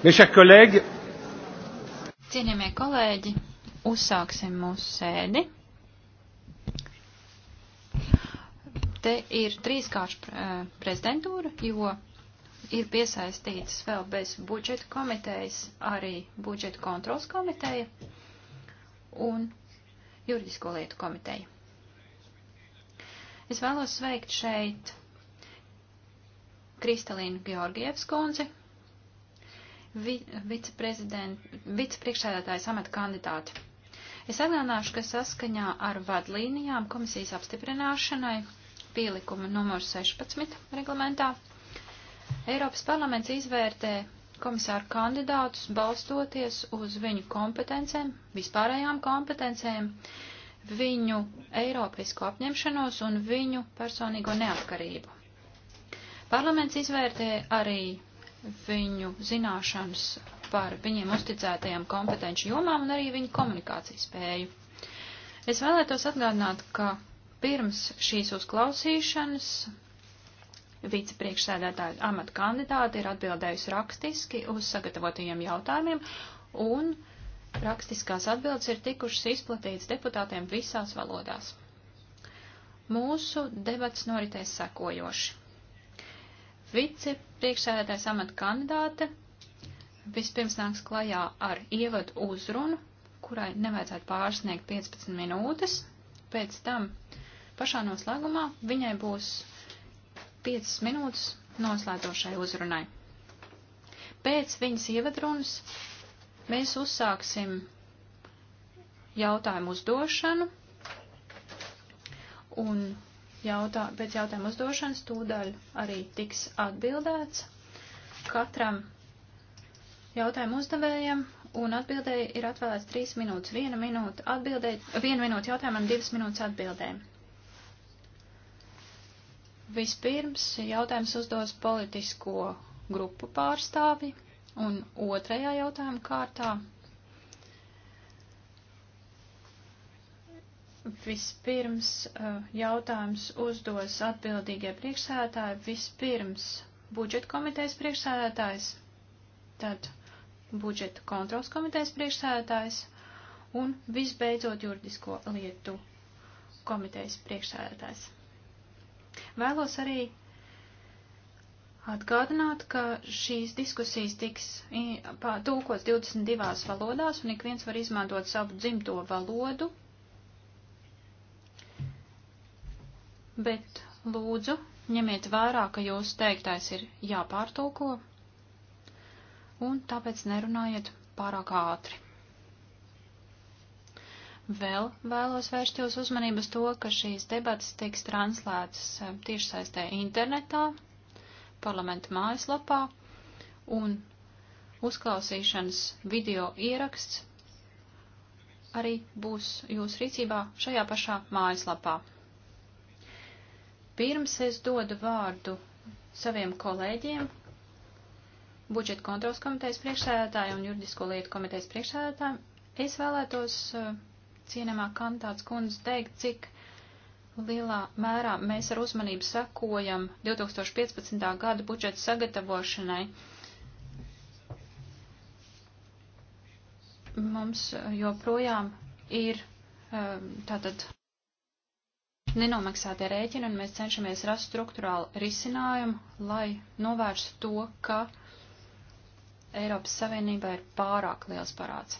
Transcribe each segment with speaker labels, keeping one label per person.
Speaker 1: Mes chers collègues,
Speaker 2: Cienījamie kolēģi, uzsāksim mūsu sēdi. Te ir trīskāršu eh, prezidentūra, jo ir piesaistīts vēl bez budžeta komitejas arī budžeta kontrols komiteja un juridisko lietu komiteja. Es vēlos sveikt šeit Kristalīnu Georgievskundzi, vi, vicepriekšsēdētāja samata kandidāti. Es atgādināšu, ka saskaņā ar vadlīnijām komisijas apstiprināšanai pielikuma numur 16 reglamentā Eiropas parlaments izvērtē komisāru kandidātus balstoties uz viņu kompetencēm, vispārējām kompetencēm, viņu eiropeisko apņemšanos un viņu personīgo neatkarību. Parlaments izvērtē arī viņu zināšanas par viņiem uzticētajām kompetenci jomām un arī viņu komunikācijas spēju. Es vēlētos atgādināt, ka pirms šīs uzklausīšanas vicepriekšsēdētāja amata kandidāte ir atbildējusi rakstiski uz sagatavotajiem jautājumiem, un rakstiskās atbildes ir tikušas izplatītas deputātiem visās valodās. Mūsu debats noritēs sekojoši vici priekšsēdētājs amata kandidāte vispirms nāks klajā ar ievadu uzrunu, kurai nevajadzētu pārsniegt 15 minūtes. Pēc tam pašā noslēgumā viņai būs 5 minūtes noslēdzošai uzrunai. Pēc viņas ievadrunas mēs uzsāksim jautājumu uzdošanu un jautā, pēc jautājuma uzdošanas tūdaļ arī tiks atbildēts katram jautājumu uzdevējam, un atbildēji ir atvēlēts 3 minūtes, 1 minūte atbildēji, 1 minūte jautājumam, 2 minūtes atbildēm. Vispirms jautājums uzdos politisko grupu pārstāvi, un otrajā jautājuma kārtā Vispirms eh, jautājums uzdos atbildīgie priekšsēdētāji, vispirms budžeta komitejas priekšsēdētājs, tad budžeta kontrols komitejas priekšsēdētājs un visbeidzot juridisko lietu komitejas priekšsēdētājs. Vēlos arī atgādināt, ka šīs diskusijas tiks tūkots 22 valodās un ik viens var izmantot savu dzimto valodu bet lūdzu ņemiet vērā, ka jūsu teiktais ir jāpārtulko, un tāpēc nerunājiet pārāk ātri. Vēl vēlos vērst jūsu uzmanības to, ka šīs debatas tiks translētas eh, tiešsaistē internetā, parlamenta mājaslapā, un uzklausīšanas video ieraksts arī būs jūsu rīcībā šajā pašā mājaslapā. Pirms es dodu vārdu saviem kolēģiem, budžeta kontrols komitejas priekšsēdētāju un juridisko lietu komitejas priekšsēdētāju, es vēlētos eh, cienamā kandidāts kundze teikt, cik lielā mērā mēs ar uzmanību sekojam 2015. gada budžeta sagatavošanai. Mums joprojām ir eh, tātad nenomaksātie rēķini, un mēs cenšamies rast struktūrālu risinājumu, lai novērstu to, ka Eiropas Savienībā ir pārāk liels parāds.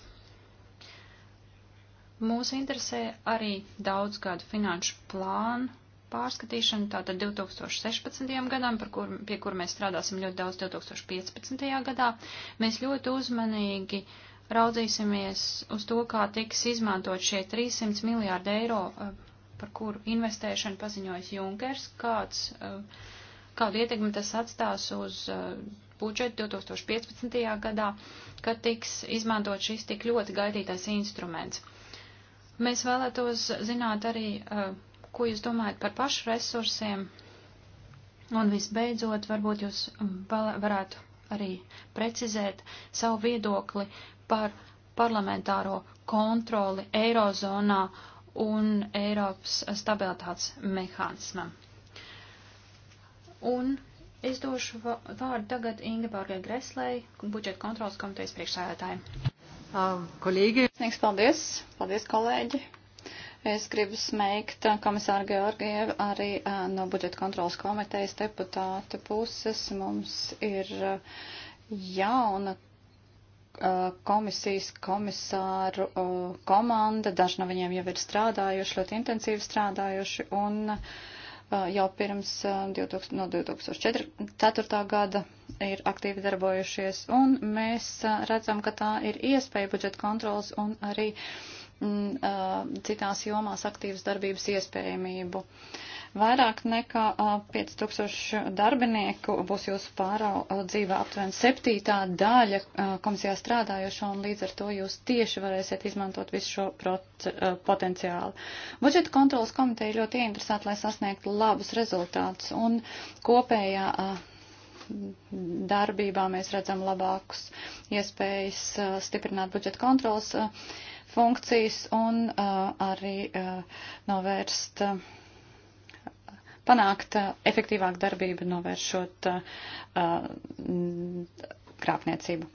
Speaker 2: Mūs interesē arī daudzgadu finanšu plānu pārskatīšana, tātad 2016. gadam, kur, pie kur mēs strādāsim ļoti daudz 2015. gadā. Mēs ļoti uzmanīgi raudzīsimies uz to, kā tiks izmantot šie 300 miljārdi eiro eh, par kuru investēšanu paziņojas Junkers, kāds, eh, kādu ietekmi tas atstās uz eh, budžetu 2015. gadā, kad tiks izmantot šis tik ļoti gaidītais instruments. Mēs vēlētos zināt arī, eh, ko jūs domājat par pašu resursiem, un visbeidzot, varbūt jūs mm, varētu arī precizēt savu viedokli par parlamentāro kontroli Eirozonā un Eiropas stabilitātes mehānismam. Un es došu vārdu tagad Ingeborgai Greslei, budžeta kontrolas komitejas priekšsēdētāji. Um, kolēģi. Sniegs paldies. Paldies, kolēģi. Es gribu smēkt uh, komisāru Georgievu arī uh, no budžeta kontrolas komitejas deputāta puses. Mums ir uh, jauna Uh, komisijas komisāru uh, komanda, daži no viņiem jau ir strādājuši, ļoti intensīvi strādājuši, un uh, jau pirms 2000, no 2004. gada ir aktīvi darbojušies, un mēs redzam, ka tā ir iespēja budžeta kontrols un arī mm, citās jomās aktīvas darbības iespējamību. Uh, Vairāk nekā 5000 darbinieku būs jūsu pāraudzībā aptuveni septītā daļa komisijā strādājošo, un līdz ar to jūs tieši varēsiet izmantot visu šo potenciālu. Budžeta kontrolas komiteja ļoti ieinteresēta, lai sasniegtu labus rezultātus, un kopējā darbībā mēs redzam labākus iespējas stiprināt budžeta kontrolas funkcijas un arī novērst. Uh, panākt eh, efektīvāku darbību, novēršot eh, eh, krāpniecību.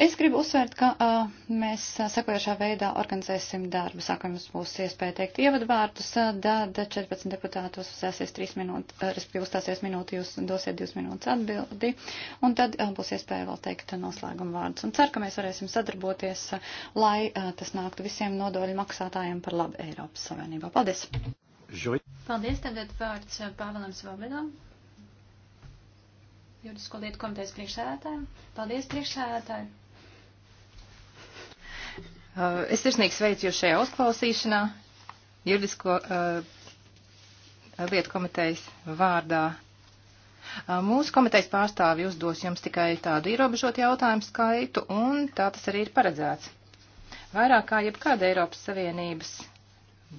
Speaker 2: Es gribu uzsvērt, ka uh, mēs sekojošā veidā organizēsim darbu. Sākam jums būs iespēja teikt ievadvārdus, tad 14 deputātos uzsēsies 3 minūtes, respektīvi uzstāsies minūti, jūs dosiet 2 minūtes atbildi, un tad uh, būs iespēja vēl teikt noslēguma vārdus. Un ceru, ka mēs varēsim sadarboties, lai uh, tas nāktu visiem nodoļu maksātājiem par labu Eiropas Savienībā. Paldies! Paldies. Tagad vārds eh, Pāvēlam Svobolam, juridisko lietu komitejas priekšsēdētājiem. Paldies, priekšsēdētāji.
Speaker 1: Eh, es sirsnīgi sveicu jūs šajā uzklausīšanā. Juridisko uh, lietu komitejas vārdā. Mūsu komitejas pārstāvi uzdos jums tikai tādu ierobežotu jautājumu skaitu, un tā tas arī ir paredzēts. Vairāk kā jebkāda Eiropas Savienības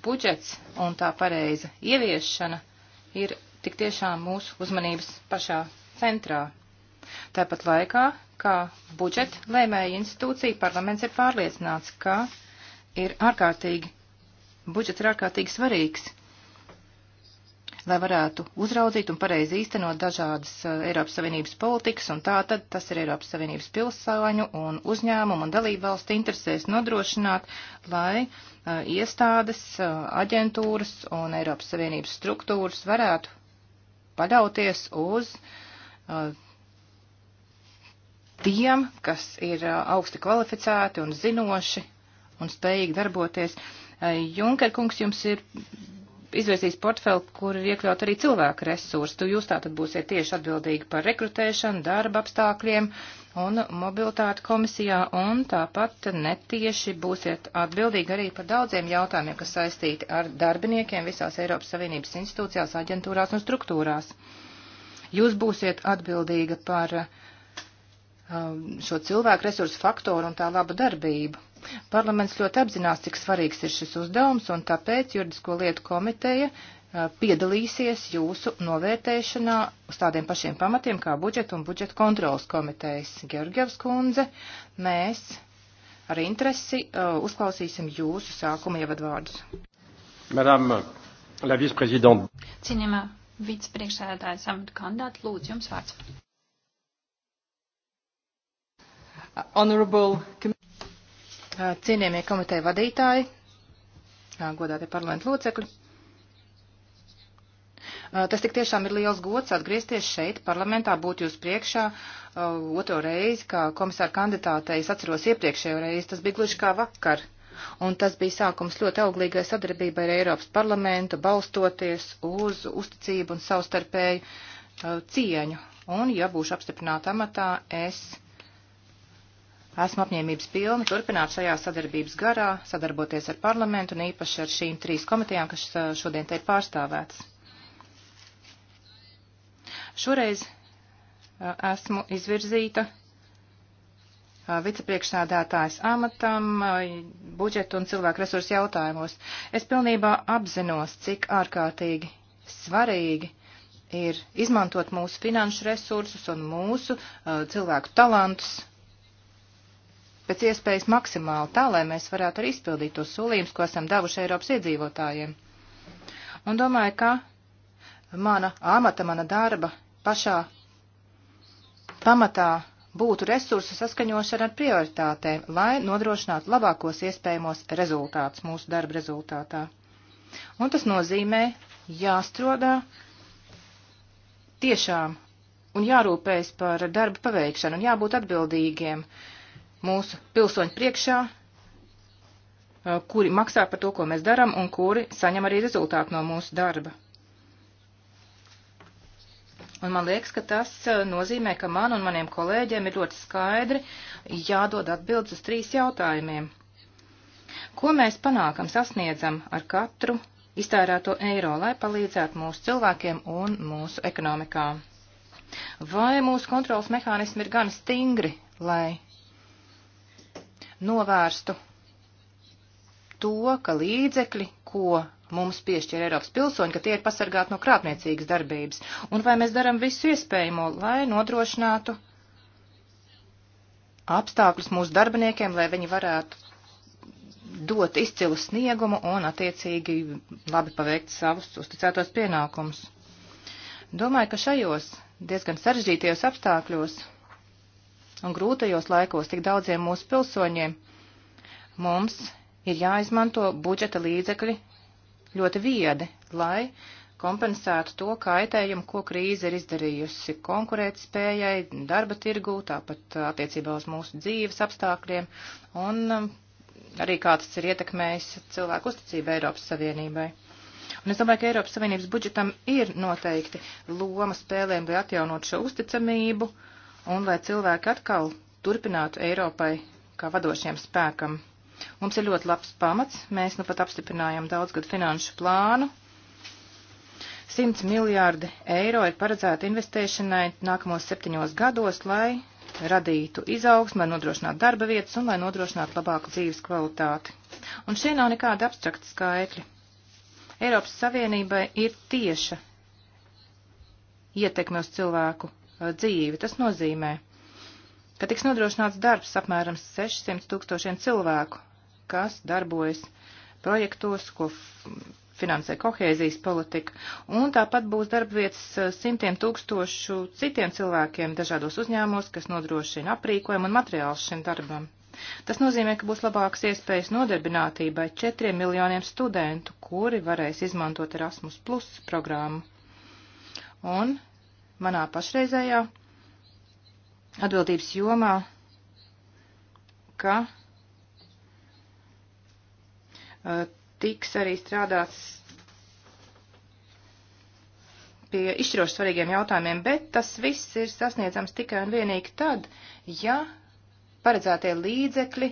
Speaker 1: budžets un tā pareiza ieviešana ir tik tiešām mūsu uzmanības pašā centrā. Tāpat laikā, kā budžeta lēmēja institūcija, parlaments ir pārliecināts, ka ir ārkārtīgi, budžets ir ārkārtīgi svarīgs lai varētu uzraudzīt un pareizi īstenot dažādas uh, Eiropas Savienības politikas, un tā tad tas ir Eiropas Savienības pilsāņu un uzņēmumu un dalību valstu interesēs nodrošināt, lai uh, iestādes, uh, aģentūras un Eiropas Savienības struktūras varētu paļauties uz tiem, kas ir augsti kvalificēti un zinoši un spējīgi darboties. Junker kungs, jums ir izvērsīs portfeli, kur ir iekļaut arī cilvēku resursi. Tu jūs tātad būsiet tieši atbildīgi par rekrutēšanu, darba apstākļiem un mobilitāti komisijā, un tāpat netieši būsiet atbildīgi arī par daudziem jautājumiem, kas saistīti ar darbiniekiem visās Eiropas Savienības institūcijās, aģentūrās un struktūrās. Jūs būsiet atbildīga par um, šo cilvēku resursu faktoru un tā laba darbību Parlaments ļoti apzinās, cik svarīgs ir šis uzdevums, un tāpēc juridisko lietu komiteja piedalīsies jūsu novērtēšanā uz tādiem pašiem pamatiem kā budžeta un budžeta kontrolas komitejas. Georgievs kundze, mēs ar interesi uzklausīsim jūsu sākuma ievadvārdus.
Speaker 2: Madame la viceprezidente. Cienījumā vicepriekšsēdētāja samita kandidāta, lūdzu jums vārds.
Speaker 1: Honorable cienījamie komiteja vadītāji, godātie parlamentu locekļi. Tas tik tiešām ir liels gods atgriezties šeit parlamentā, būt jūs priekšā otro reizi, kā komisāra kandidātei. Es atceros iepriekšējo reizi, tas bija gluži kā vakar. Un tas bija sākums ļoti auglīgai sadarbībai ar Eiropas parlamentu, balstoties uz uzticību un savstarpēju cieņu. Un, ja būšu apstiprināta amatā, es Esmu apņēmības pilna turpināt šajā sadarbības garā, sadarboties ar parlamentu un īpaši ar šīm trīs komitejām, kas uh, šodien te ir pārstāvēts. Šoreiz uh, esmu izvirzīta uh, vicepriekšsādātājs amatam, budžetu un cilvēku resursu jautājumos. Es pilnībā apzinos, cik ārkārtīgi svarīgi ir izmantot mūsu finanšu resursus un mūsu cilvēku talantus pēc iespējas maksimāli tā, lai mēs varētu arī izpildīt tos solījumus, ko esam devuši Eiropas iedzīvotājiem. Un domāju, ka mana amata, mana darba pašā pamatā būtu resursu saskaņošana ar prioritātēm, lai nodrošinātu labākos iespējamos rezultātus mūsu darba rezultātā. Un tas nozīmē jāstrādā tiešām un jārūpējas par darba paveikšanu un jābūt atbildīgiem uh, mūsu pilsoņu priekšā, kuri maksā par to, ko mēs darām, un kuri saņem arī rezultātu no mūsu darba. Un man liekas, ka tas nozīmē, ka man un maniem kolēģiem ir ļoti skaidri jādod atbildes uz trīs jautājumiem. Ko mēs panākam, sasniedzam ar katru iztērēto eiro, lai palīdzētu mūsu cilvēkiem un mūsu ekonomikām? Vai mūsu kontrols mehānismi ir gan stingri, lai novērstu to, ka līdzekļi, ko mums piešķir Eiropas pilsoņi, ka tie ir pasargāti no krāpniecīgas darbības, un vai mēs daram visu iespējamo, lai nodrošinātu apstākļus mūsu darbiniekiem, lai viņi varētu dot izcilu sniegumu un attiecīgi labi paveikt savus uzticētos pienākumus. Domāju, ka šajos diezgan sarežģītajos apstākļos un grūtajos laikos tik daudziem mūsu pilsoņiem, mums ir jāizmanto budžeta līdzekļi ļoti viedi, lai kompensētu to kaitējumu, ko krīze ir izdarījusi konkurētspējai, darba tirgū, tāpat uh, attiecībā uz mūsu dzīves apstākļiem un um, arī kā tas ir ietekmējis cilvēku uzticību Eiropas Savienībai. Un es domāju, ka Eiropas Savienības budžetam ir noteikti loma spēlēm, lai atjaunot šo uzticamību uh, un lai cilvēki atkal turpinātu Eiropai kā vadošiem spēkam. Mums ir ļoti labs pamats, mēs nu pat apstiprinājām daudzgadu finanšu plānu. 100 miljārdi eiro ir paredzēti investēšanai nākamos septiņos gados, lai radītu izaugsmu, lai nodrošinātu darba vietas un lai nodrošinātu labāku dzīves kvalitāti. Un šie nav nekādi abstrakti skaitļi. Eiropas Savienībai ir tieša ietekme uz cilvēku Uh, dzīvi. Tas nozīmē, ka tiks nodrošināts darbs apmēram 600 tūkstošiem cilvēku, kas darbojas projektos, ko finansē kohēzijas politika, un tāpat būs darba vietas uh, simtiem tūkstošu citiem cilvēkiem dažādos uzņēmumos, kas nodrošina aprīkojumu un materiālus šim darbam. Tas nozīmē, ka būs labākas iespējas nodarbinātībai četriem miljoniem studentu, kuri varēs izmantot Erasmus Plus programmu. Un manā pašreizējā atbildības jomā, ka tiks arī strādāts pie izšķiroši svarīgiem jautājumiem, bet tas viss ir sasniedzams tikai un vienīgi tad, ja paredzētie līdzekļi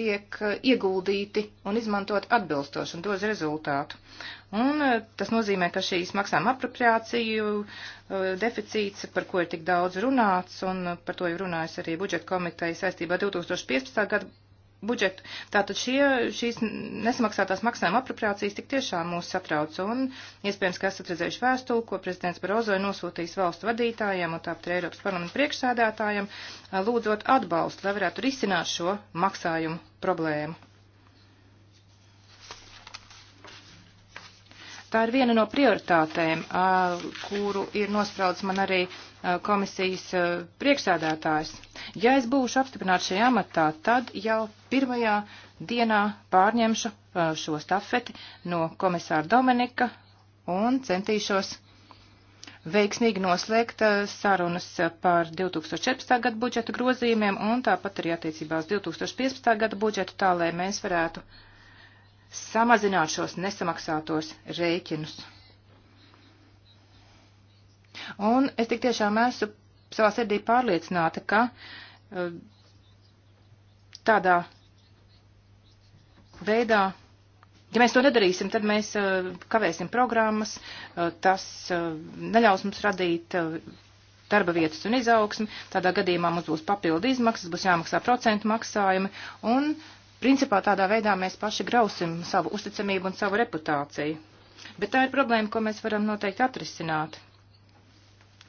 Speaker 1: tiek eh, ieguldīti un izmantot atbilstoši un dos rezultātu. Un eh, tas nozīmē, ka šīs maksājuma apropriāciju eh, deficīts, par ko ir tik daudz runāts, un par to jau runājas arī budžeta komiteja saistībā 2015. gada budžetu. Tātad šie, šīs nesamaksātās maksājuma apropriācijas tik tiešām mūs satrauc un iespējams, ka esat redzējuši vēstuli, ko prezidents Barozo ir nosūtījis valstu vadītājiem un tāpat Eiropas parlamenta priekšsēdētājiem, lūdzot atbalstu, lai varētu risināt šo maksājumu problēmu. Tā ir viena no prioritātēm, kuru ir nospraudis man arī komisijas priekšsēdētājs. Ja es būšu apstiprināts šajā amatā, tad jau pirmajā dienā pārņemšu šo stafeti no komisāra Dominika un centīšos veiksmīgi noslēgt sarunas par 2014. gada budžeta grozījumiem un tāpat arī attiecībā uz 2015. gada budžetu, tā lai mēs varētu uh, samazināt šos nesamaksātos rēķinus. Un es tik tiešām esmu savā sirdī pārliecināta, ka eh, tādā veidā, ja mēs to nedarīsim, tad mēs eh, kavēsim programmas, eh, tas neļaus mums radīt darba vietas un izaugsmi, tādā gadījumā mums būs papildu izmaksas, būs jāmaksā procentu maksājumi, un Principā tādā veidā mēs paši grausim savu uzticamību un savu reputāciju. Bet tā ir problēma, ko mēs varam noteikti atrisināt.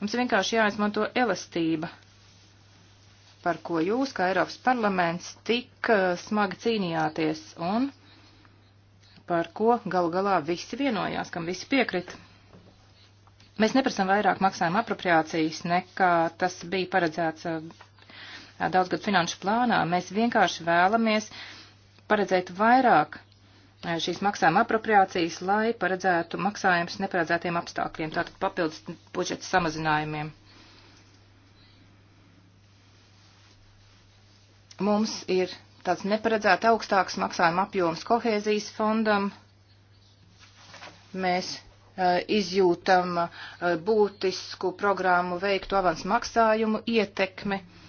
Speaker 1: Mums vienkārši jāizmanto elastība, par ko jūs, kā Eiropas parlaments, tik eh, smagi cīnījāties un par ko galu galā visi vienojās, kam visi piekrita. Mēs neprasam vairāk maksājuma apropriācijas, nekā tas bija paredzēts eh, daudzgad finanšu plānā. Mēs vienkārši vēlamies uh, paredzēt vairāk eh, šīs maksājuma apropriācijas, lai paredzētu maksājumus neparedzētiem apstākļiem, tātad papildus budžeta samazinājumiem. Mums ir tāds neparedzēts augstāks maksājuma apjoms kohēzijas fondam. Mēs uh, izjūtam uh, būtisku programmu veiktu avans maksājumu ietekmi. Uh,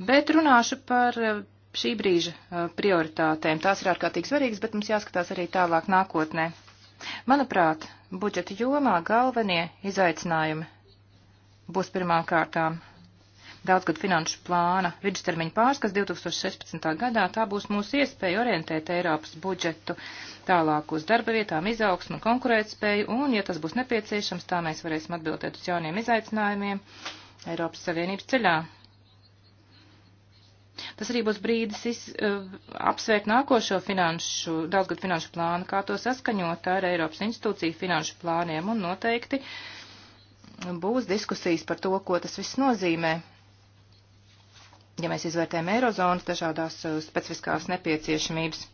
Speaker 1: Bet runāšu par eh, šī brīža eh, prioritātēm. Tās ir ārkārtīgi svarīgas, bet mums jāskatās arī tālāk nākotnē. Manuprāt, budžeta jomā galvenie izaicinājumi būs pirmām kārtām daudzgad finanšu plāna vidustermiņa pārskats 2016. gadā. Tā būs mūsu iespēja orientēt Eiropas budžetu tālāk uz darba vietām, izaugsmu un konkurētspēju, un, ja tas būs nepieciešams, tā mēs varēsim atbildēt uz jauniem izaicinājumiem Eiropas Savienības ceļā. Tas arī būs brīdis iz, uh, eh, apsvērt nākošo finanšu, daudzgad finanšu plānu, kā to saskaņot ar Eiropas institūciju finanšu plāniem, un noteikti būs diskusijas par to, ko tas viss nozīmē. Ja mēs izvērtējam eirozonas dažādās uh, specifiskās nepieciešamības,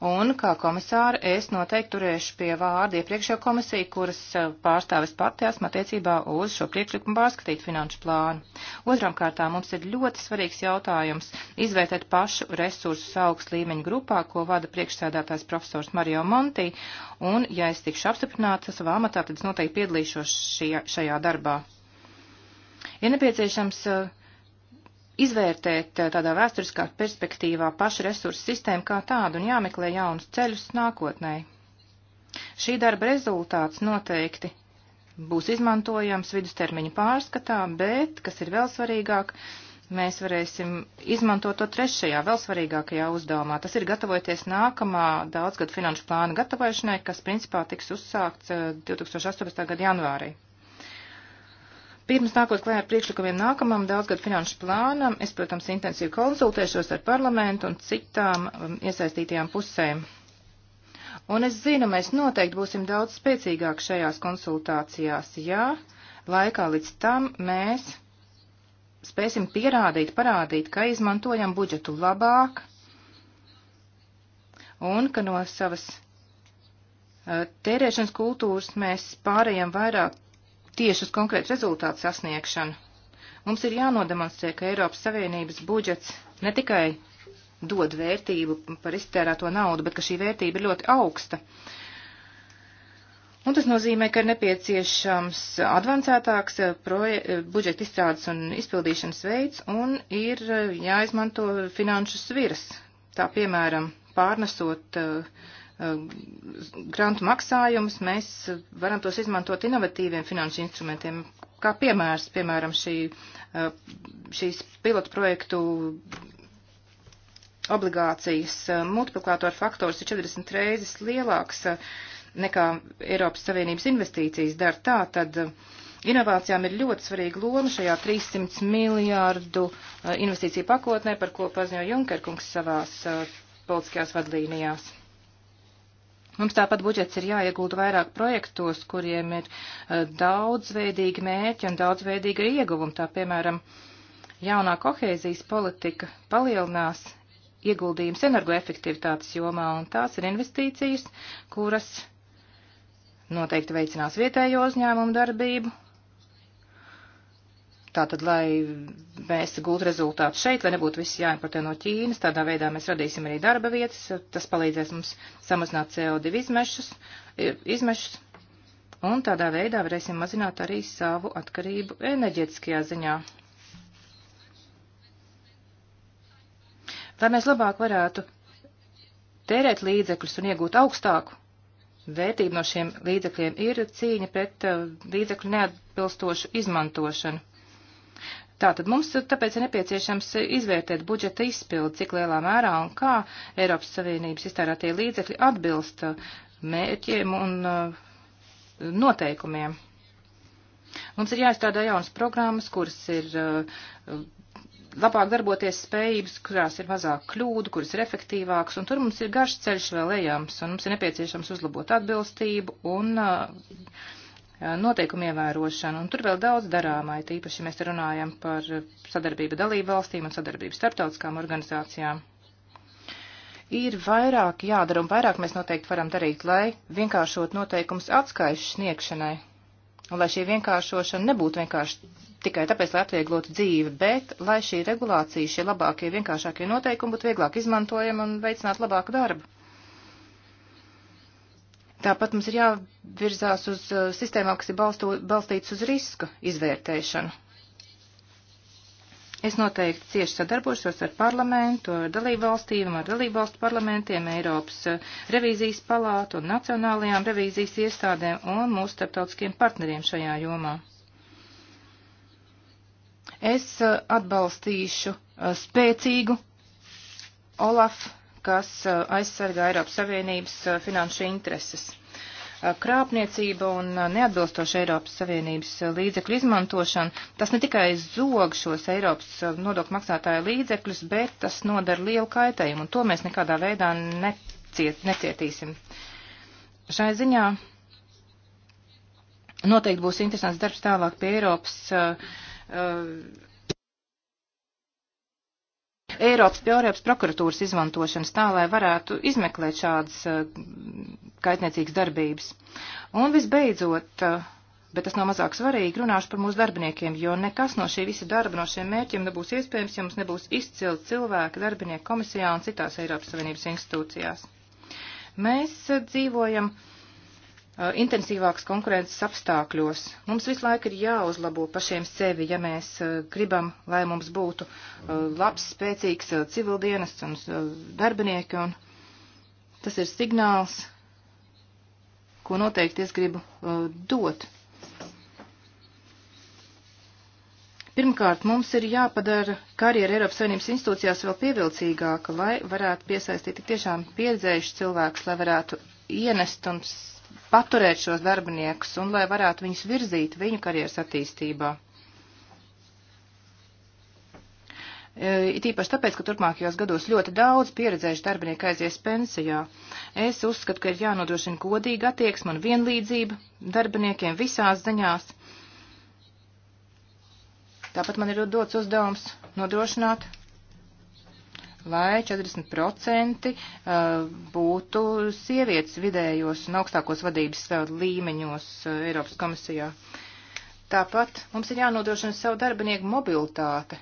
Speaker 1: Un, kā komisāra, es noteikti turēšu pie vārda iepriekšējo komisiju, kuras eh, pārstāvis pati esmu attiecībā uz šo priekšlikumu pārskatīt finanšu plānu. Otram kārtā mums ir ļoti svarīgs jautājums izvērtēt pašu resursu augstu līmeņu grupā, ko vada priekšsēdētājs profesors Mario Monti. Un, ja es tikšu apstiprināts savā amatā, tad es noteikti piedalīšos šajā, šajā darbā. Ir ja nepieciešams uh, izvērtēt eh, tādā vēsturiskā perspektīvā pašu resursu sistēmu kā tādu un jāmeklē jaunus ceļus nākotnē. Šī darba rezultāts noteikti būs izmantojams vidustermiņa pārskatā, bet, kas ir vēl svarīgāk, mēs varēsim izmantot to trešajā, vēl svarīgākajā uzdevumā. Tas ir gatavoties nākamā daudzgad finanšu plāna gatavošanai, kas principā tiks uzsākts 2018. Eh, gada janvārī. Pirms nākot klājā ar priekšlikumiem nākamam daudzgad finanšu plānam, es, protams, intensīvi konsultēšos ar parlamentu un citām um, iesaistītajām pusēm. Un es zinu, mēs noteikti būsim daudz spēcīgāk šajās konsultācijās, ja laikā līdz tam mēs spēsim pierādīt, parādīt, ka izmantojam budžetu labāk un ka no savas uh, tērēšanas kultūras mēs pārējām vairāk tieši uz konkrētu rezultātu sasniegšanu. Mums ir jānodemonstrē, ka Eiropas Savienības budžets ne tikai dod vērtību par iztērēto naudu, bet ka šī vērtība ir ļoti augsta. Un tas nozīmē, ka ir nepieciešams advancētāks eh, eh, budžeta izstrādes un izpildīšanas veids un ir eh, jāizmanto finanšu sviras. Tā piemēram, pārnesot uh, Um, grantu maksājumus, mēs varam tos izmantot inovatīviem finanšu instrumentiem, kā piemērs, piemēram, šī, uh, šīs pilotu projektu obligācijas uh, multiplikātoru faktors ir 40 reizes lielāks uh, nekā Eiropas Savienības investīcijas dara tā, tad inovācijām ir ļoti svarīga loma šajā 300 miljārdu investīciju pakotnē, par ko paziņo Junkerkungs savās politiskajās vadlīnijās. Mums tāpat budžets ir jāiegulda vairāk projektos, kuriem ir e, daudzveidīgi mērķi un daudzveidīga ieguvuma. Tā piemēram, jaunā kohēzijas politika palielinās ieguldījums energoefektivitātes jomā, un tās ir investīcijas, kuras noteikti veicinās vietējo uzņēmumu darbību, Tātad, lai mēs gūtu rezultātu šeit, lai nebūtu viss jāimportē no Ķīnas, tādā veidā mēs radīsim arī darba vietas, tas palīdzēs mums samazināt CO2 izmešus, izmešus un tādā veidā varēsim mazināt arī savu atkarību enerģetiskajā ziņā. Lai mēs labāk varētu tērēt līdzekļus un iegūt augstāku vērtību no šiem līdzekļiem, ir cīņa pret uh, līdzekļu neatbilstošu izmantošanu. Tātad mums tāpēc ir nepieciešams izvērtēt budžeta izpildu, cik lielā mērā un kā Eiropas Savienības iztērētie līdzekļi atbilst mērķiem un uh, noteikumiem. Mums ir jāizstrādā jaunas programmas, kuras ir uh, labāk darboties spējības, kurās ir mazāk kļūdu, kuras ir efektīvākas, un tur mums ir garš ceļš vēl ejams, un mums ir nepieciešams uzlabot atbilstību un uh, Eh, noteikumu ievērošanu, un tur vēl daudz darāmai, tīpaši mēs runājam par sadarbību dalību valstīm un sadarbību starptautiskām organizācijām. Ir vairāk jādara, un vairāk mēs noteikti varam darīt, lai vienkāršot noteikums atskaišu sniegšanai, un lai šī vienkāršošana nebūtu vienkārši tikai tāpēc, lai atvieglotu dzīvi, bet lai šī regulācija, šie labākie, vienkāršākie noteikumi būtu vieglāk izmantojami un veicinātu labāku darbu. Tāpat mums ir jāvirzās uz uh, sistēmām, kas ir balsto, balstītas uz riska izvērtēšanu. Es noteikti cieši sadarbošos ar parlamentu, ar dalību valstīm, ar dalību valstu parlamentiem, Eiropas uh, revīzijas palātu un nacionālajām revīzijas iestādēm un mūsu starptautiskiem partneriem šajā jomā. Es uh, atbalstīšu spēcīgu Olaf kas uh, aizsargā Eiropas Savienības uh, finanšu intereses. Uh, krāpniecība un neatbilstoša Eiropas Savienības līdzekļu izmantošana, tas ne tikai zog šos Eiropas nodokļu maksātāju līdzekļus, bet tas nodara lielu kaitējumu, un to mēs nekādā veidā neciet, necietīsim. Šai ziņā noteikti būs interesants darbs tālāk pie Eiropas uh, uh, Eiropas pie Eiropas prokuratūras izmantošanas tā, lai varētu izmeklēt šādas eh, kaitniecīgas darbības. Un visbeidzot, eh, bet tas nav mazāk svarīgi, runāšu par mūsu darbiniekiem, jo nekas no šī visa darba, no šiem mērķiem nebūs iespējams, ja mums nebūs izcili cilvēki darbinieku komisijā un citās Eiropas Savienības institūcijās. Mēs eh, dzīvojam uh, Uh, intensīvākas konkurences apstākļos. Mums visu laiku ir jāuzlabo pašiem sevi, ja mēs uh, gribam, lai mums būtu uh, labs, spēcīgs civildienas un darbinieki, un tas ir signāls, ko noteikti es gribu dot. Pirmkārt, mums ir jāpadara karjera Eiropas Savienības institūcijās vēl pievilcīgāka, lai varētu piesaistīt tik tiešām pieredzējuši cilvēkus, lai varētu ienest un paturēt šos darbiniekus un lai varētu viņus virzīt viņu karjeras attīstībā. E, it īpaši tāpēc, ka turpmākajos gados ļoti daudz pieredzējuši darbinieki aizies pensijā. Es uzskatu, ka ir jānodrošina godīga attieksme un vienlīdzība darbiniekiem visās ziņās. Tāpat man ir dots uzdevums nodrošināt lai 40% eh, būtu sievietes vidējos un augstākos vadības līmeņos eh, Eiropas komisijā. Tāpat mums ir jānodrošina savu darbinieku mobilitāte.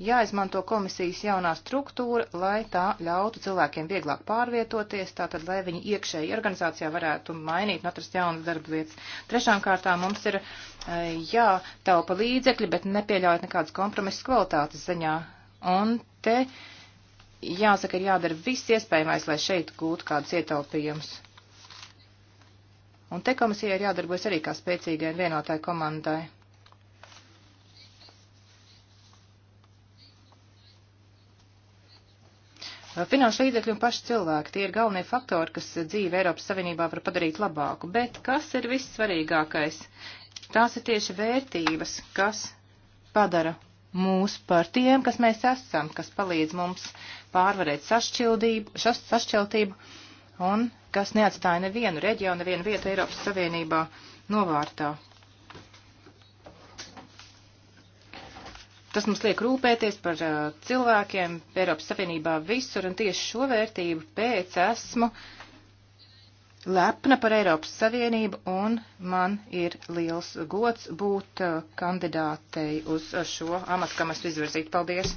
Speaker 1: Jāizmanto komisijas jaunā struktūra, lai tā ļautu cilvēkiem vieglāk pārvietoties, tātad, lai viņi iekšēji organizācijā varētu mainīt un atrast jaunas darba vietas. Trešām kārtām mums ir eh, jātaupa līdzekļi, bet nepieļaujot nekādas kompromisas kvalitātes ziņā. Un te uh, jāsaka, ir jādara viss iespējamais, lai šeit gūtu kādus ietaupījumus. Un te komisijai ir jādarbojas arī kā spēcīgai un vienotai komandai. Finanšu līdzekļi un paši cilvēki tie ir galvenie faktori, kas dzīve Eiropas Savienībā var padarīt labāku, bet kas ir vissvarīgākais? Tās ir tieši vērtības, kas padara mūs par tiem, kas mēs esam, kas palīdz mums pārvarēt sašķeltību un kas neatstāja nevienu reģionu, nevienu vietu Eiropas Savienībā novārtā. Tas mums liek rūpēties par uh, cilvēkiem Eiropas Savienībā visur, un tieši šo vērtību pēc esmu uh, lepna par Eiropas Savienību un man ir liels gods būt uh, kandidātei uz uh, šo amatu, kam esmu izvirzīta. Paldies!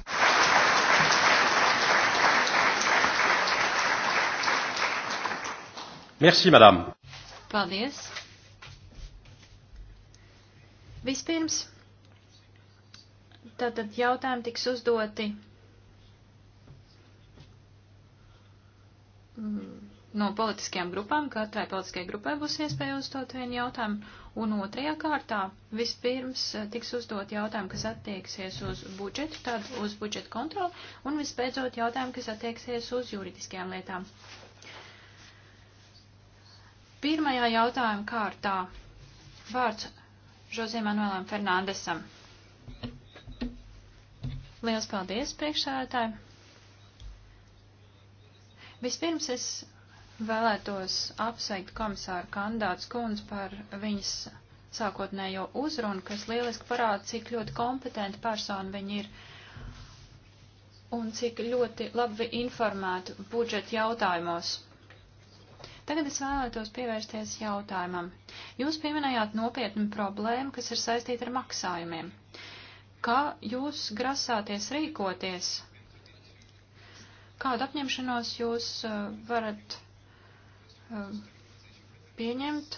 Speaker 2: Merci, madame! Paldies! Vispirms, tātad jautājumi tiks uzdoti. Mm no politiskajām grupām, katrai politiskajai grupai būs iespēja uzdot vienu jautājumu, un otrajā kārtā vispirms eh, tiks uzdot jautājumu, kas attieksies uz budžetu, tad uz budžetu kontroli, un visbeidzot jautājumu, kas attieksies uz juridiskajām lietām. Pirmajā jautājuma kārtā vārds Žozē Manuēlam Fernandesam. Liels paldies priekšsēdētāji! Vispirms es Vēlētos apsveikt komisāru kandidātu skundzi par viņas sākotnējo uzrunu, kas lieliski parāda, cik ļoti kompetenti persona viņa ir un cik ļoti labi informēta budžeta jautājumos. Tagad es vēlētos pievērsties jautājumam. Jūs pieminējāt nopietnu problēmu, kas ir saistīta ar maksājumiem. Kā jūs grasāties rīkoties? Kādu apņemšanos jūs uh, varat Um, pieņemt.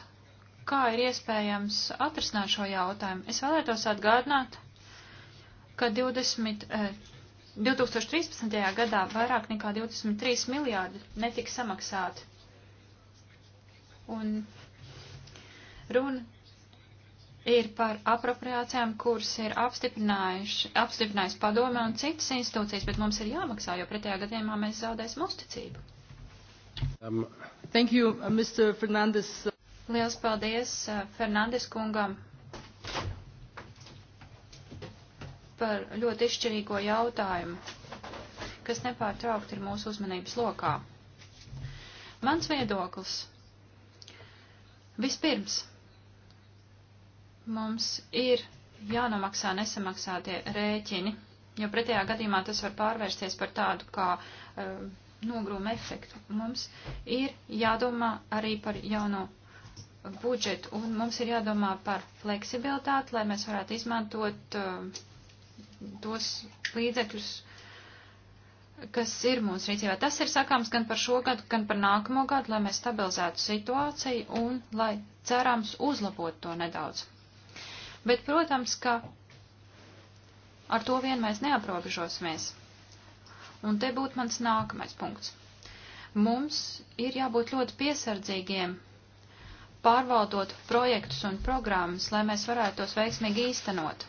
Speaker 2: Kā ir iespējams atrisināt šo jautājumu? Es vēlētos atgādināt, ka 20, 2013. Eh, gadā vairāk nekā 23 miljārdi netika samaksāti. Un runa ir par apropriācijām, kuras ir apstiprinājis padome un citas institūcijas, bet mums ir jāmaksā, jo pretējā gadījumā mēs zaudēsim uzticību. Um. Thank you, uh, Mr. Fernandes. Liels paldies uh, Fernandes kungam par ļoti izšķirīgo jautājumu, kas nepārtraukti ir mūsu uzmanības lokā. Mans viedoklis. Vispirms, mums ir jānomaksā nesamaksātie rēķini, jo pretējā gadījumā tas var pārvērsties par tādu kā uh, nogrūma efektu. Mums ir jādomā arī par jauno budžetu, un mums ir jādomā par fleksibilitāti, lai mēs varētu izmantot um, tos līdzekļus, kas ir mūsu rīcībā. Tas ir sakāms gan par šo gadu, gan par nākamo gadu, lai mēs stabilizētu situāciju un lai cerams uzlabot to nedaudz. Bet, protams, ka ar to vien mēs neaprobežosimies. Un te būtu mans nākamais punkts. Mums ir jābūt ļoti piesardzīgiem, pārvaldot projektus un programmas, lai mēs varētu tos veiksmīgi īstenot.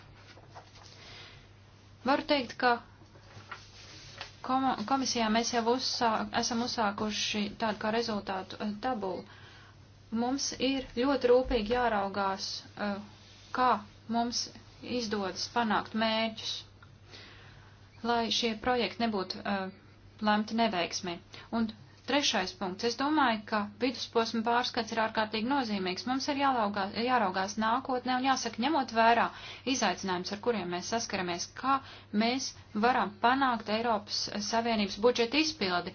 Speaker 2: Varu teikt, ka komisijā mēs jau uzsāk, esam uzsākuši tādu kā rezultātu eh, tabulu. Mums ir ļoti rūpīgi jāraugās, eh, kā mums izdodas panākt mērķus lai šie projekti nebūtu uh, lemti neveiksmē. Un trešais punkts. Es domāju, ka vidusposma pārskats ir ārkārtīgi nozīmīgs. Mums ir jālaugā, jāraugās nākotnē un jāsaka, ņemot vērā izaicinājums, ar kuriem mēs saskaramies, kā mēs varam panākt Eiropas Savienības budžeta izpildi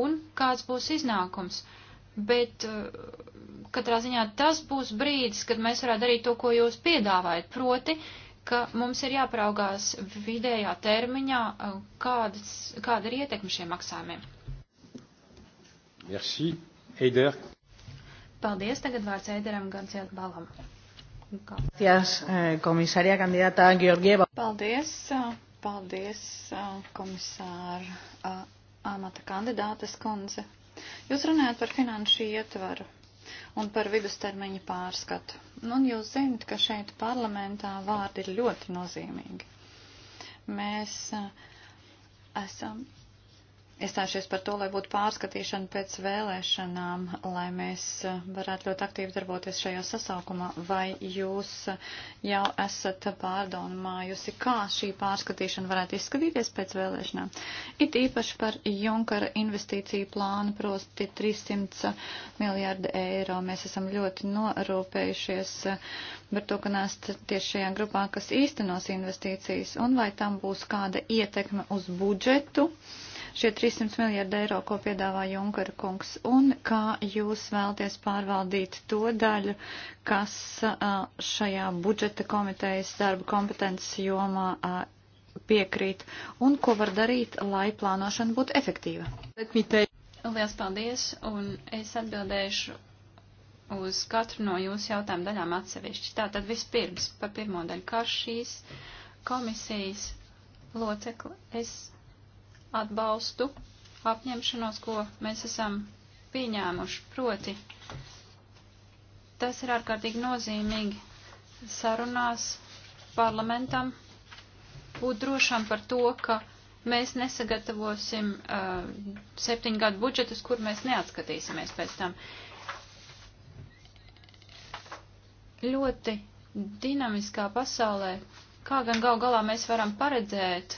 Speaker 2: un kāds būs iznākums. Bet eh, katrā ziņā tas būs brīdis, kad mēs varētu darīt to, ko jūs piedāvājat, proti ka mums ir jāpraugās vidējā termiņā, kādas, kāda ir ietekme šiem maksājumiem.
Speaker 1: Merci, Eider.
Speaker 2: Paldies, tagad vārds Eideram Ganciet Balam.
Speaker 1: Paldies, komisārija eh, kandidātā Georgieva.
Speaker 2: Paldies, paldies, komisāra amata kandidātes kundze. Jūs runājat par finanšu ietvaru un par vidustermiņa pārskatu. Nu, un jūs zinat, ka šeit parlamentā vārdi ir ļoti nozīmīgi. Mēs eh, esam iestājušies par to, lai būtu pārskatīšana pēc vēlēšanām, lai mēs eh, varētu ļoti aktīvi darboties šajā sasaukumā. Vai jūs eh, jau esat pārdomājusi, kā šī pārskatīšana varētu izskatīties pēc vēlēšanām? It īpaši par Junkara investīciju plānu, prosti 300 miljārdu eiro. Mēs esam ļoti norūpējušies eh, par to, ka nesat tieši šajā grupā, kas īstenos investīcijas, un vai tam būs kāda ietekme uz budžetu. Thank you šie 300 miljardi eiro, ko piedāvā Junkara kungs, un kā jūs vēlties pārvaldīt to daļu, kas šajā budžeta komitejas darba kompetences jomā piekrīt, un ko var darīt, lai plānošana būtu efektīva? Lielas paldies, un es atbildēšu uz katru no jūsu jautājumu daļām atsevišķi. Tātad vispirms par pirmo daļu, kā šīs komisijas locekli es atbalstu apņemšanos, ko mēs esam pieņēmuši. Proti, tas ir ārkārtīgi nozīmīgi sarunās parlamentam būt drošam par to, ka mēs nesagatavosim uh, septiņu gadu budžetus, kur mēs neatskatīsimies pēc tam. Ļoti dinamiskā pasaulē, kā gan gal galā mēs varam paredzēt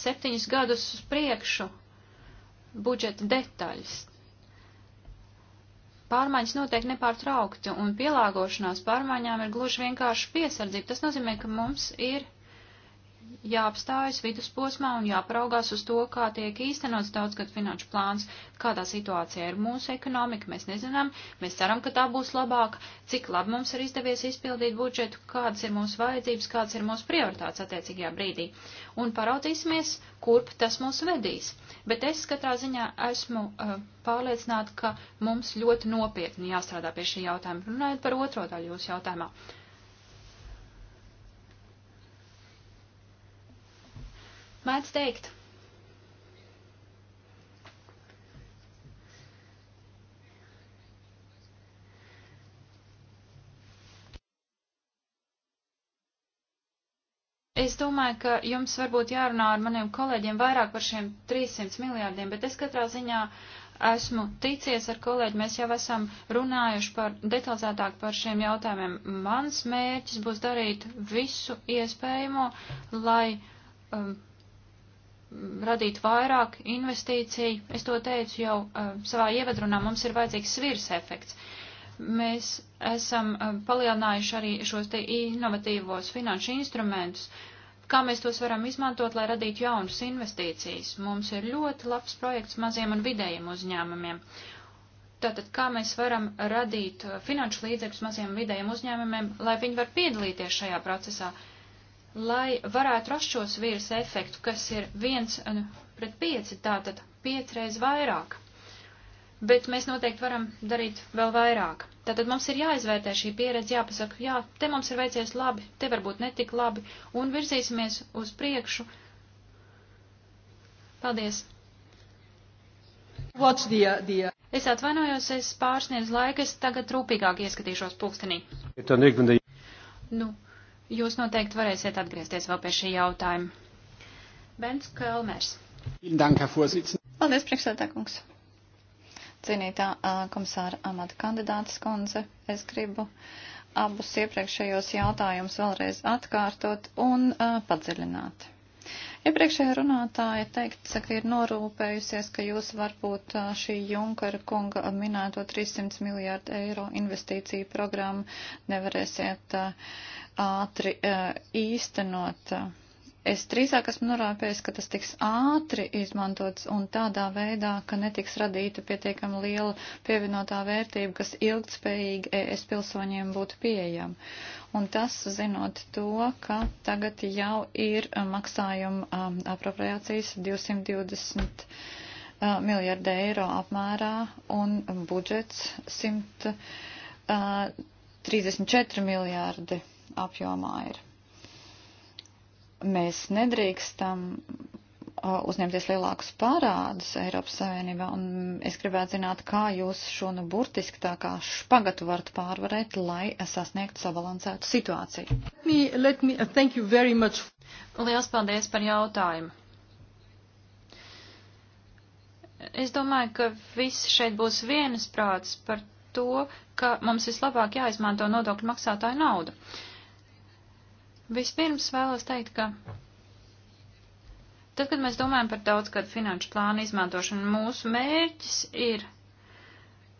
Speaker 2: septiņus gadus uz priekšu budžeta detaļas. Pārmaiņas notiek nepārtraukti, un pielāgošanās pārmaiņām ir gluži vienkārši piesardzība. Tas nozīmē, ka mums ir jāapstājas vidusposmā un jāpraugās uz to, kā tiek īstenots daudzgad finanšu plāns, kādā situācijā ir mūsu ekonomika, mēs nezinām, mēs ceram, ka tā būs labāka, cik labi mums ir izdevies izpildīt budžetu, kādas ir mūsu vajadzības, kādas ir mūsu prioritātes attiecīgajā brīdī. Un paraudzīsimies, kurp tas mūs vedīs. Bet es katrā ziņā esmu uh, pārliecināta, ka mums ļoti nopietni jāstrādā pie šī jautājuma. Runājot par otro daļu jūsu jautājumā. Uh, mēdz teikt. Es domāju, ka jums varbūt jārunā ar maniem kolēģiem vairāk par šiem 300 miljārdiem, bet es katrā ziņā esmu ticies ar kolēģi, mēs jau esam runājuši par detalizētāk par šiem jautājumiem. Mans mērķis būs darīt visu iespējamo, lai um, radīt vairāk investīciju. Es to teicu jau uh, savā ievadrunā, mums ir vajadzīgs svirs efekts. Mēs esam uh, palielinājuši arī šos te inovatīvos finanšu instrumentus. Kā mēs tos varam izmantot, lai radītu jaunas investīcijas? Mums ir ļoti labs projekts maziem un vidējiem uzņēmumiem. Tātad, kā mēs varam radīt uh, finanšu līdzekļus maziem un vidējiem uzņēmumiem, lai viņi var piedalīties šajā procesā? Uh, lai varētu rast šos vīrusu efektu, kas ir viens pret pieci, tātad piecreiz vairāk. Bet mēs noteikti varam darīt vēl vairāk. Tātad mums ir jāizvērtē šī pieredze, jāpasaka, jā, te mums ir veicies labi, te varbūt netik labi, un virzīsimies uz priekšu. Paldies! What's the, the... Es atvainojos, es pārsniedzu laiku, es tagad rūpīgāk ieskatīšos pulkstenī. Nu, Jūs noteikti varēsiet atgriezties vēl pie šī jautājuma. Bens Kölmers. Paldies, priekšsēdētājkungs. Cienītā komisāra amata kandidātas konze, es gribu abus iepriekšējos jautājumus vēlreiz atkārtot un uh, padziļināt. Iepriekšējā runātāja teikts, ka ir norūpējusies, ka jūs varbūt šī Junkara kunga minēto 300 miljārdu eiro investīciju programmu nevarēsiet uh, ātri e, īstenot. Es drīzāk esmu norāpējis, ka tas tiks ātri izmantots un tādā veidā, ka netiks radīta pietiekami liela pievienotā vērtība, kas ilgtspējīgi ES pilsoņiem būtu pieejama. Un tas zinot to, ka tagad jau ir maksājuma apropriācijas 220 miljardi eiro apmērā un budžets 134 miljārdi eiro apjomā ir. Mēs nedrīkstam uh, uzņemties lielākus parādus Eiropas Savienībā, un es gribētu zināt, kā jūs šo nu burtiski tā kā špagatu varat pārvarēt, lai sasniegtu sabalansētu situāciju. Let me, let me, uh, thank you very much. Liels paldies par jautājumu. Es domāju, ka visi šeit būs vienas prāts par to, ka mums vislabāk jāizmanto nodokļu maksātāju naudu. Uh, Vispirms vēlos teikt, ka tad, kad mēs domājam par daudzgadu finanšu plānu izmantošanu, mūsu mērķis ir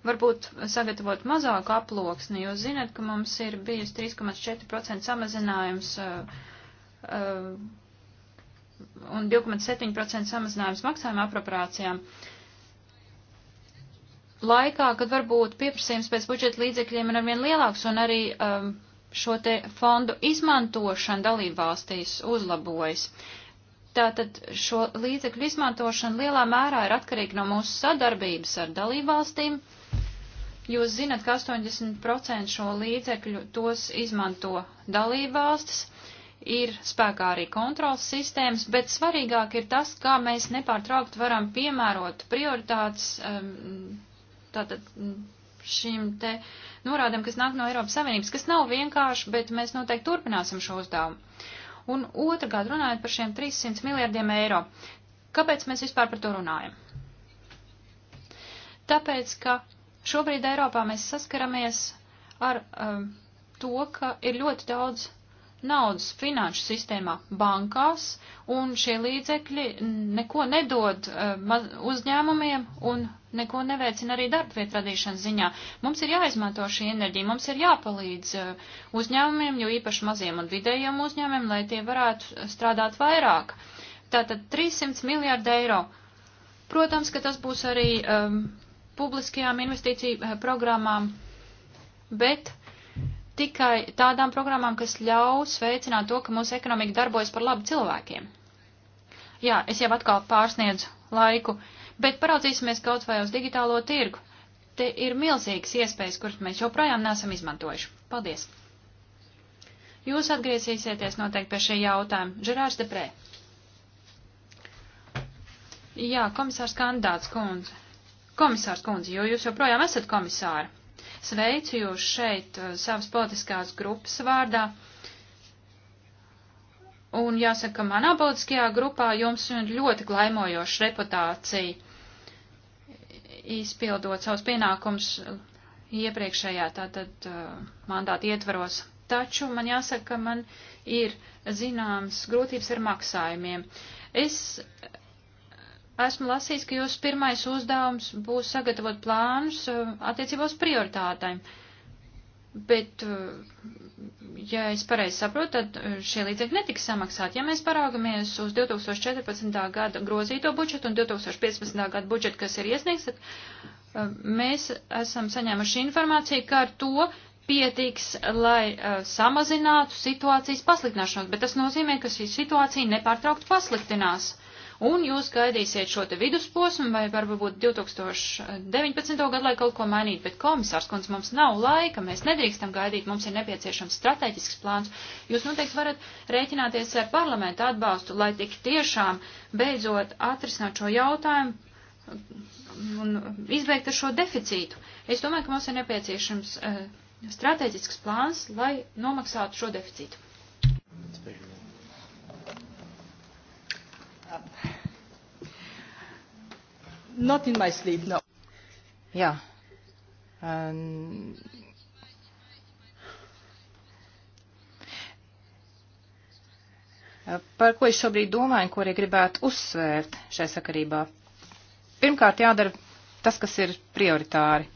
Speaker 2: varbūt sagatavot mazāku aploksni, jo zinat, ka mums ir bijis 3,4% samazinājums uh, uh, un 2,7% samazinājums maksājuma apropriācijām. Laikā, kad varbūt pieprasījums pēc budžeta līdzekļiem ir arvien lielāks un arī um, uh, šo te fondu izmantošana dalībvalstīs uzlabojas. Tātad šo līdzekļu izmantošana lielā mērā ir atkarīga no mūsu sadarbības ar dalībvalstīm. Jūs zinat, ka 80% šo līdzekļu tos izmanto dalībvalstis, ir spēkā arī kontrols sistēmas, bet svarīgāk ir tas, kā mēs nepārtraukt varam piemērot prioritātes um, tātad mm, šim te uh, norādam, kas nāk no Eiropas Savienības, kas nav vienkārši, bet mēs noteikti turpināsim šo uzdevumu. Un otrkārt, runājot par šiem 300 miljardiem eiro, kāpēc mēs vispār par to runājam? Tāpēc, ka šobrīd Eiropā mēs saskaramies ar um, to, ka ir ļoti daudz naudas finanšu sistēmā bankās, un šie līdzekļi neko nedod uh, uzņēmumiem un neko neveicina arī darbvietu radīšanas ziņā. Mums ir jāizmanto šī enerģija, mums ir jāpalīdz uh, uzņēmumiem, jo īpaši maziem un vidējiem uzņēmumiem, lai tie varētu strādāt vairāk. Tātad 300 miljārdi eiro. Protams, ka tas būs arī um, publiskajām investīciju programmām, bet uh, tikai tādām programmām, kas ļaus veicināt to, ka mūsu ekonomika darbojas par labu cilvēkiem. Jā, es jau atkal pārsniedzu laiku, bet paraudzīsimies kaut vai uz digitālo tirgu. Te ir milzīgas iespējas, kuras mēs joprojām nesam izmantojuši. Paldies! Jūs atgriezīsieties noteikti pie šī jautājuma. Žerārs Deprē. Jā, komisārs kandidāts kundze. Komisārs kundze, jo jūs joprojām esat komisāri. Sveicu jūs šeit eh, savas politiskās grupas vārdā. Un jāsaka, manā politiskajā grupā jums ir ļoti glaimojoša reputācija izpildot savus pienākumus iepriekšējā tātad eh, mandāta ietvaros. Taču man jāsaka, ka man ir zināms grūtības ar maksājumiem. Es Esmu lasījis, ka jūsu pirmais uzdevums būs sagatavot plānus uh, attiecībos prioritātēm. Bet, uh, ja es pareizi saprotu, tad uh, šie līdzekļi netiks samaksāti. Ja mēs paraugamies uz 2014. gada grozīto budžetu un 2015. gada budžetu, kas ir iesniegts, tad mēs esam saņēmuši informāciju, ka ar to pietiks, lai uh, samazinātu situācijas pasliktināšanos, bet tas nozīmē, ka šī situācija nepārtraukt pasliktinās. Uh, un jūs gaidīsiet šo te vidusposmu, vai varbūt 2019. gadu, lai kaut ko mainītu, bet komisārs kundze mums nav laika, mēs nedrīkstam gaidīt, mums ir nepieciešams strateģisks plāns. Jūs noteikti varat rēķināties ar parlamentu atbalstu, lai tik tiešām beidzot atrisināt šo jautājumu un izbeigt ar šo deficītu. Es domāju, ka mums ir nepieciešams uh, strateģisks plāns, lai nomaksātu šo deficītu.
Speaker 1: Not in my sleep, no. Jā. Um, par ko es šobrīd domāju un ko arī gribētu uzsvērt šai sakarībā. Pirmkārt, jādara tas, kas ir prioritāri.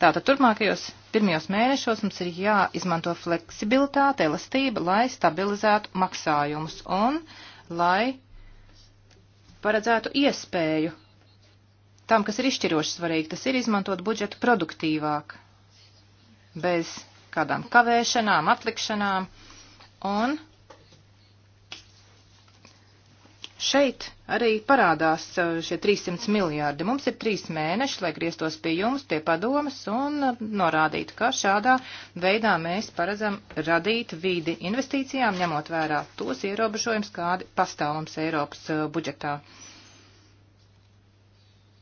Speaker 1: Tātad turpmākajos pirmajos mēnešos mums ir jāizmanto fleksibilitāte, elastība, lai stabilizētu maksājumus un lai paredzētu iespēju tam, kas ir izšķiroši svarīgi, tas ir izmantot budžetu produktīvāk, bez kādām kavēšanām, atlikšanām. Un šeit arī parādās uh, šie 300 miljārdi. Mums ir trīs mēneši, lai grieztos pie jums, pie padomas un uh, norādītu, ka šādā veidā mēs paredzam radīt vīdi investīcijām, ņemot vērā tos ierobežojums, kādi pastāv mums Eiropas uh, budžetā. Uh,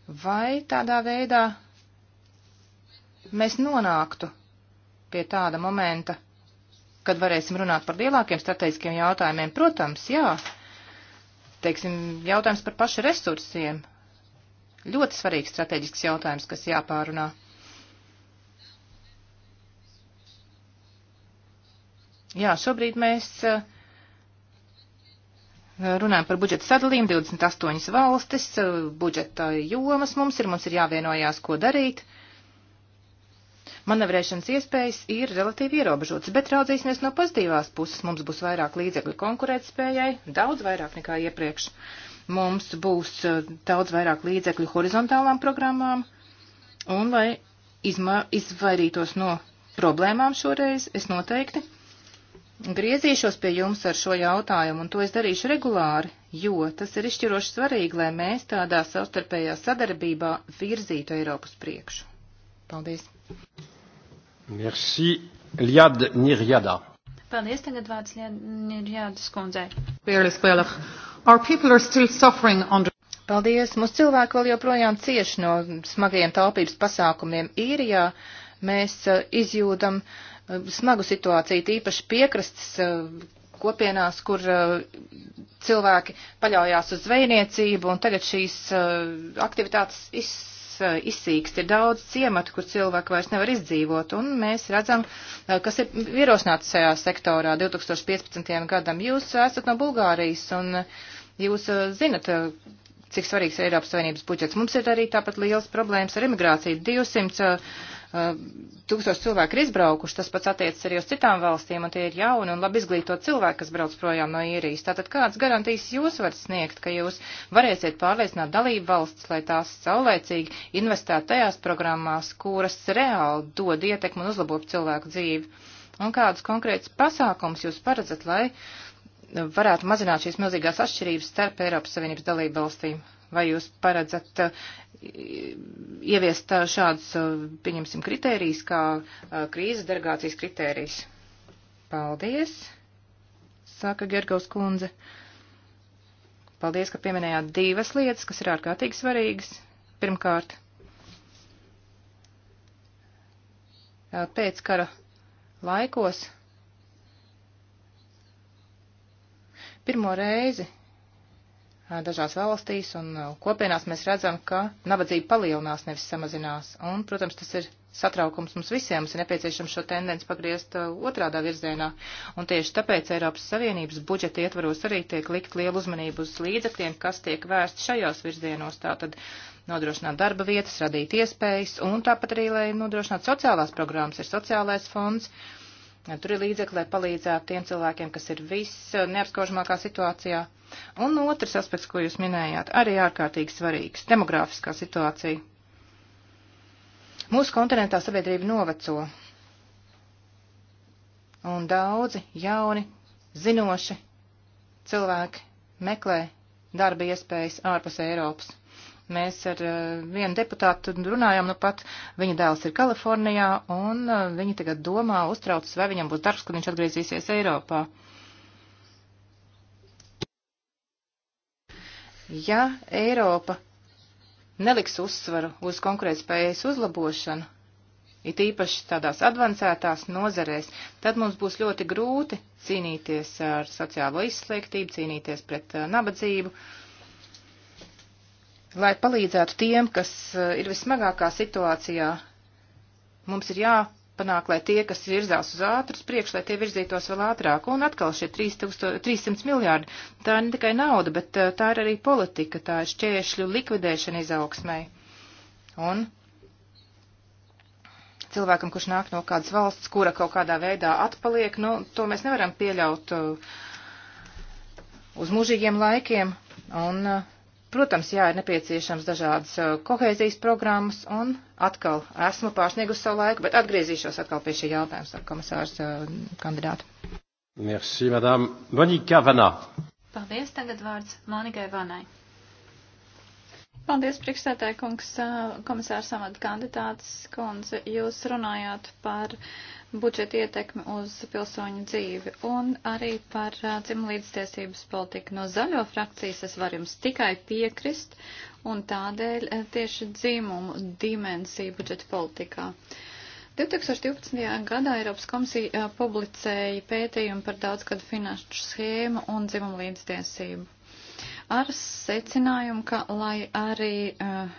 Speaker 1: Vai tādā veidā mēs nonāktu pie tāda momenta, kad varēsim runāt par lielākiem strateģiskiem jautājumiem? Protams, jā. Teiksim, jautājums par pašu resursiem. Ļoti svarīgs strateģisks jautājums, kas jāpārunā. Jā, šobrīd mēs uh, Runājam par budžeta sadalījumu, 28 valstis, budžeta jomas mums ir, mums ir jāvienojās, ko darīt. Manevrēšanas iespējas ir relatīvi ierobežotas, bet raudzīsimies no pozitīvās puses. Mums būs vairāk līdzekļu konkurētspējai, daudz vairāk nekā iepriekš. Mums būs eh, daudz vairāk līdzekļu horizontālām programmām, un lai izma, izvairītos no problēmām šoreiz, es noteikti griezīšos pie jums ar šo jautājumu, un to es darīšu regulāri, jo tas ir izšķiroši svarīgi, lai mēs tādā savstarpējā sadarbībā virzītu Eiropas priekšu. Paldies! Merci, Liad Nirjada.
Speaker 2: Paldies, tagad vārds Nirjadas kundzei.
Speaker 1: Paldies, mūsu cilvēki vēl joprojām cieši no smagajiem taupības pasākumiem īrijā. Mēs eh, izjūdam uh, Eh, smagu situāciju, tīpaši piekrastes eh, kopienās, kur eh, cilvēki paļaujās uz zvejniecību, un tagad šīs aktivitātes iz, izsīkst. Ir daudz ciematu, kur cilvēki vairs nevar izdzīvot, un mēs redzam, kas ir ierosināts šajā sektorā 2015. gadam. Jūs esat no Bulgārijas, un jūs zinat, cik svarīgs ir Eiropas Savienības budžets. Mums ir arī tāpat liels problēmas ar imigrāciju. 200 tūkstoši cilvēku ir izbraukuši, tas pats attiecas arī uz citām valstīm, un tie ir jauni un labi izglītot cilvēki, kas brauc projām no īrijas. Tātad kādas garantijas jūs varat sniegt, ka jūs varēsiet pārliecināt dalību valsts, lai tās saulēcīgi investētu tajās programmās, kuras reāli dod ietekmu un uzlabo cilvēku dzīvi? Un kādus konkrētus pasākums jūs paredzat, lai varētu mazināt šīs milzīgās atšķirības starp Eiropas Savienības dalību valstīm? Vai jūs paredzat ieviest uh, šādus, uh, pieņemsim, kritērijus, kā uh, krīzes dergācijas kritērijus. Paldies, saka Gergaus kundze. Paldies, ka pieminējāt divas lietas, kas ir ārkārtīgi svarīgas. Pirmkārt, pēc kara laikos pirmo reizi dažās valstīs un kopienās mēs redzam, ka nabadzība palielinās, nevis samazinās. Un, protams, tas ir satraukums mums visiem, mums ir nepieciešams šo tendenci pagriezt otrādā virzienā. Un tieši tāpēc Eiropas Savienības budžeta ietvaros arī tiek likt lielu uzmanību uz līdzekļiem, kas tiek vērsti šajos virzienos. Tātad nodrošināt darba vietas, radīt iespējas un tāpat arī, lai nodrošinātu sociālās programmas, ir sociālais fonds. Uh, Tur ir līdzekļi, lai palīdzētu tiem cilvēkiem, kas ir viss neapskaužamākā situācijā. Un otrs aspekts, ko jūs minējāt, arī ārkārtīgi svarīgs - demografiskā situācija. Mūsu kontinentā sabiedrība noveco. Un daudzi jauni, zinoši cilvēki meklē darba iespējas ārpus Eiropas. Mēs ar eh, vienu deputātu runājām, nu pat viņa dēls ir Kalifornijā, un eh, viņi tagad domā, uztraucas, vai viņam būs darbs, kad viņš atgriezīsies Eiropā. Ja Eiropa neliks uzsvaru uz konkurētspējas uzlabošanu, it īpaši tādās advancētās nozarēs, tad mums būs ļoti grūti cīnīties ar sociālo izslēgtību, cīnīties pret eh, nabadzību. Uh, lai palīdzētu tiem, kas eh, ir vismagākā situācijā, mums ir jāpanāk, lai tie, kas virzās uz ātrus priekš, lai tie virzītos vēl ātrāk. Un atkal šie 3000, 300 miljārdi, tā ir ne tikai nauda, bet eh, tā ir arī politika, tā ir šķēršļu likvidēšana izaugsmai. Un cilvēkam, kurš nāk no kādas valsts, kura kaut kādā veidā atpaliek, nu, to mēs nevaram pieļaut eh, uz mūžīgiem laikiem. Un uh, Protams, jā, ir nepieciešams dažādas uh, kohēzijas programmas, un atkal esmu pārsniegusi savu laiku, bet atgriezīšos atkal pie šī jautājuma, saka komisārs uh, kandidātu. Merci, madame. Monika
Speaker 2: Vanā. Paldies, tagad vārds Monikai Vanai. Paldies, priekšsētāja kungs, uh, komisārs amata kandidāts kundze. Jūs runājāt par uh, budžeta ietekmi uz pilsoņu dzīvi un arī par dzimlīdztiesības politiku. No zaļo frakcijas es varu jums tikai piekrist un tādēļ tieši dzimumu dimensiju budžeta politikā. 2012. gadā Eiropas komisija publicēja pētījumu par daudzgadu finanšu schēmu un dzimumu līdztiesību. Ar secinājumu, ka, lai arī uh,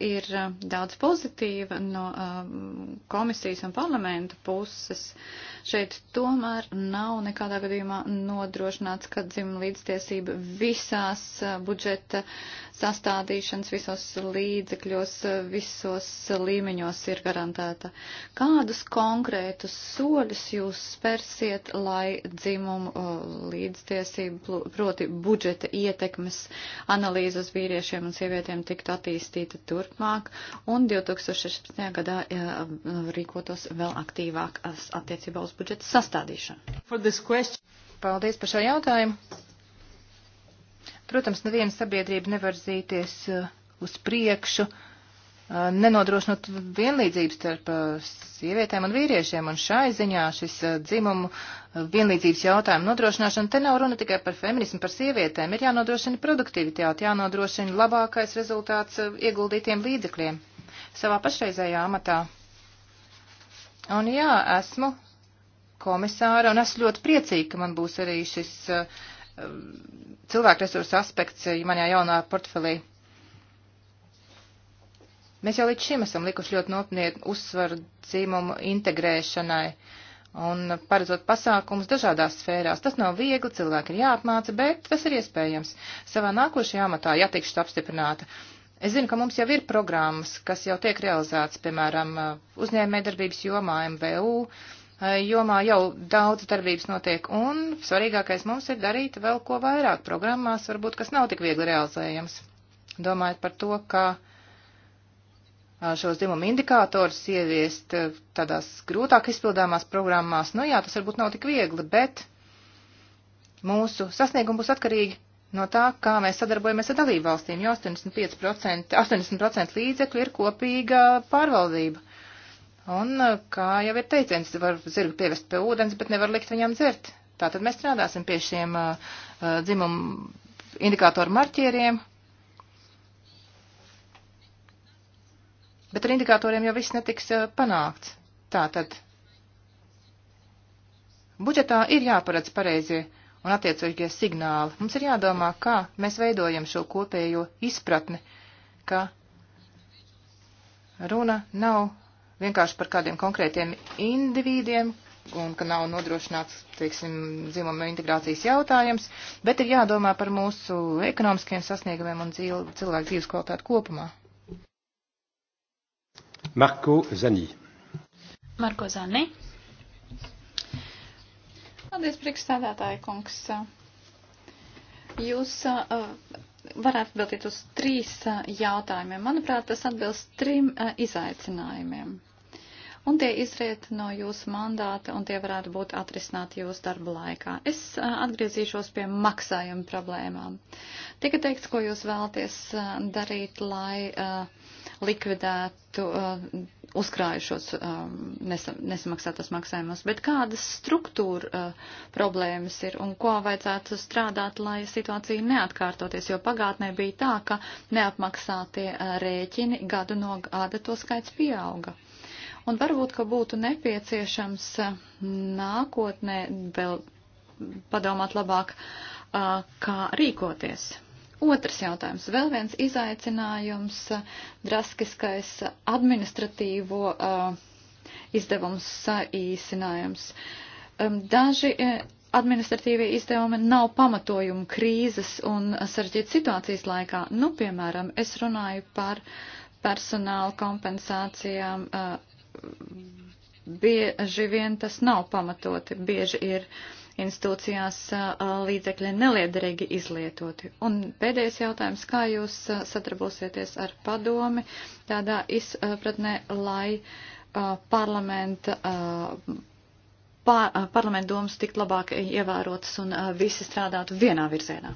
Speaker 2: ir uh, daudz pozitīva no uh, komisijas un parlamenta puses. Šeit tomēr nav nekādā gadījumā nodrošināts, ka dzimuma līdztiesība visās uh, budžeta sastādīšanas visos līdzekļos, visos līmeņos ir garantēta. Kādus konkrētus soļus jūs spērsiet, lai dzimumu līdztiesību, proti budžeta ietekmes analīzes vīriešiem un sievietēm tiktu attīstīta turpmāk un 2016. gadā e, rīkotos vēl aktīvāk attiecībā uz budžeta sastādīšanu?
Speaker 1: Paldies par šo jautājumu! Protams, neviena sabiedrība nevar zīties uh, uz priekšu, uh, nenodrošinot vienlīdzību starp uh, sievietēm un vīriešiem, un šai ziņā šis dzimumu vienlīdzības jautājumu nodrošināšana te nav runa tikai par feminismu, par sievietēm, ir jānodrošina produktivitāte, jānodrošina labākais rezultāts ieguldītiem līdzekļiem savā pašreizējā amatā. Un jā, esmu komisāra, un esmu ļoti priecīga, ka man būs arī šis uh, cilvēku resursu aspekts eh, manā jaunā portfelī. Mēs jau līdz šim esam likuši ļoti nopietnu uzsvaru dzīmumu integrēšanai un paredzot pasākumus dažādās sfērās. Tas nav viegli, cilvēki ir jāapmāca, bet tas ir iespējams. Savā nākošajā amatā jātikšu apstiprināta. Es zinu, ka mums jau ir programmas, kas jau tiek realizētas, piemēram, eh, uzņēmē darbības jomā MVU, uh, Eh, jomā jau daudz darbības notiek, un svarīgākais mums ir darīt vēl ko vairāk programmās, varbūt, kas nav tik viegli realizējams. Domājot par to, kā eh, šos dzimumu indikātors ieviest eh, tādās grūtāk izpildāmās programmās, nu jā, tas varbūt nav tik viegli, bet mūsu sasniegumi būs atkarīgi no tā, kā mēs sadarbojamies ar dalību valstīm, jo 85%, 80% līdzekļu ir kopīga pārvaldība. Un, uh, kā jau ir teiciens, var zirgu pievest pie ūdens, bet nevar likt viņam dzert. Tātad mēs strādāsim pie šiem uh, uh, dzimumu indikātoru marķieriem. Bet ar indikātoriem jau viss netiks uh, panākts. Tātad budžetā ir jāparedz pareizie un attiecīgie signāli. Mums ir jādomā, kā mēs veidojam šo kopējo izpratni, ka runa nav vienkārši par kādiem konkrētiem individiem, un ka nav nodrošināts, teiksim, dzimuma integrācijas jautājums, bet ir jādomā par mūsu ekonomiskiem sasniegumiem un dzīv, cilvēku dzīves kvalitāti kopumā.
Speaker 2: Marko Zanī. Marko Zanī. Paldies, priekšstādātāja kungs. Jūs uh, varētu atbildīt uz trīs uh, jautājumiem. Manuprāt, tas atbilst trim uh, izaicinājumiem un tie izriet no jūsu mandāta, un tie varētu būt atrisināti jūsu darba laikā. Es atgriezīšos pie maksājuma problēmām. Tika teikts, ko jūs vēlaties darīt, lai likvidētu uzkrājušos nesamaksātos maksājumus, bet kādas struktūra problēmas ir un ko vajadzētu strādāt, lai situācija neatkārtoties, jo pagātnē bija tā, ka neapmaksātie rēķini gadu no gada to skaits pieauga. Un varbūt, ka būtu nepieciešams eh, nākotnē vēl padomāt labāk, eh, kā rīkoties. Otrs jautājums. Vēl viens izaicinājums eh, - drastiskais administratīvo izdevumu saīsinājums. Daži administratīvie izdevumi nav pamatojumi krīzes un sarežģītas situācijas laikā. Nu, piemēram, es runāju par personāla kompensācijām bieži vien tas nav pamatoti, bieži ir institūcijās līdzekļi neliederīgi izlietoti. Un pēdējais jautājums, kā jūs sadarbosieties ar padomi tādā izpratnē, lai parlamenta parlamentu domas tikt labāk ievērotas un visi strādātu vienā virzienā.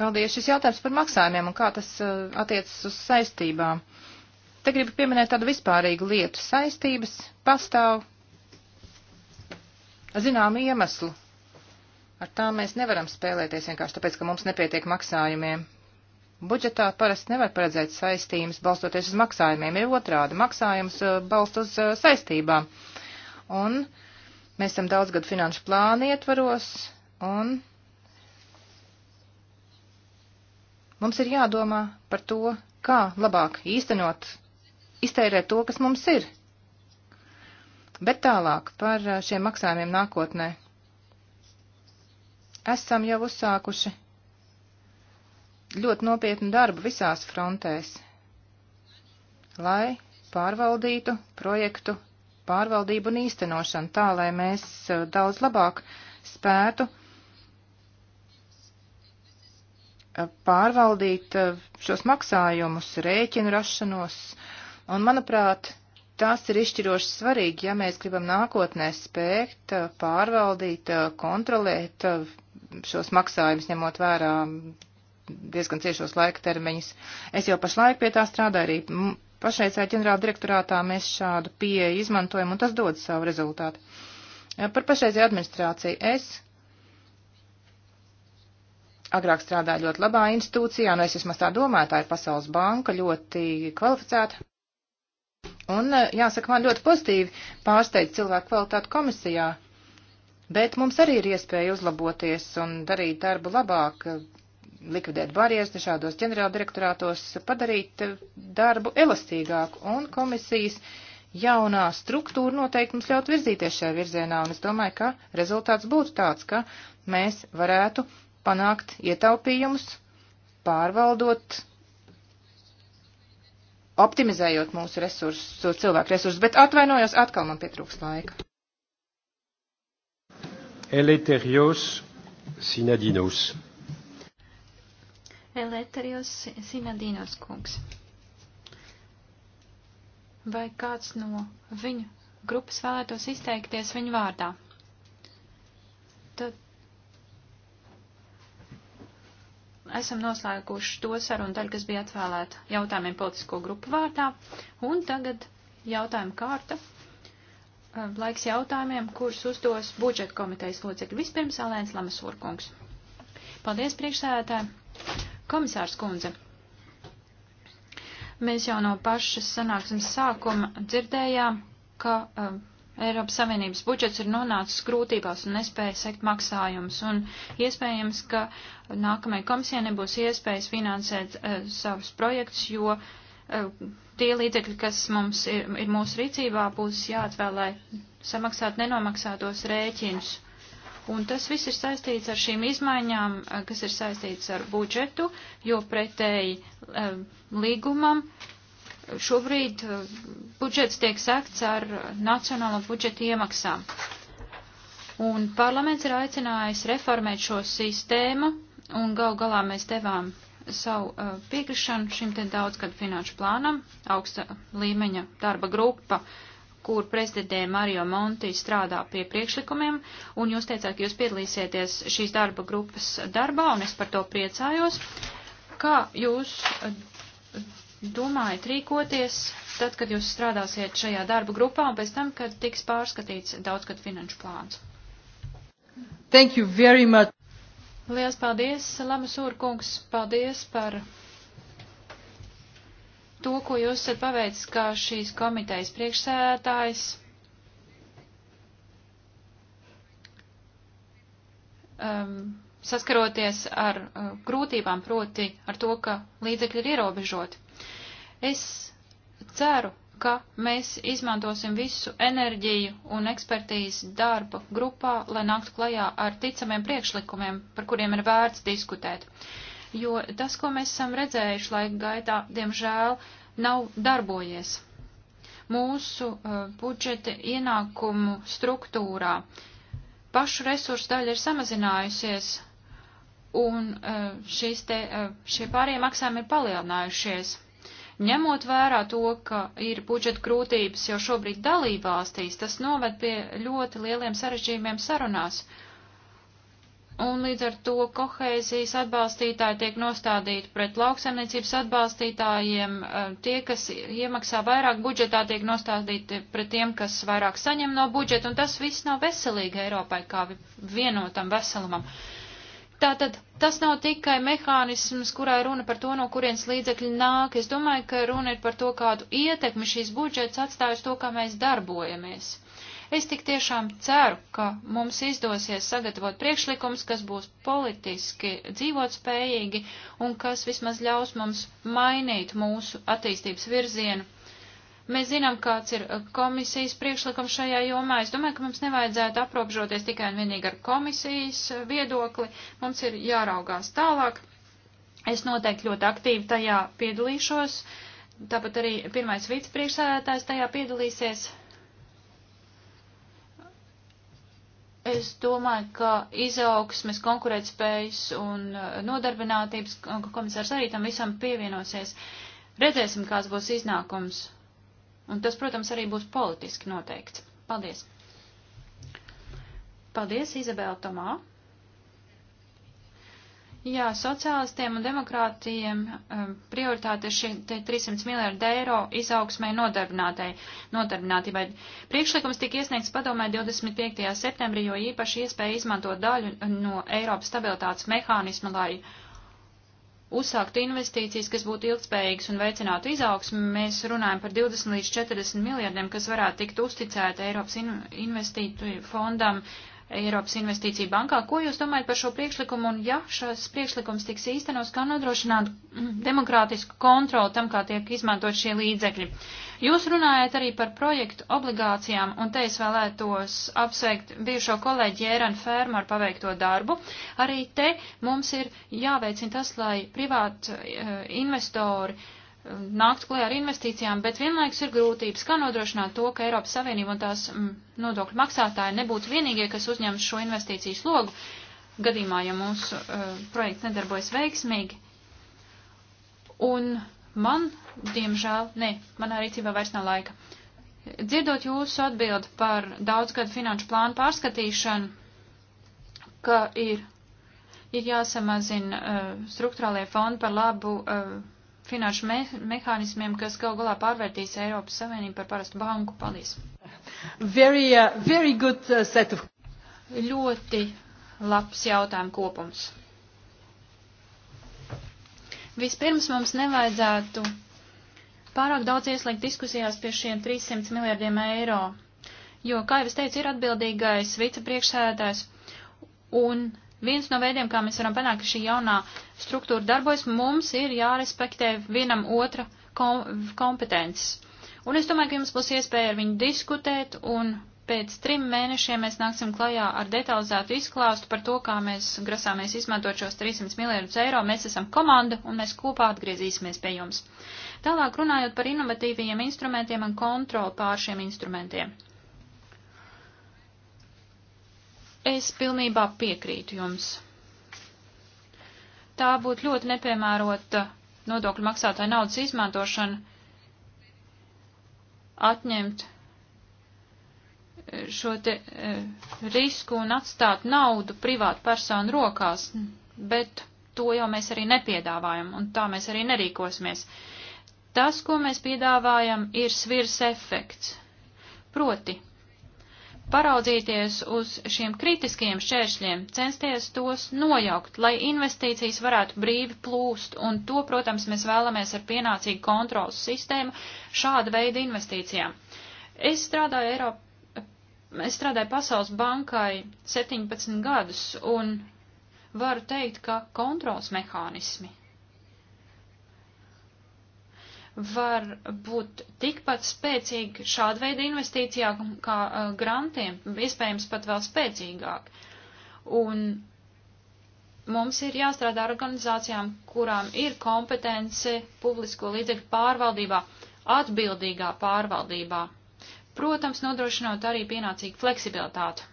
Speaker 1: Paldies. Šis jautājums par maksājumiem un kā tas attiecas uz saistībām. Te gribu pieminēt tādu vispārīgu lietu. Saistības pastāv zinām iemeslu. Ar tām mēs nevaram spēlēties vienkārši tāpēc, ka mums nepietiek maksājumiem. Budžetā parasti nevar paredzēt saistības balstoties uz maksājumiem, ir otrādi - maksājums eh, balst uz eh, saistībām. Un mēs esam daudz gadu finanšu plānu ietvaros, un mums ir jādomā par to, kā labāk īstenot iztērēt to, kas mums ir. Bet tālāk par eh, šiem maksājumiem nākotnē. Esam jau uzsākuši ļoti nopietnu darbu visās frontēs, lai pārvaldītu projektu pārvaldību un īstenošanu tā, lai mēs eh, daudz labāk spētu eh, pārvaldīt šos maksājumus, rēķinu rašanos, uh, Un, manuprāt, tas ir izšķiroši svarīgi, ja mēs gribam nākotnē spēkt eh, pārvaldīt, eh, kontrolēt eh, šos maksājumus, ņemot vērā diezgan ciešos laika termiņus. Es jau pašlaik pie tā strādāju arī. Pašreizējā ģenerāla direktorātā mēs šādu pieeju izmantojam, un tas dod savu rezultātu. Par pašreizēju administrāciju es agrāk strādāju ļoti labā institūcijā, nu es vismaz tā domāju, tā ir Pasaules banka, ļoti kvalificēta. Un, eh, jāsaka, man ļoti pozitīvi pārsteidz cilvēku kvalitāti komisijā. Bet mums arī ir iespēja uzlaboties un darīt darbu labāk, eh, likvidēt barjeras dažādos ģenerāldirektorātos, padarīt eh, darbu elastīgāku. Un komisijas jaunā struktūra noteikti mums ļaut virzīties šajā virzienā. Un es domāju, ka rezultāts būtu tāds, ka mēs varētu panākt ietaupījumus, pārvaldot optimizējot mūsu resursus, cilvēku resursus, bet atvainojos, atkal man pietrūks laika.
Speaker 2: Eleterios Sinadinos. Eleterios Sinadinos kungs. Vai kāds no viņu grupas vēlētos izteikties viņu vārdā? esam noslēguši to sarunu daļu, kas bija atvēlēta jautājumiem politisko grupu vārtā, un tagad jautājuma kārta. Laiks jautājumiem, kurus uzdos budžeta komitejas locekļi. Vispirms Alēns Lamasurkungs. Paldies, priekšsēdētāji. Komisārs kundze. Mēs jau no pašas sanāksmes sākuma dzirdējām, ka um, Eiropas Savienības budžets ir nonācis grūtībās un nespēja sekt maksājumus, un iespējams, ka nākamajai komisijai nebūs iespējas finansēt uh, e, savus projektus, jo uh, tie līdzekļi, kas mums ir, ir mūsu rīcībā, būs jāatvēl, lai samaksātu nenomaksātos rēķinus. Un tas viss ir saistīts ar šīm izmaiņām, eh, kas ir saistīts ar budžetu, jo pretēji e, līgumam šobrīd eh, budžets tiek sekts ar nacionālo budžetu iemaksām. Un parlaments ir aicinājis reformēt šo sistēmu, un gal galā mēs devām savu eh, piekrišanu šim te daudzgad finanšu plānam, augsta līmeņa darba grupa, kur prezidentē Mario Monti strādā pie priekšlikumiem, un jūs teicāt, ka jūs piedalīsieties šīs darba grupas darbā, un es par to priecājos. Kā jūs eh, domājat rīkoties tad, kad jūs strādāsiet šajā darba grupā un pēc tam, kad tiks pārskatīts daudzgad finanšu plāns? Thank you very much. Lielas paldies, LamasŪrkungs, paldies par to, ko jūs esat paveicis kā šīs komitejas priekšsēdētājs. Um, saskaroties ar uh, grūtībām, proti ar to, ka līdzekļi ir ierobežoti. Es ceru, ka mēs izmantosim visu enerģiju un ekspertīzi darba grupā, lai nāktu klajā ar ticamiem priekšlikumiem, par kuriem ir vērts diskutēt. Jo tas, ko mēs esam redzējuši laika gaitā, diemžēl nav darbojies. Mūsu uh, budžeta ienākumu struktūrā pašu resursu daļa ir samazinājusies, un uh, šīs te, uh, šie pārējie maksājumi ir palielinājušies. Ņemot vērā to, ka ir budžeta grūtības jau šobrīd dalībvalstīs, tas noved pie ļoti lieliem sarežģījumiem sarunās. Un līdz ar to kohēzijas atbalstītāji tiek nostādīti pret lauksaimniecības atbalstītājiem, eh, tie, kas iemaksā vairāk budžetā, tiek nostādīti pret tiem, kas vairāk saņem no budžeta, un tas viss nav veselīgi Eiropai kā vienotam veselumam. Uh, Tātad tas nav tikai mehānisms, kurā runa par to, no kurienes līdzekļi nāk. Es domāju, ka runa ir par to, kādu ietekmi šīs budžets atstāj uz to, kā mēs darbojamies. Es tik tiešām ceru, ka mums izdosies sagatavot priekšlikums, kas būs politiski dzīvotspējīgi un kas vismaz ļaus mums mainīt mūsu attīstības virzienu. Mēs zinām, kāds ir uh, komisijas priekšlikums šajā jomā. Es domāju, ka mums nevajadzētu aprobežoties tikai un vienīgi ar komisijas uh, viedokli. Mums ir jāraugās tālāk. Es noteikti ļoti aktīvi tajā piedalīšos. Tāpat arī pirmais vicepriekšsēdētājs tajā piedalīsies. Es domāju, ka izaugsmes, konkurētspējas un uh, nodarbinātības komisārs arī tam visam pievienosies. Redzēsim, kāds būs iznākums. Un tas, protams, arī būs politiski noteikts. Paldies! Paldies, Izabela Tomā! Jā, sociālistiem un demokrātiem um, prioritāte ir šie 300 miljārdi eiro izaugsmai nodarbinātībai. Priekšlikums tika iesniegts padomē 25. septembrī, jo īpaši iespēja izmantot daļu no Eiropas stabilitātes mehānisma, lai uzsākt investīcijas, kas būtu ilgspējīgas un veicinātu izaugsmu, mēs runājam par 20 līdz 40 miljardiem, kas varētu tikt uzticēti Eiropas investīciju fondam Eiropas investīcija bankā. Ko jūs domājat par šo priekšlikumu un ja šis priekšlikums tiks īstenos, kā nodrošināt demokrātisku kontroli tam, kā tiek izmantot šie līdzekļi? Jūs runājat arī par projektu obligācijām un te es vēlētos apsveikt bijušo kolēģi Jēranu Fermu ar paveikto darbu. Arī te mums ir jāveicina tas, lai privāti eh, investori uh, nākt klajā ar investīcijām, bet vienlaikus ir grūtības, kā nodrošināt to, ka Eiropas Savienība un tās mm, nodokļu maksātāji nebūtu vienīgie, kas uzņems šo investīciju slogu, gadījumā, ja mūsu uh, projekts nedarbojas veiksmīgi. Un man, diemžēl, ne, manā rīcībā vairs nav laika. Dzirdot jūsu atbildi par daudzgadu finanšu plānu pārskatīšanu, ka ir, ir jāsamazina uh, struktūrālie fondi par labu uh, finanšu me mehānismiem, kas gal galā pārvērtīs Eiropas Savienību par parastu banku. Paldies! Very, uh, very good uh, set of... Ļoti labs jautājumu kopums. Vispirms mums nevajadzētu pārāk daudz ieslēgt diskusijās pie šiem 300 miljardiem eiro, jo, kā jau es teicu, ir atbildīgais vicepriekšsēdētājs un Viens no veidiem, kā mēs varam panākt, ka šī jaunā struktūra darbojas, mums ir jārespektē vienam otra kom kompetences. Un es domāju, ka jums būs iespēja ar viņu diskutēt, un pēc trim mēnešiem mēs nāksim klajā ar detalizētu izklāstu par to, kā mēs grasāmies izmantot šos 300 miljardus eiro. Mēs esam komanda, un mēs kopā atgriezīsimies pie jums. Tālāk runājot par inovatīvajiem instrumentiem un kontroli pār šiem instrumentiem. Es pilnībā piekrītu jums. Tā būtu ļoti nepiemērota nodokļu maksātāja naudas izmantošana atņemt eh, šo te eh, risku un atstāt naudu privātu personu rokās, bet to jau mēs arī nepiedāvājam, un tā mēs arī nerīkosimies. Tas, ko mēs piedāvājam, ir svirs efekts. Proti, paraudzīties uz šiem kritiskiem šķēršļiem, censties tos nojaukt, lai investīcijas varētu brīvi plūst, un to, protams, mēs vēlamies ar pienācīgu kontrolas sistēmu šāda veida investīcijām. Es strādāju Eiropā. Es strādāju Pasaules bankai 17 gadus un varu teikt, ka kontrols mehānismi var būt tikpat spēcīgi šāda veida investīcijā kā uh, grantiem, iespējams pat vēl spēcīgāk. Un mums ir jāstrādā organizācijām, kurām ir kompetence publisko līdzekļu pārvaldībā, atbildīgā pārvaldībā, protams, nodrošinot arī pienācīgu fleksibilitāti.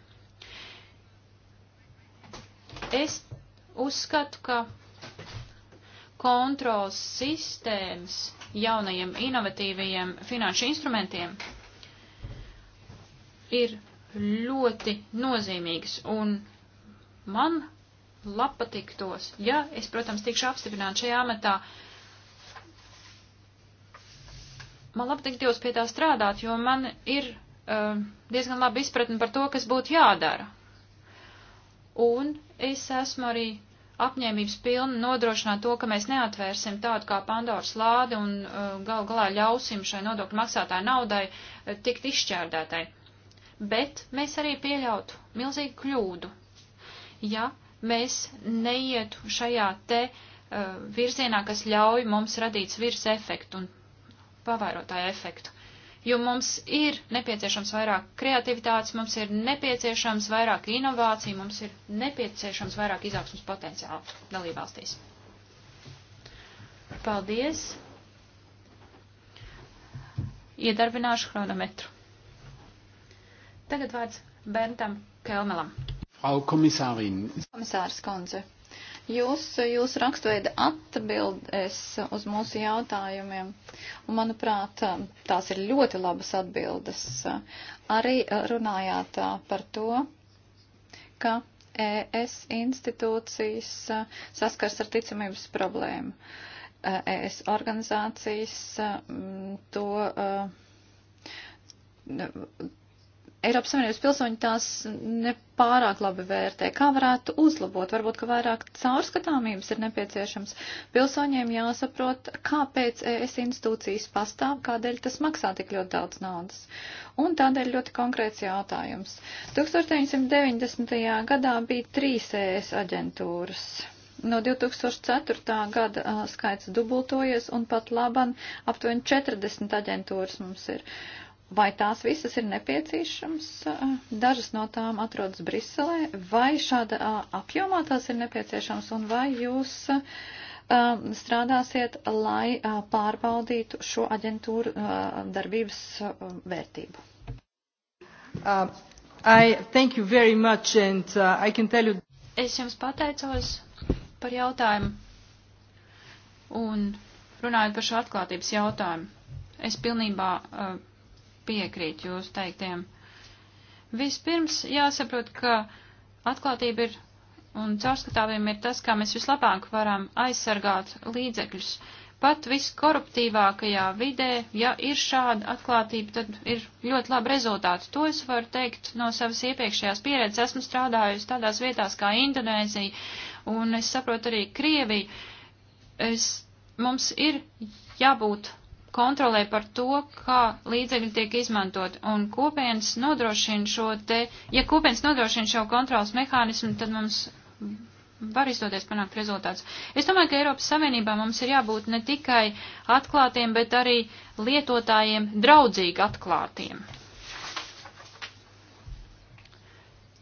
Speaker 2: Es uzskatu, ka kontrols sistēmas jaunajiem inovatīvajiem finanšu instrumentiem ir ļoti nozīmīgas, un man labpatiktos, ja es, protams, tikšu apstiprināt šajā amatā, man labpatiktos pie tā strādāt, jo man ir uh, diezgan labi izpratni par to, kas būtu jādara. Un es esmu arī apņēmības pilni nodrošināt to, ka mēs neatvērsim tādu kā Pandoras lādi un uh, gal galā ļausim šai nodokļu maksātāju naudai uh, tikt izšķērdētai. Bet mēs arī pieļautu milzīgu kļūdu, ja mēs neietu šajā te uh, virzienā, kas ļauj mums radīt virs efektu un pavērotāju efektu jo mums ir nepieciešams vairāk kreativitātes, mums ir nepieciešams vairāk inovāciju, mums ir nepieciešams vairāk izaugsmas potenciāla dalībvalstīs. Paldies! Iedarbināšu chronometru. Tagad vārds Bentam Kelmelam. Frau Komisārin. Komisārs Konze. Jūs, jūs rakstveida atbildes uz mūsu jautājumiem, un manuprāt, tās ir ļoti labas atbildes. Arī runājāt par to, ka ES institūcijas saskars ar ticamības problēmu. ES organizācijas mm, to Eiropas Savienības pilsoņi tās nepārāk labi vērtē. Kā varētu uzlabot? Varbūt, ka vairāk caurskatāmības ir nepieciešams. Pilsoņiem jāsaprot, kāpēc ES institūcijas pastāv, kādēļ tas maksā tik ļoti daudz naudas. Un tādēļ ļoti konkrēts jautājums. 1990. gadā bija trīs ES aģentūras. No 2004. gada a, skaits dubultojies un pat laban aptuveni 40 aģentūras mums ir. Uh, Vai tās visas ir nepieciešams? Eh, dažas no tām atrodas Briselē. Vai šāda eh, apjomā tās ir nepieciešams un vai jūs eh, strādāsiet, lai pārbaudītu šo aģentūru darbības vērtību?
Speaker 1: Uh, I thank you very much and uh, I can tell you.
Speaker 2: Es jums pateicos par jautājumu un runājot par šo atklātības jautājumu. Es pilnībā uh, piekrīt jūs teiktiem. Vispirms jāsaprot, ka atklātība ir un caurskatāviem ir tas, kā mēs vislabāk varam aizsargāt līdzekļus. Pat viskoruptīvākajā vidē, ja ir šāda atklātība, tad ir ļoti labi rezultāti. To es varu teikt no savas iepriekšējās pieredzes. Esmu strādājusi tādās vietās kā Indonēzija, un es saprotu arī Krieviju. Es, mums ir jābūt kontrolē par to, kā līdzekļi tiek izmantot. Un kopienas nodrošina šo te, ja kopienas nodrošina šo kontrolas mehānismu, tad mums var izdoties panākt rezultāts. Es domāju, ka Eiropas Savienībā mums ir jābūt ne tikai atklātiem, bet arī lietotājiem draudzīgi atklātiem.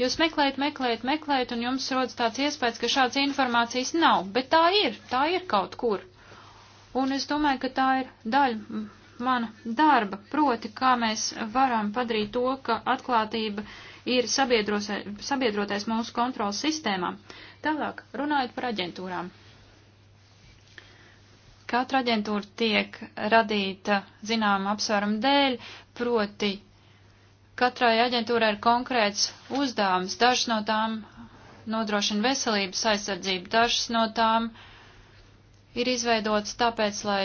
Speaker 2: Jūs meklējat, meklējat, meklējat, un jums rodas tāds iespējas, ka šādas informācijas nav, bet tā ir, tā ir kaut kur. Un es domāju, ka tā ir daļa mana darba, proti, kā mēs varam padarīt to, ka atklātība ir sabiedrotais mūsu kontrolas sistēmā. Tālāk, runājot par aģentūrām. Katra aģentūra tiek radīta zināma apsvēruma dēļ, proti katrai aģentūrai ir konkrēts uzdevums. Dažas no tām nodrošina veselības aizsardzību, dažas no tām uh, ir izveidots tāpēc, lai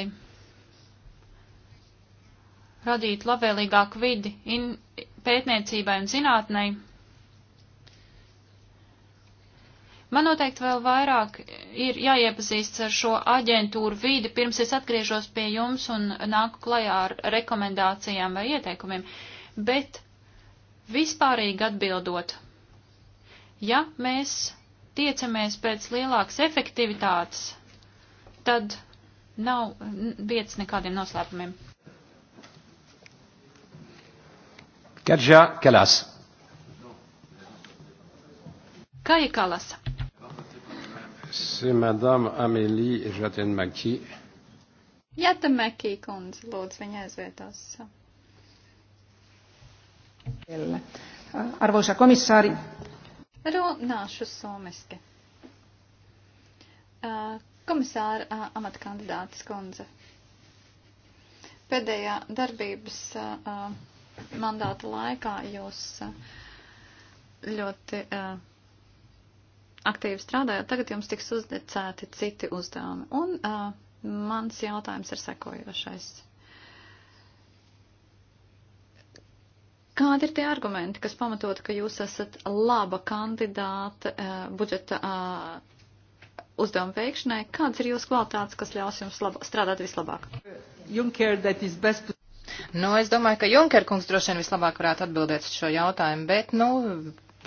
Speaker 2: radītu labvēlīgāku vidi in, pētniecībai un zinātnei. Man noteikti vēl vairāk ir jāiepazīst ar šo aģentūru vidi, pirms es atgriežos pie jums un nāku klajā ar rekomendācijām vai ieteikumiem. Bet vispārīgi atbildot, ja mēs tiecamies pēc lielākas efektivitātes tad nav vietas nekādiem noslēpumiem.
Speaker 1: Kadžā Kalas.
Speaker 2: Kāja Kalas.
Speaker 1: C'est Madame Amélie Jatenmaki.
Speaker 2: Jatenmaki, kundze, lūdzu, viņa aizvietās.
Speaker 1: Arvoisa komissaari.
Speaker 2: Runāšu somiski. Komisāra amatkandidātes kundze. Pēdējā darbības mandāta laikā jūs ļoti aktīvi strādājat, tagad jums tiks uzdecēti citi uzdevumi. Un uh, mans jautājums ir sekojošais. Kādi ir tie argumenti, kas pamatot, ka jūs esat laba kandidāta uh, budžeta uh, uzdevumu veikšanai. Kādas ir jūsu kvalitātes, kas ļaus jums lab, strādāt vislabāk?
Speaker 1: Junker, best... Nu, es domāju, ka Junker kungs droši vien vislabāk varētu atbildēt uz šo jautājumu, bet, nu,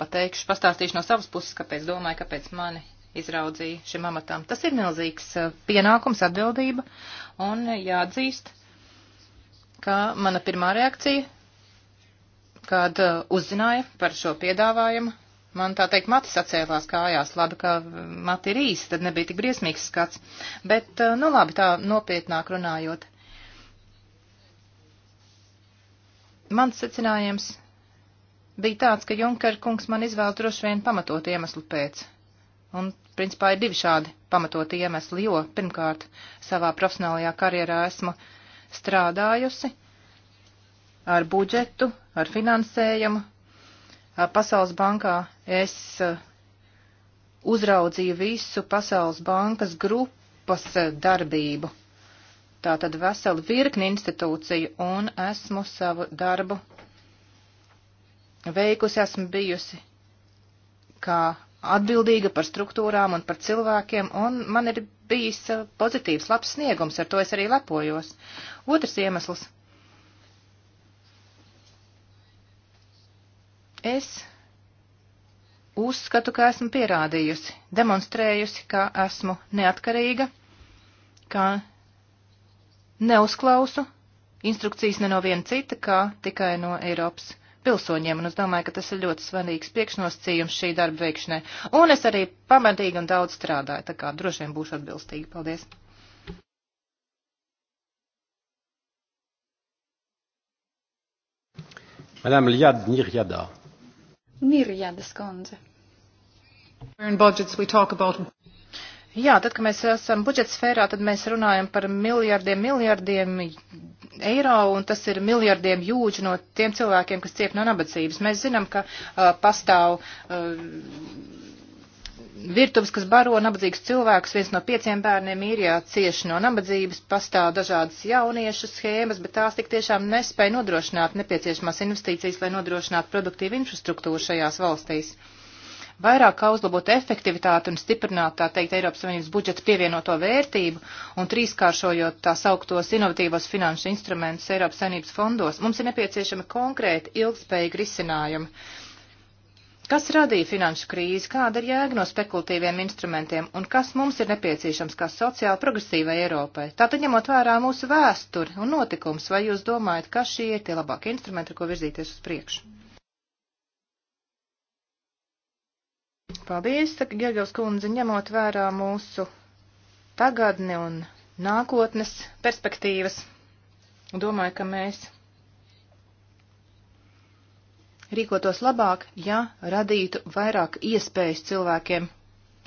Speaker 1: pateikšu, pastāstīšu no savas puses, kāpēc domāju, kāpēc mani izraudzīja šim amatam. Tas ir milzīgs eh, pienākums, atbildība, un jāatzīst, ka mana pirmā reakcija, kad eh, uzzināja par šo piedāvājumu, Man tā teikt, matis atcēlās kājās. Labi, ka mati ir īsi, tad nebija tik briesmīgs skats. Bet, eh, nu labi, tā nopietnāk runājot. Mans secinājums bija tāds, ka Junker kungs man izvēl droši vien pamatot iemeslu pēc. Un, principā, ir divi šādi pamatoti iemesli, jo, pirmkārt, savā profesionālajā karjerā esmu strādājusi ar budžetu, ar finansējumu, Pasaules bankā es uzraudzīju visu Pasaules bankas grupas darbību. Tātad veseli virkni institūciju un esmu savu darbu veikusi, esmu bijusi kā atbildīga par struktūrām un par cilvēkiem, un man ir bijis pozitīvs, labs sniegums, ar to es arī lepojos. Otrs iemesls Es uzskatu, ka esmu pierādījusi, demonstrējusi, ka esmu neatkarīga, ka neuzklausu instrukcijas ne no viena cita, kā tikai no Eiropas pilsoņiem, un es domāju, ka tas ir ļoti svarīgs priekšnosacījums šī darba veikšanai. Un es arī pamatīgi un daudz strādāju, tā kā droši vien būšu atbilstīga. Paldies! Madame Liad Nirjada.
Speaker 2: Mirjādas kundze.
Speaker 1: Jā, tad, kad mēs esam budžeta sfērā, tad mēs runājam par miljardiem, miljardiem eiro, un tas ir miljardiem jūģi no tiem cilvēkiem, kas ciep no nabadzības. Mēs zinām, ka uh, pastāv uh, Virtuvs, kas baro nabadzīgs cilvēks, viens no pieciem bērniem īrijā cieši no nabadzības, pastāv dažādas jauniešu schēmas, bet tās tik tiešām nespēja nodrošināt nepieciešamās investīcijas, lai nodrošinātu produktīvu infrastruktūru šajās valstīs. Vairāk kā uzlabot efektivitāti un stiprināt, tā teikt, Eiropas Savienības budžeta pievienoto vērtību un trīskāršojot tā sauktos inovatīvos finanšu instrumentus Eiropas Savienības fondos, mums ir nepieciešami konkrēti ilgspējīgi risinājumi Kas radīja finanšu krīzi, kāda ir jēga no spekulatīviem instrumentiem un kas mums ir nepieciešams kā sociāli progresīvai Eiropai? Tātad ņemot vērā mūsu vēsturi un notikums, vai jūs domājat, ka šie ir tie labākie instrumenti, ar ko virzīties uz priekšu? Paldies, saka Gergels kundze, ņemot vērā mūsu tagadni un nākotnes perspektīvas. Domāju, ka mēs rīkotos labāk, ja radītu vairāk iespējas cilvēkiem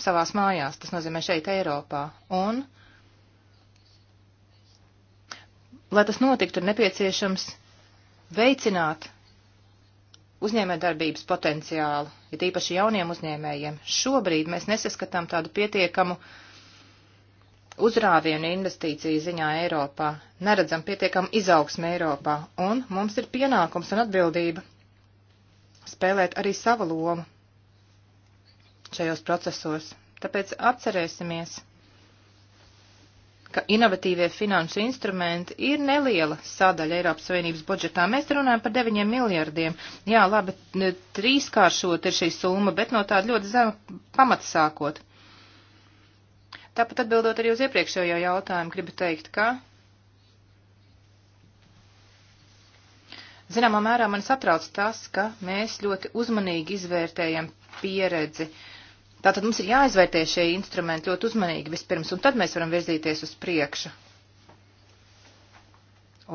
Speaker 1: savās mājās, tas nozīmē šeit Eiropā. Un, lai tas notiktu, ir nepieciešams veicināt uzņēmējdarbības potenciālu, ir ja īpaši jauniem uzņēmējiem. Šobrīd mēs nesaskatām tādu pietiekamu uzrāvienu investīciju ziņā Eiropā, neredzam pietiekamu izaugsmu Eiropā, un mums ir pienākums un atbildība spēlēt arī savu lomu šajos procesos. Tāpēc atcerēsimies, ka inovatīvie finanšu instrumenti ir neliela sadaļa Eiropas Savienības budžetā. Mēs runājam par 9 miljardiem. Jā, labi, trīskāršot ir šī summa, bet no tāda ļoti zema pamata sākot. Tāpat atbildot arī uz iepriekšējo jautājumu, gribu teikt, ka Zināmā mērā man satrauc tas, ka mēs ļoti uzmanīgi izvērtējam pieredzi. Tātad mums ir jāizvērtē šie instrumenti ļoti uzmanīgi vispirms, un tad mēs varam virzīties uz priekšu.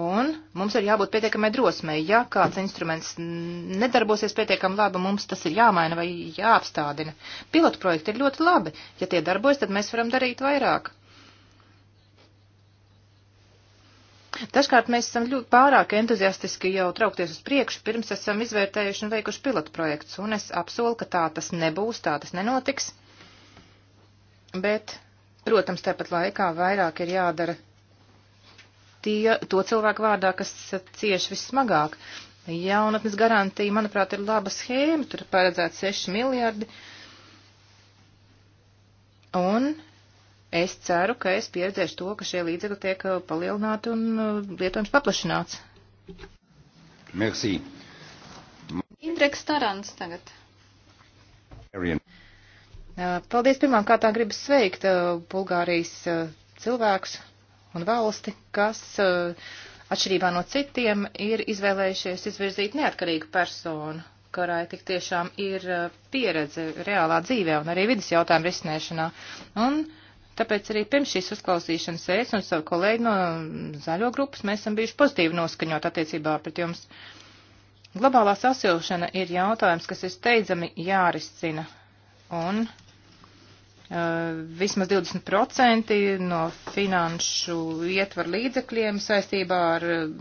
Speaker 1: Un mums ir jābūt pietiekamai drosmei. Ja kāds instruments nedarbosies pietiekami labi, mums tas ir jāmaina vai jāapstādina. Pilotu projekti ir ļoti labi. Ja tie darbojas, tad mēs varam darīt vairāk. Dažkārt mēs esam ļoti pārāk entuziastiski jau traukties uz priekšu, pirms esam izvērtējuši un veikuši pilotu projekts, un es apsolu, ka tā tas nebūs, tā tas nenotiks. Bet, protams, tāpat laikā vairāk ir jādara tie, to cilvēku vārdā, kas cieši vissmagāk. Jaunatnes garantija, manuprāt, ir laba schēma, tur paredzēts 6 miljardi. Un es ceru, ka es pieredzēšu to, ka šie līdzekļi tiek uh, palielināti un uh, lietojums paplašināts. Merci.
Speaker 2: Indreks Tarants tagad. Arian.
Speaker 1: Uh, paldies pirmām kārtām gribas sveikt Bulgārijas cilvēkus un valsti, kas atšķirībā no citiem ir izvēlējušies izvirzīt neatkarīgu personu, kurai tik tiešām ir pieredze reālā dzīvē un arī vidas jautājumu risināšanā. Un uh, Tāpēc arī pirms šīs uzklausīšanas es un savu kolēģi no zaļo grupas mēs esam bijuši pozitīvi noskaņot attiecībā pret jums. Globālā sasilšana ir jautājums, kas ir steidzami jāriscina, un uh, vismaz 20% no finanšu ietvaru līdzekļiem saistībā ar uh,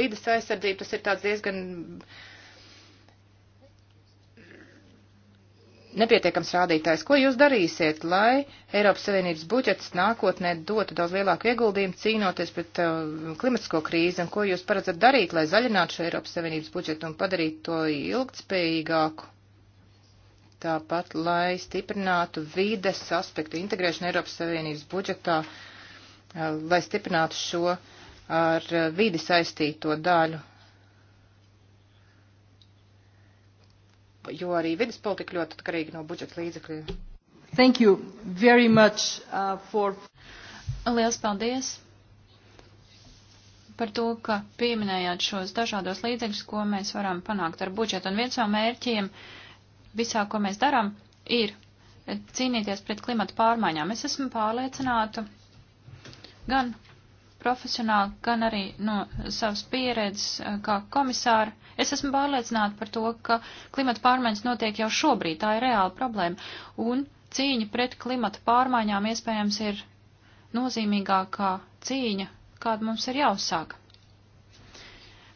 Speaker 1: vidas aizsardzību, tas ir tāds diezgan uh, nepietiekams rādītājs. Ko jūs darīsiet, lai Eiropas Savienības budžets nākotnē dotu daudz lielāku ieguldījumu cīnoties pret uh, klimatisko krīzi, un ko jūs paredzat darīt, lai zaļinātu šo Eiropas Savienības budžetu un padarītu to ilgtspējīgāku? Tāpat, lai stiprinātu vides aspektu integrēšanu Eiropas Savienības budžetā, uh, lai stiprinātu šo ar uh, vidi saistīto daļu jo arī vidas politika ļoti atkarīga no budžeta
Speaker 2: līdzekļiem. Thank you very much uh, for. Liels paldies par to, ka pieminējāt šos dažādos līdzekļus, ko mēs varam panākt ar budžetu. Un viens no mērķiem visā, ko mēs darām, ir cīnīties pret klimata pārmaiņām. Es esmu pārliecināta gan profesionāli, gan arī no savas pieredzes eh, kā komisāra. Es esmu pārliecināta par to, ka klimata pārmaiņas notiek jau šobrīd, tā ir reāla problēma, un cīņa pret klimata pārmaiņām iespējams ir nozīmīgākā cīņa, kāda mums ir jāuzsāk.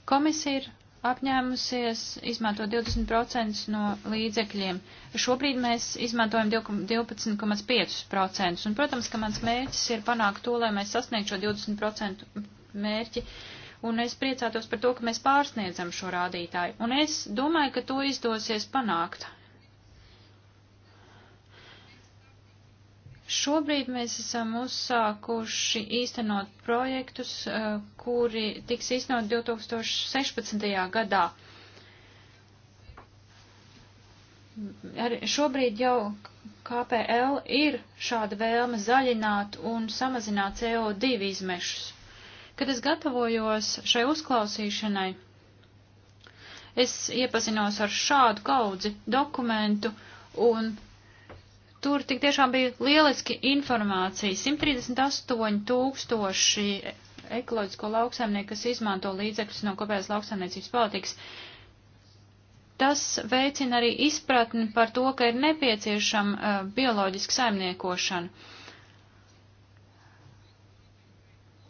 Speaker 2: Komisija ir apņēmusies izmantot 20% no līdzekļiem. Šobrīd mēs izmantojam 12,5%. Un, protams, ka mans mērķis ir panākt to, lai mēs sasniegtu šo 20% mērķi. Un es priecātos par to, ka mēs pārsniedzam šo rādītāju. Un es domāju, ka to izdosies panākt Šobrīd mēs esam uzsākuši īstenot projektus, eh, kuri tiks īstenot 2016. gadā. Ar šobrīd jau KPL ir šāda vēlme zaļināt un samazināt CO2 izmešus. Kad es gatavojos šai uzklausīšanai, es iepazinos ar šādu kaudzi dokumentu un Tur tik tiešām bija lieliski informācija. 138 tūkstoši ekoloģisko lauksaimnieku, kas izmanto līdzekļus no kopējās lauksaimniecības politikas. Tas veicina arī izpratni par to, ka ir nepieciešama uh, bioloģiska saimniekošana.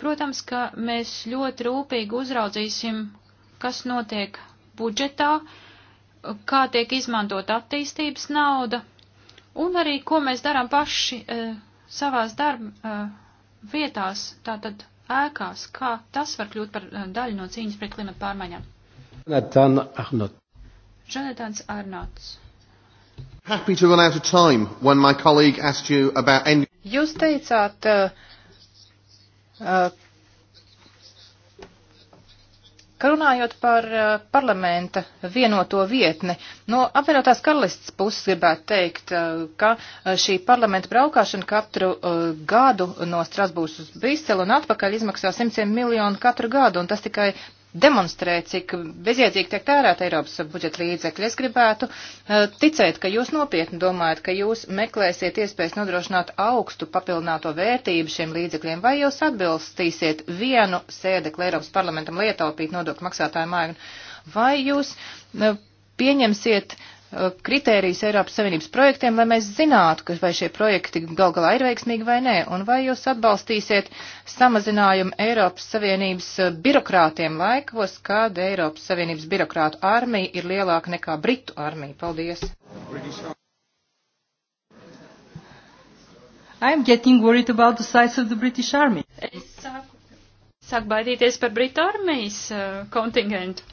Speaker 2: Protams, ka mēs ļoti rūpīgi uzraudzīsim, kas notiek budžetā, kā tiek izmantot attīstības nauda, un arī, ko mēs darām paši e, savās darba e, eh, vietās, tātad ēkās, kā tas var kļūt par e, daļu no cīņas pret klimatu pārmaiņām. Jonathan Arnots. Happy to run out of time
Speaker 1: when my colleague asked you about end. Jūs
Speaker 2: teicāt, uh,
Speaker 1: uh, Ka runājot par eh, parlamenta vienoto vietni, no apvienotās karalists puses gribētu teikt, eh, ka eh, šī parlamenta braukšana katru gadu no Strasbūras uz Briselu un atpakaļ izmaksā simtiem miljonu katru gadu, un tas tikai demonstrē, cik bezjēdzīgi tiek tērēta Eiropas budžeta līdzekļi. Es gribētu uh, ticēt, ka jūs nopietni domājat, ka jūs meklēsiet iespējas nodrošināt augstu papildināto vērtību šiem līdzekļiem, vai jūs atbilstīsiet vienu sēdekli Eiropas parlamentam lietaupīt nodokļu maksātāju māju, vai jūs uh, pieņemsiet uh, Eh, kritērijas Eiropas Savienības projektiem, lai mēs zinātu, ka vai šie projekti gal galā ir veiksmīgi vai nē, un vai jūs atbalstīsiet samazinājumu Eiropas Savienības eh, birokrātiem laikos, kad Eiropas Savienības birokrātu armija ir lielāka nekā Britu armija. Paldies! I'm getting worried about the size of the British army. Es
Speaker 2: sāku, sāku baidīties par Britu armijas uh, kontingentu.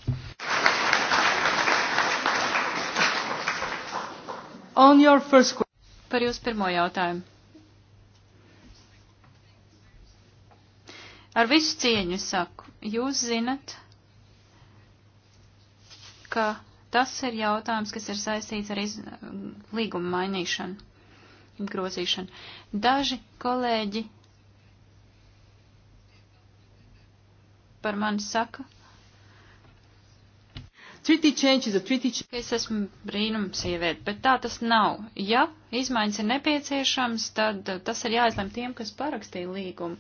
Speaker 2: On your first question. Par jūsu pirmo jautājumu. Ar visu cieņu saku, jūs zinat, ka tas ir jautājums, kas ir saistīts ar iz... līguma mainīšanu, grozīšanu. Daži kolēģi par mani saka, Treaty change is a treaty change. Es esmu brīnum sieviete, bet tā tas nav. Ja izmaiņas ir nepieciešams, tad eh, tas ir jāizlem tiem, kas parakstīja līgumu.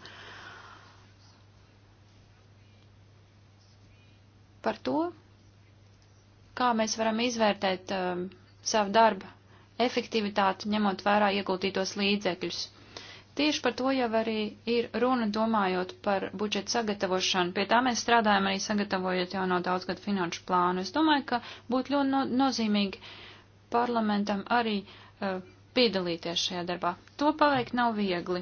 Speaker 2: Par to, kā mēs varam izvērtēt um, savu darbu efektivitāti, ņemot vērā ieguldītos līdzekļus. Tieši par to jau arī ir runa domājot par budžetu sagatavošanu. Pie tā mēs strādājam arī sagatavojot jauno daudzgadu finanšu plānu. Es domāju, ka būtu ļoti no nozīmīgi parlamentam arī uh, piedalīties šajā darbā. To paveikt nav viegli,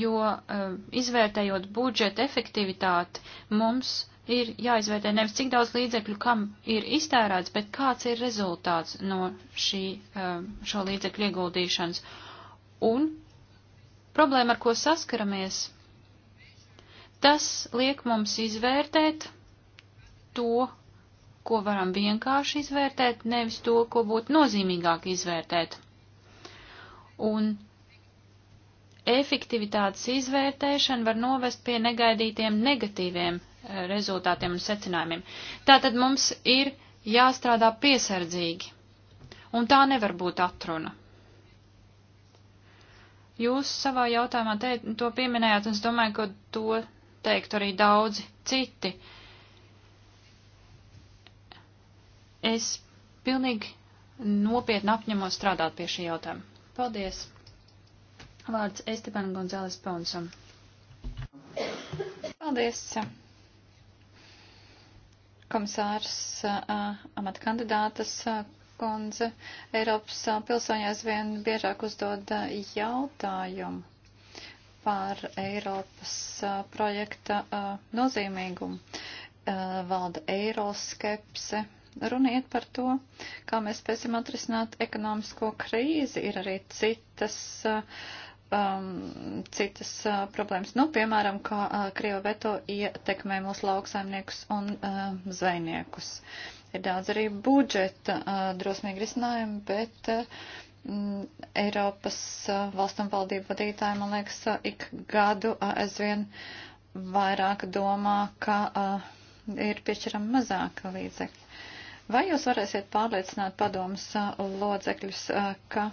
Speaker 2: jo uh, izvērtējot budžeta efektivitāti, mums ir jāizvērtē nevis cik daudz līdzekļu kam ir iztērēts, bet kāds ir rezultāts no šī, uh, šo līdzekļu ieguldīšanas. Un Problēma, ar ko saskaramies, tas liek mums izvērtēt to, ko varam vienkārši izvērtēt, nevis to, ko būtu nozīmīgāk izvērtēt. Un efektivitātes izvērtēšana var novest pie negaidītiem negatīviem eh, rezultātiem un secinājumiem. Tātad mums ir jāstrādā piesardzīgi, un tā nevar būt atruna. Jūs savā jautājumā te, to pieminējāt, un es domāju, ka to teikt arī daudzi citi. Es pilnīgi nopietni apņemos strādāt pie šī jautājuma. Paldies! Vārds Esteban Gonzales Paunsam. Paldies! Komisārs, amatkandidātas, kundze, Eiropas pilsoņi aizvien biežāk uzdod jautājumu par Eiropas projekta nozīmīgumu. Valda eiroskepse. Runiet par to, kā mēs spēsim atrisināt ekonomisko krīzi. Ir arī citas uh, um, citas uh, problēmas. Nu, piemēram, kā uh, Krieva veto ietekmē mūsu lauksaimniekus un uh, zvejniekus. Uh, Ir daudz arī budžeta drosmīgi risinājumi, bet Eiropas valstu un valdību vadītāji, man liekas, ik gadu aizvien vairāk domā, ka ir piešķiram mazāk līdzekļu. Vai jūs varēsiet pārliecināt padomus lodzekļus, ka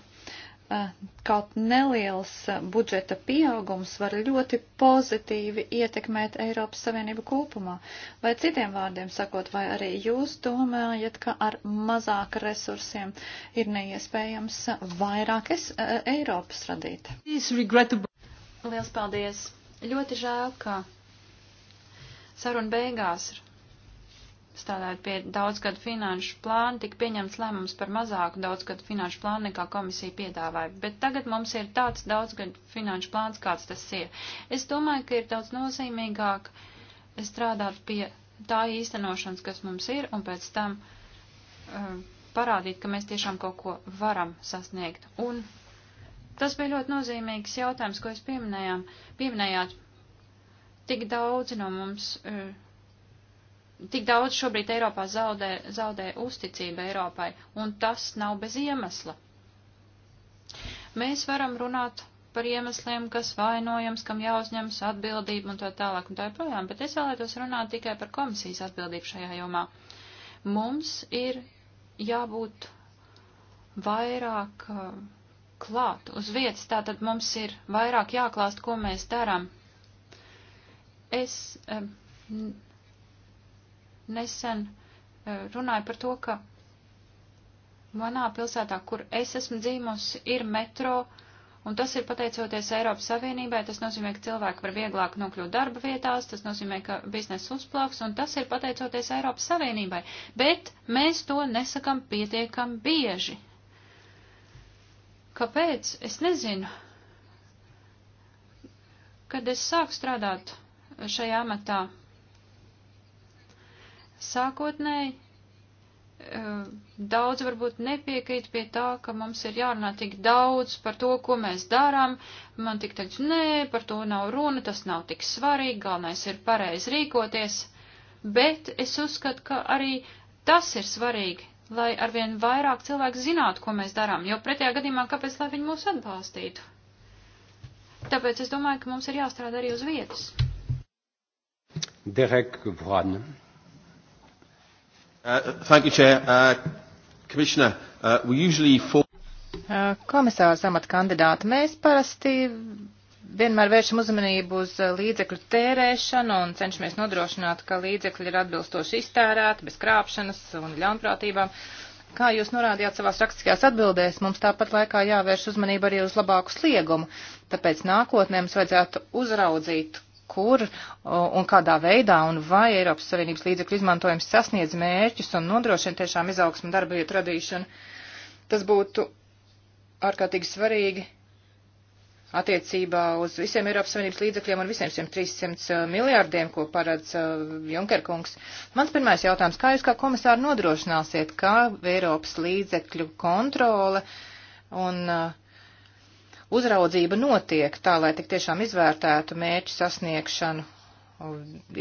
Speaker 2: Eh, kaut neliels eh, budžeta pieaugums var ļoti pozitīvi ietekmēt Eiropas Savienību kopumā. Vai citiem vārdiem sakot, vai arī jūs domājat, ka ar mazāk resursiem ir neiespējams eh, vairāk es, Eiropas radīt? Liels paldies! Ļoti žēl, ka saruna beigās strādājot pie daudzgadu finanšu plāna, tika pieņemts lēmums par mazāku daudzgadu finanšu plānu nekā komisija piedāvāja. Bet tagad mums ir tāds daudzgadu finanšu plāns, kāds tas ir. Es domāju, ka ir daudz nozīmīgāk strādāt pie tā īstenošanas, kas mums ir, un pēc tam uh, parādīt, ka mēs tiešām kaut ko varam sasniegt. Un tas bija ļoti nozīmīgs jautājums, ko jūs pieminējām, pieminējāt. Tik daudzi no mums. Uh, Tik daudz šobrīd Eiropā zaudē, zaudē uzticība Eiropai, un tas nav bez iemesla. Mēs varam runāt par iemesliem, kas vainojams, kam jāuzņemas atbildība un tā tālāk un tā joprojām, bet es vēlētos runāt tikai par komisijas atbildību šajā jomā. Mums ir jābūt vairāk uh, klāt uz vietas, tātad mums ir vairāk jāklāst, ko mēs darām. Es um, nesen e, runāju par to, ka manā pilsētā, kur es esmu dzīvojusi, ir metro, un tas ir pateicoties Eiropas Savienībai, tas nozīmē, ka cilvēki var vieglāk nokļūt darba vietās, tas nozīmē, ka biznesa uzplauks, un tas ir pateicoties Eiropas Savienībai. Bet mēs to nesakam pietiekam bieži. Kāpēc? Es nezinu. Kad es sāku strādāt šajā amatā Sākotnēji e, daudz varbūt nepiekrīt pie tā, ka mums ir jārunā tik daudz par to, ko mēs darām. Man tik teikt, nē, par to nav runa, tas nav tik svarīgi, galvenais ir pareizi rīkoties. Bet es uzskatu, ka arī tas ir svarīgi, lai arvien vairāk cilvēku zinātu, ko mēs darām, jo pretējā gadījumā kāpēc, lai viņi mūs atbalstītu? Tāpēc es domāju, ka mums ir jāstrādā arī uz vietas. Derek Vran. Uh, thank you, Chair. Uh, Commissioner, uh, we usually for...
Speaker 1: Uh, komisārs amata kandidāti, mēs parasti vienmēr vēršam uzmanību uz uh, līdzekļu tērēšanu un cenšamies nodrošināt, ka līdzekļi ir atbilstoši iztērēti, bez krāpšanas un ļaunprātībām. Kā jūs norādījāt savās rakstiskajās atbildēs, mums tāpat laikā jāvērš uzmanība arī uz labāku sliegumu, tāpēc nākotnē mums vajadzētu uzraudzīt, kur un kādā veidā un vai Eiropas Savienības līdzekļu izmantojums sasniedz mērķus un nodrošina tiešām izaugsmu darba vietu radīšanu. Tas būtu ārkārtīgi svarīgi attiecībā uz visiem Eiropas Savienības līdzekļiem un visiem 300 miljārdiem, ko paredz Junkerkungs. Mans pirmais jautājums, kā jūs kā komisāri nodrošināsiet, kā Eiropas līdzekļu kontrole un uh, uzraudzība notiek tā, lai tik tiešām izvērtētu mērķu sasniegšanu,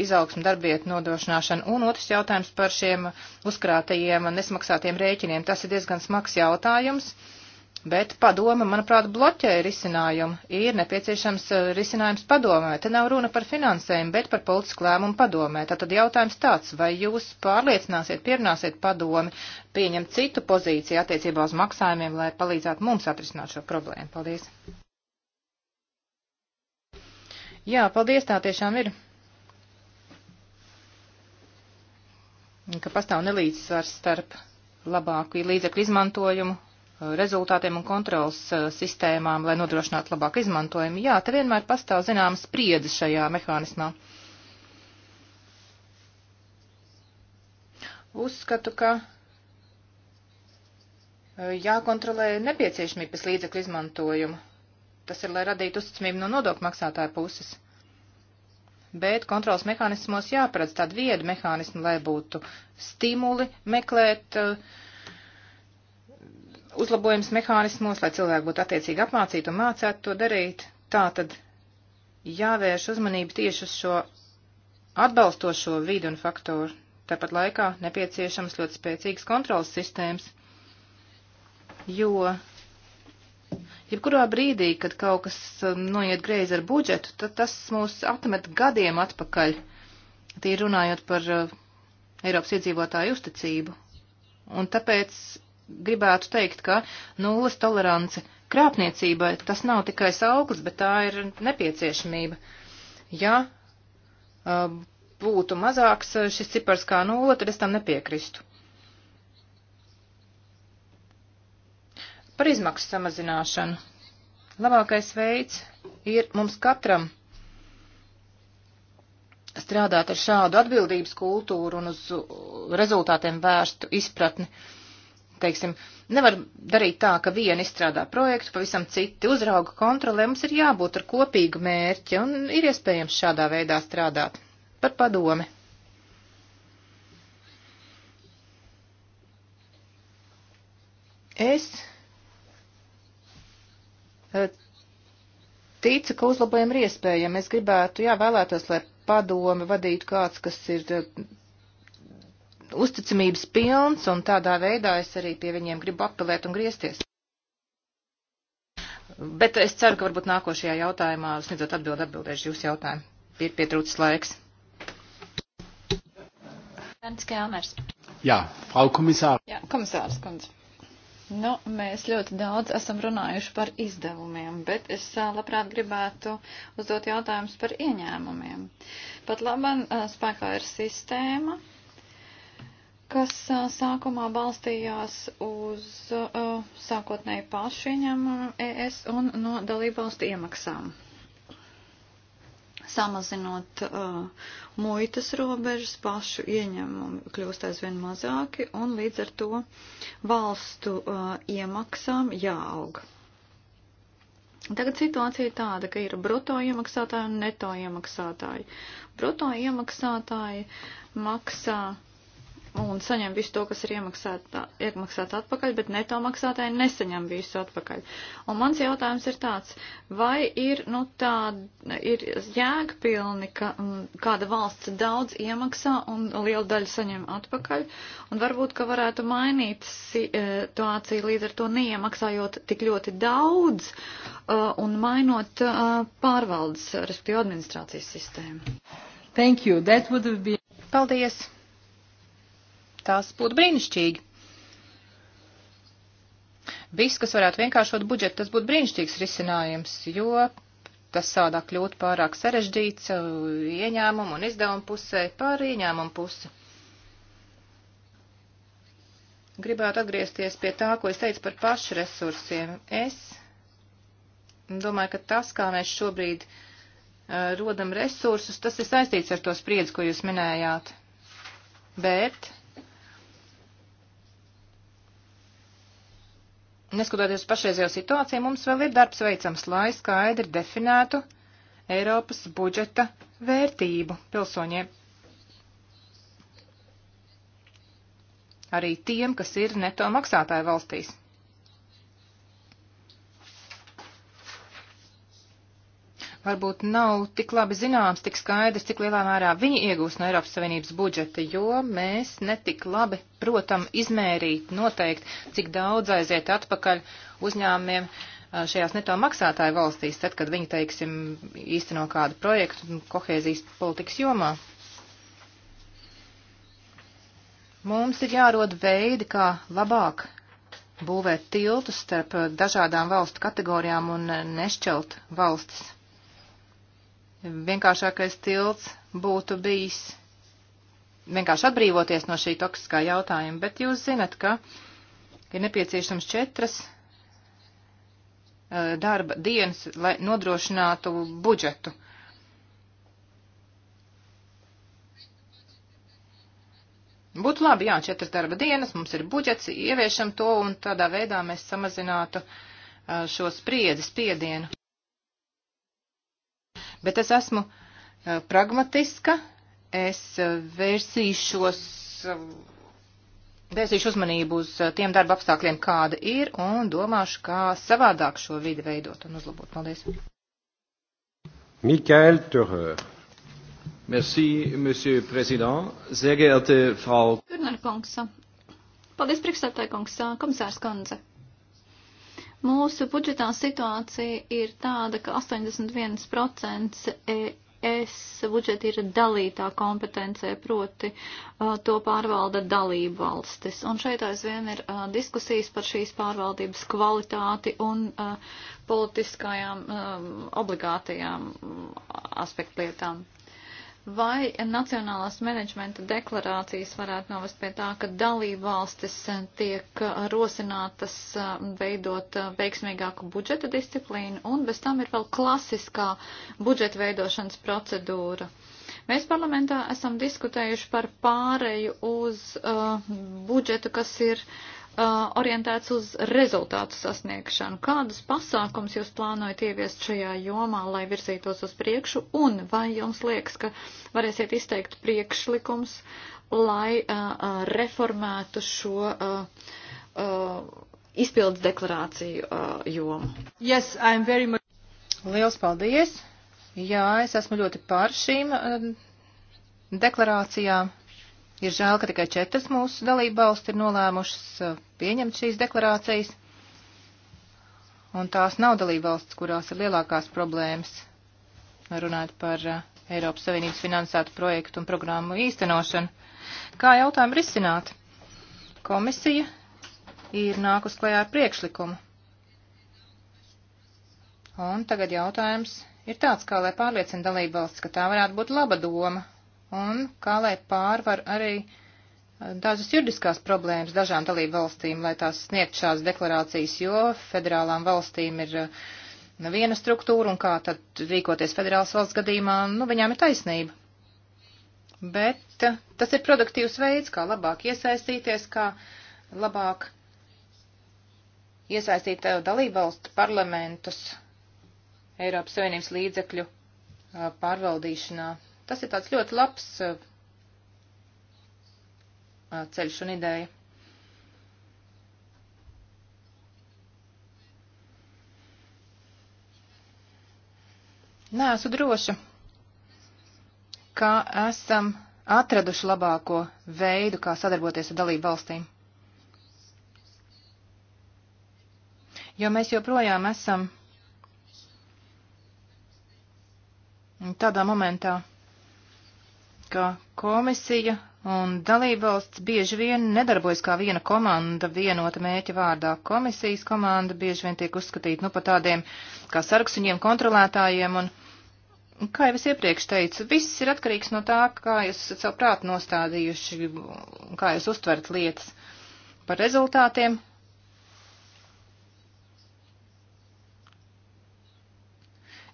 Speaker 1: izaugsmu darbietu nodošanāšanu. Un otrs jautājums par šiem uzkrātajiem nesmaksātiem rēķiniem. Tas ir diezgan smags jautājums. Uh, Bet padoma, manuprāt, bloķē risinājumu. Ir nepieciešams eh, risinājums padomē. Te nav runa par finansējumu, bet par politisku lēmumu padomē. Tātad jautājums tāds, vai jūs pārliecināsiet, pierunāsiet padomi, pieņemt citu pozīciju attiecībā uz maksājumiem, lai palīdzētu mums atrisināt šo problēmu. Paldies. Jā, paldies, tā tiešām ir. Ka pastāv nelīdzsvars starp labāku līdzekļu izmantojumu rezultātiem un kontrolas eh, sistēmām, lai nodrošinātu labāku izmantojumu. Jā, te vienmēr pastāv zināmas spriedzes šajā mehānismā. Uzskatu, ka eh, jākontrolē nepieciešamība pēc līdzekļu izmantojuma. Tas ir, lai radītu uzticamību no nodokļu maksātāja puses. Bet kontrols mehānismos jāparedz tādu viedu mehānismu, lai būtu stimuli meklēt uh, uzlabojums mehānismos, lai cilvēki būtu attiecīgi apmācīti un mācētu to darīt. Tā tad jāvērš uzmanība tieši uz šo atbalstošo vidu un faktoru. Tāpat laikā nepieciešams ļoti spēcīgas kontrolas sistēmas, jo jebkurā brīdī, kad kaut kas um, noiet greizi ar budžetu, tad tas mūs atmet gadiem atpakaļ, tī runājot par uh, Eiropas iedzīvotāju uzticību. Un tāpēc gribētu teikt, ka nulles tolerance krāpniecībai tas nav tikai sauklis, bet tā ir nepieciešamība. Ja būtu mazāks šis cipars kā nulle, tad es tam nepiekristu. Par izmaksu samazināšanu. Labākais veids ir mums katram strādāt ar šādu atbildības kultūru un uz rezultātiem vērstu izpratni. Uh, teiksim, nevar darīt tā, ka viena izstrādā projektu, pavisam citi uzrauga kontrolē, mums ir jābūt ar kopīgu mērķi un ir iespējams šādā veidā strādāt. Par padomi. Es eh, ticu, ka uzlabojumi ir iespējami. Es gribētu, jā, vēlētos, lai padomi vadītu kāds, kas ir eh, uzticamības pilns, un tādā veidā es arī pie viņiem gribu apelēt un griezties. Bet es ceru, ka varbūt nākošajā jautājumā sniedzot atbildi atbildēšu jūsu jautājumu. Ir pietrūcis
Speaker 2: laiks. Ernsts Kēlmers. Jā, Frau komisār. Jā, komisārs kundze. Nu, mēs ļoti daudz esam runājuši par izdevumiem, bet es labprāt gribētu uzdot jautājumus par ieņēmumiem. Pat labam spēkā ir sistēma, kas sākumā balstījās uz uh, sākotnēji pašu ieņēmumu ES un no dalībvalstu iemaksām. Samazinot uh, muitas robežas, pašu ieņēmumi kļūst aizvien mazāki un līdz ar to valstu uh, iemaksām jāaug. Tagad situācija tāda, ka ir bruto iemaksātāji un neto iemaksātāji. Bruto iemaksātāji maksā uh, un saņem visu to, kas ir iemaksāts atpakaļ, bet neto maksātāji nesaņem visu atpakaļ. Un mans jautājums ir tāds, vai ir, nu, tā, ir jēgpilni, ka m, mm, kāda valsts daudz iemaksā un lielu daļu saņem atpakaļ, un varbūt, ka varētu mainīt e, situāciju līdz ar to neiemaksājot tik ļoti daudz uh, un mainot uh, pārvaldes, respektīvi administrācijas sistēmu. Thank you. That would have been. Paldies tas būtu
Speaker 1: brīnišķīgi. Viss, kas varētu vienkāršot budžetu, tas būtu brīnišķīgs risinājums, jo tas sādāk kļūt pārāk sarežģīts uh, ieņēmumu un izdevumu pusē par ieņēmumu pusi. Gribētu atgriezties pie tā, ko es teicu par pašu resursiem. Es domāju, ka tas, kā mēs šobrīd uh, rodam resursus, tas ir saistīts ar to spriedzi, ko jūs minējāt. Bet neskatoties pašreizējo situāciju, mums vēl ir darbs veicams, lai skaidri definētu Eiropas budžeta vērtību pilsoņiem. Arī tiem, kas ir neto maksātāju valstīs. varbūt nav tik labi zināms, tik skaidrs, cik lielā mērā viņi iegūs no Eiropas Savienības budžeta, jo mēs netik labi, protam, izmērīt noteikt, cik daudz aiziet atpakaļ uzņēmumiem šajās neto maksātāju valstīs, tad, kad viņi, teiksim, īsteno kādu projektu kohēzijas politikas jomā. Mums ir jārod veidi, kā labāk būvēt tiltus starp dažādām valstu kategorijām un nešķelt valstis vienkāršākais tilts būtu bijis vienkārši atbrīvoties no šī toksiskā jautājuma, bet jūs zinat, ka ir nepieciešams četras eh, darba dienas, lai nodrošinātu budžetu. Būtu labi, jā, četras darba dienas, mums ir budžets, ieviešam to un tādā veidā mēs samazinātu eh, šo spriedzi, spiedienu. Bet es esmu pragmatiska, es vērsīšos, vērsīšu uzmanību uz tiem darba apstākļiem, kāda ir, un domāšu, kā savādāk šo vidi veidot un uzlabot. Paldies.
Speaker 2: Michael Turer.
Speaker 1: Merci, Monsieur Président. Sehr geehrte Frau.
Speaker 2: Paldies, priekšsētāja kungs, komisārs Konze. Mūsu budžetā situācija ir tāda, ka 81% es budžeti ir dalītā kompetencē, proti uh, to pārvalda dalību valstis. Un šeit aizvien ir uh, diskusijas par šīs pārvaldības kvalitāti un uh, politiskajām um, obligātajām aspektlietām. Vai nacionālās menedžmenta deklarācijas varētu novest pie tā, ka dalība valstis tiek rosinātas veidot veiksmīgāku budžeta disciplīnu, un bez tam ir vēl klasiskā budžeta veidošanas procedūra? Mēs parlamentā esam diskutējuši par pāreju uz uh, budžetu, kas ir Uh, orientēts uz rezultātu sasniegšanu. Kādus pasākums jūs plānojat ieviest šajā jomā, lai virzītos uz priekšu, un vai jums liekas, ka varēsiet izteikt priekšlikums, lai uh, uh reformētu šo uh, uh, izpildes deklarāciju uh, jomu?
Speaker 1: Yes, much... Liels paldies! Jā, es esmu ļoti pār šīm uh, deklarācijām. Ir žēl, ka tikai četras mūsu dalībvalsts ir nolēmušas uh, pieņemt šīs deklarācijas, un tās nav dalībvalsts, kurās ir lielākās problēmas, runājot par uh, Eiropas Savienības finansētu projektu un programmu īstenošanu. Kā jautājumu risināt? Komisija ir nākus klajā ar priekšlikumu. Un tagad jautājums ir tāds, kā lai pārliecina dalībvalsts, ka tā varētu būt laba doma un kā lai pārvar arī eh, dažas juridiskās problēmas dažām dalību valstīm, lai tās sniegt šās deklarācijas, jo federālām valstīm ir eh, viena struktūra un kā tad rīkoties federālas valsts gadījumā, nu viņām ir taisnība. Bet eh, tas ir produktīvs veids, kā labāk iesaistīties, kā labāk iesaistīt dalību valstu parlamentus Eiropas Savienības līdzekļu pārvaldīšanā Tas ir tāds ļoti labs uh, ceļš un ideja. Nē, esmu droša, ka esam atraduši labāko veidu, kā sadarboties ar dalību valstīm. Jo mēs joprojām esam tādā momentā, ka komisija un dalībvalsts bieži vien nedarbojas kā viena komanda vienota mēķa vārdā. Komisijas komanda bieži vien tiek uzskatīta nu pa tādiem kā sargsuņiem, kontrolētājiem un, kā jau es iepriekš teicu, viss ir atkarīgs no tā, kā jūs esat savu prātu nostādījuši, kā jūs uztverat lietas. Par rezultātiem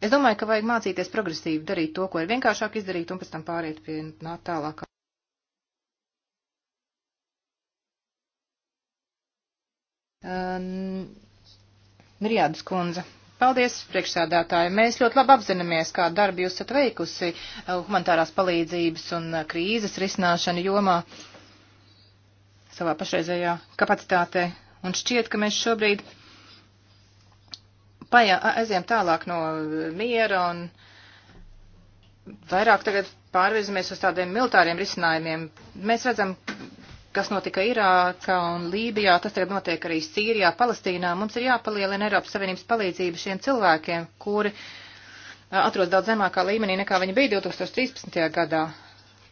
Speaker 1: Es domāju, ka vajag mācīties progresīvi darīt to, ko ir vienkāršāk izdarīt, un pēc tam pāriet pie nāk tālāk. Um, Mirjādas kundze. Paldies, priekšsādātāji. Mēs ļoti labi apzināmies, kādu darbu jūs esat veikusi eh, humanitārās palīdzības un eh, krīzes risināšana jomā savā pašreizējā kapacitātē. Un šķiet, ka mēs šobrīd paja, aiziem tālāk no miera un vairāk tagad pārvirzamies uz tādiem militāriem risinājumiem. Mēs redzam, kas notika Irākā un Lībijā, tas tagad notiek arī Sīrijā, Palestīnā. Mums ir jāpalielina Eiropas Savienības palīdzība šiem cilvēkiem, kuri atrodas daudz zemākā līmenī nekā viņi bija 2013. gadā.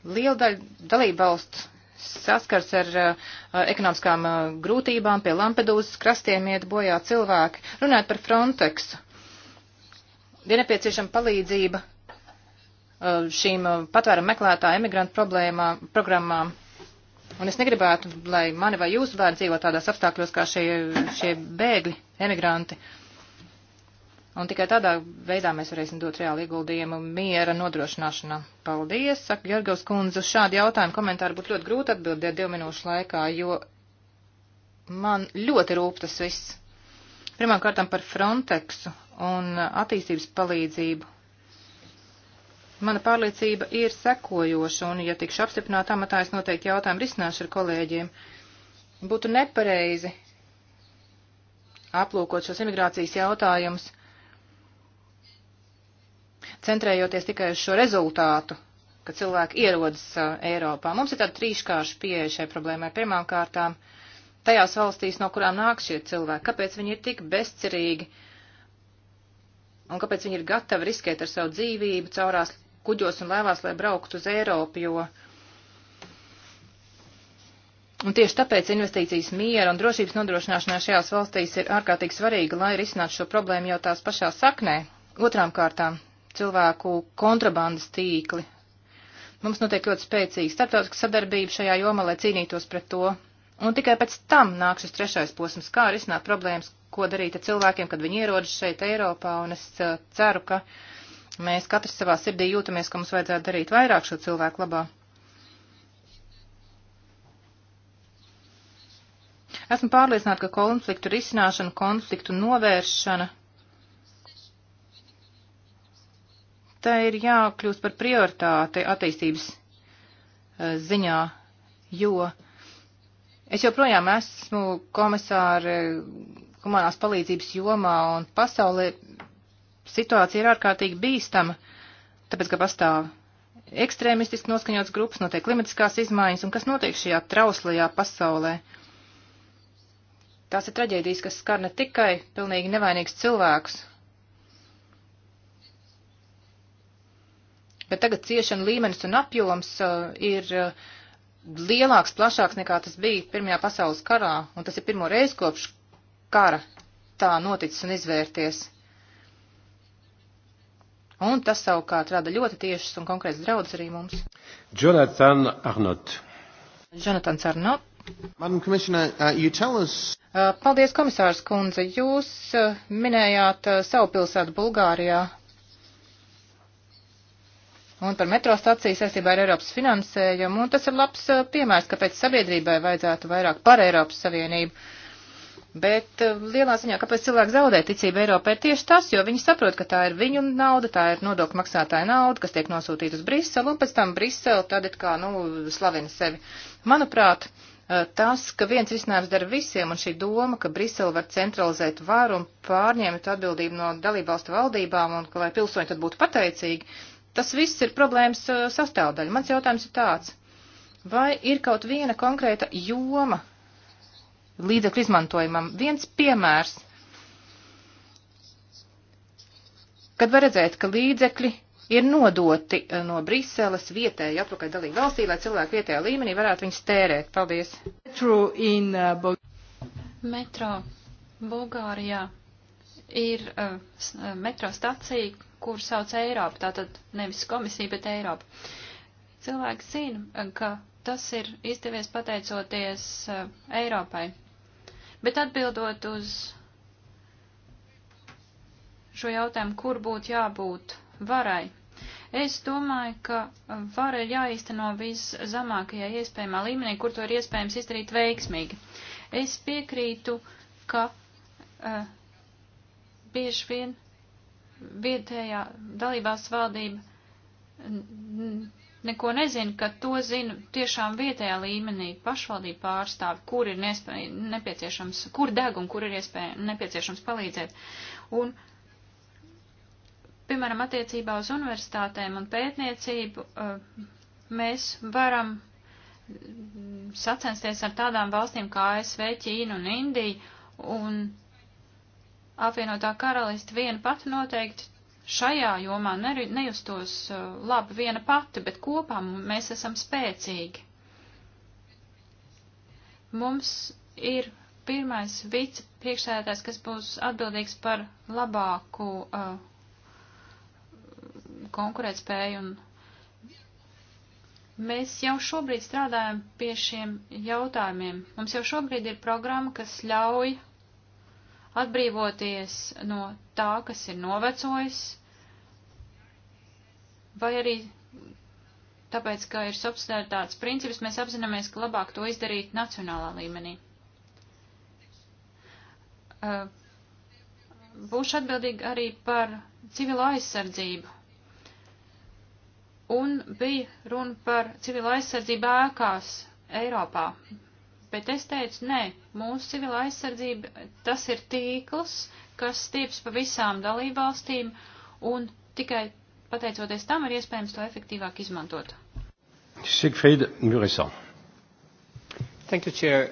Speaker 1: Liela daļa dalībvalstu saskars ar uh, ekonomiskām uh, grūtībām, pie Lampedūzas krastiem iet bojā cilvēki. Runājot par Frontex, ir nepieciešama palīdzība uh, šīm patvērumu meklētā emigrantu problēmā, programmām. Un es negribētu, lai mani vai jūsu bērni dzīvo tādās apstākļos kā šie, šie bēgļi, emigranti. Uh, Un tikai tādā veidā mēs varēsim dot reāli ieguldījumu miera nodrošināšanā. Paldies, saka Georgos kundze. Uz šādu jautājumu komentāru būtu ļoti grūti atbildēt divu minūšu laikā, jo man ļoti rūp tas viss. Pirmkārt par Frontexu un attīstības palīdzību. Mana pārliecība ir sekojoša, un ja tikšu apstiprināta amatā, es noteikti jautājumu risināšu ar kolēģiem. Būtu nepareizi aplūkot šos imigrācijas jautājumus centrējoties tikai uz šo rezultātu, ka cilvēki ierodas uh, Eiropā. Mums ir tāda trīškārša pieeja šai problēmai. Pirmām kārtām, tajās valstīs, no kurām nāk šie cilvēki, kāpēc viņi ir tik bezcerīgi un kāpēc viņi ir gatavi riskēt ar savu dzīvību caurās kuģos un laivās, lai brauktu uz Eiropu, jo Un tieši tāpēc investīcijas miera un drošības nodrošināšanā šajās valstīs ir ārkārtīgi svarīga, lai risinātu šo problēmu jau tās pašā saknē. Otrām kārtām cilvēku kontrabandas tīkli. Mums notiek ļoti spēcīga starptautiska sadarbība šajā jomā, lai cīnītos pret to. Un tikai pēc tam nāk šis trešais posms, kā risināt problēmas, ko darīt ar cilvēkiem, kad viņi ierodas šeit Eiropā, un es eh, ceru, ka mēs katrs savā sirdī jūtamies, ka mums vajadzētu darīt vairāk šo cilvēku labā. Esmu pārliecināta, ka konfliktu risināšana, konfliktu novēršana tā ir jākļūst par prioritāti attīstības e, ziņā, jo es joprojām esmu komisāri humanās palīdzības jomā un pasaulē situācija ir ārkārtīgi bīstama, tāpēc, ka pastāv ekstrēmistiski noskaņots grupas, notiek klimatiskās izmaiņas un kas notiek šajā trauslajā pasaulē. Tās ir traģēdijas, kas skar ne tikai pilnīgi nevainīgs cilvēks bet tagad ciešana līmenis un apjoms uh, ir uh, lielāks, plašāks nekā tas bija Pirmajā pasaules karā, un tas ir pirmo reizi kopš kara tā noticis un izvērties. Un tas savukārt rada ļoti tiešas un konkrētas draudzes arī mums. Jonathan Arnott. Jonatans Arnott. Madam Commissioner, uh, you tell us. Uh, paldies, komisārs kundze. Jūs minējāt savu pilsētu Bulgārijā, un par metro staciju saistībā ar Eiropas finansējumu, un tas ir labs eh, piemērs, kāpēc sabiedrībai vajadzētu vairāk par Eiropas Savienību. Bet eh, lielā ziņā, kāpēc cilvēki zaudē ticību Eiropai, ir tieši tas, jo viņi saprot, ka tā ir viņu nauda, tā ir nodokļu maksātāja nauda, kas tiek nosūtīta uz Briselu, un pēc tam Brisele tad it kā, nu, slavina sevi. Manuprāt, eh, tas, ka viens risinājums dara visiem, un šī doma, ka Brisele var centralizēt varu un pārņemt atbildību no dalībvalstu valdībām, un ka lai pilsoņi tad būtu pateicīgi, tas viss ir problēmas uh, sastāvdaļa. Mans jautājums ir tāds. Vai ir kaut viena konkrēta joma līdzekļu izmantojumam? Viens piemērs, kad var redzēt, ka līdzekļi ir nodoti uh, no Briseles vietēji atpakaļ dalību valstī, lai cilvēki vietējā līmenī varētu viņus tērēt. Paldies. Metro, in, uh, Bul
Speaker 2: metro Bulgārijā ir uh, uh metro stacija, kur sauc Eiropa, tātad nevis komisija, bet Eiropa. Cilvēki zina, ka tas ir izdevies pateicoties uh, Eiropai. Bet atbildot uz šo jautājumu, kur būtu jābūt varai, es domāju, ka vara ir jāīsteno viszemākajā iespējamā līmenī, kur to ir iespējams izdarīt veiksmīgi. Es piekrītu, ka uh, bieži vien vietējā dalībās valdība neko nezina, ka to zina tiešām vietējā līmenī pašvaldība pārstāvi, kur ir nespēj, nepieciešams, kur deg un kur ir iespēja nepieciešams palīdzēt. Un, piemēram, attiecībā uz universitātēm un pētniecību eh, mēs varam sacensties ar tādām valstīm kā ASV, Ķīna un Indija, un apvienotā karalista viena pati noteikti šajā jomā nejustos uh, labi viena pati, bet kopā mēs esam spēcīgi. Mums ir pirmais vice priekšsēdētājs, kas būs atbildīgs par labāku uh, konkurētspēju un Mēs jau šobrīd strādājam pie šiem jautājumiem. Mums jau šobrīd ir programma, kas ļauj atbrīvoties no tā, kas ir novecojis, vai arī tāpēc, ka ir subsidētāts princips, mēs apzināmies, ka labāk to izdarīt nacionālā līmenī. Uh, būšu atbildīgi arī par civilo aizsardzību. Un bija runa par civilo aizsardzību ēkās Eiropā bet es teicu, nē, mūsu civila aizsardzība, tas ir tīkls, kas stieps pa visām dalībvalstīm, un tikai pateicoties tam ir iespējams to efektīvāk izmantot. Sigfrīd Murisan. Thank you, Chair.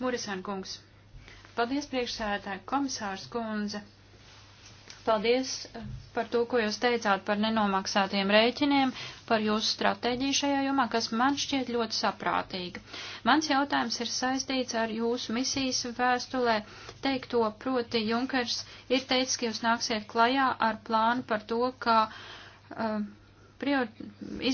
Speaker 2: Murisan kungs. Paldies, priekšsēdētāji, komisārs kundze. Paldies par to, ko jūs teicāt par nenomaksātiem rēķiniem, par jūsu stratēģiju šajā jomā, kas man šķiet ļoti saprātīga. Mans jautājums ir saistīts ar jūsu misijas vēstulē teikto, proti Junkers ir teicis, ka jūs nāksiet klajā ar plānu par to, kā uh, prior,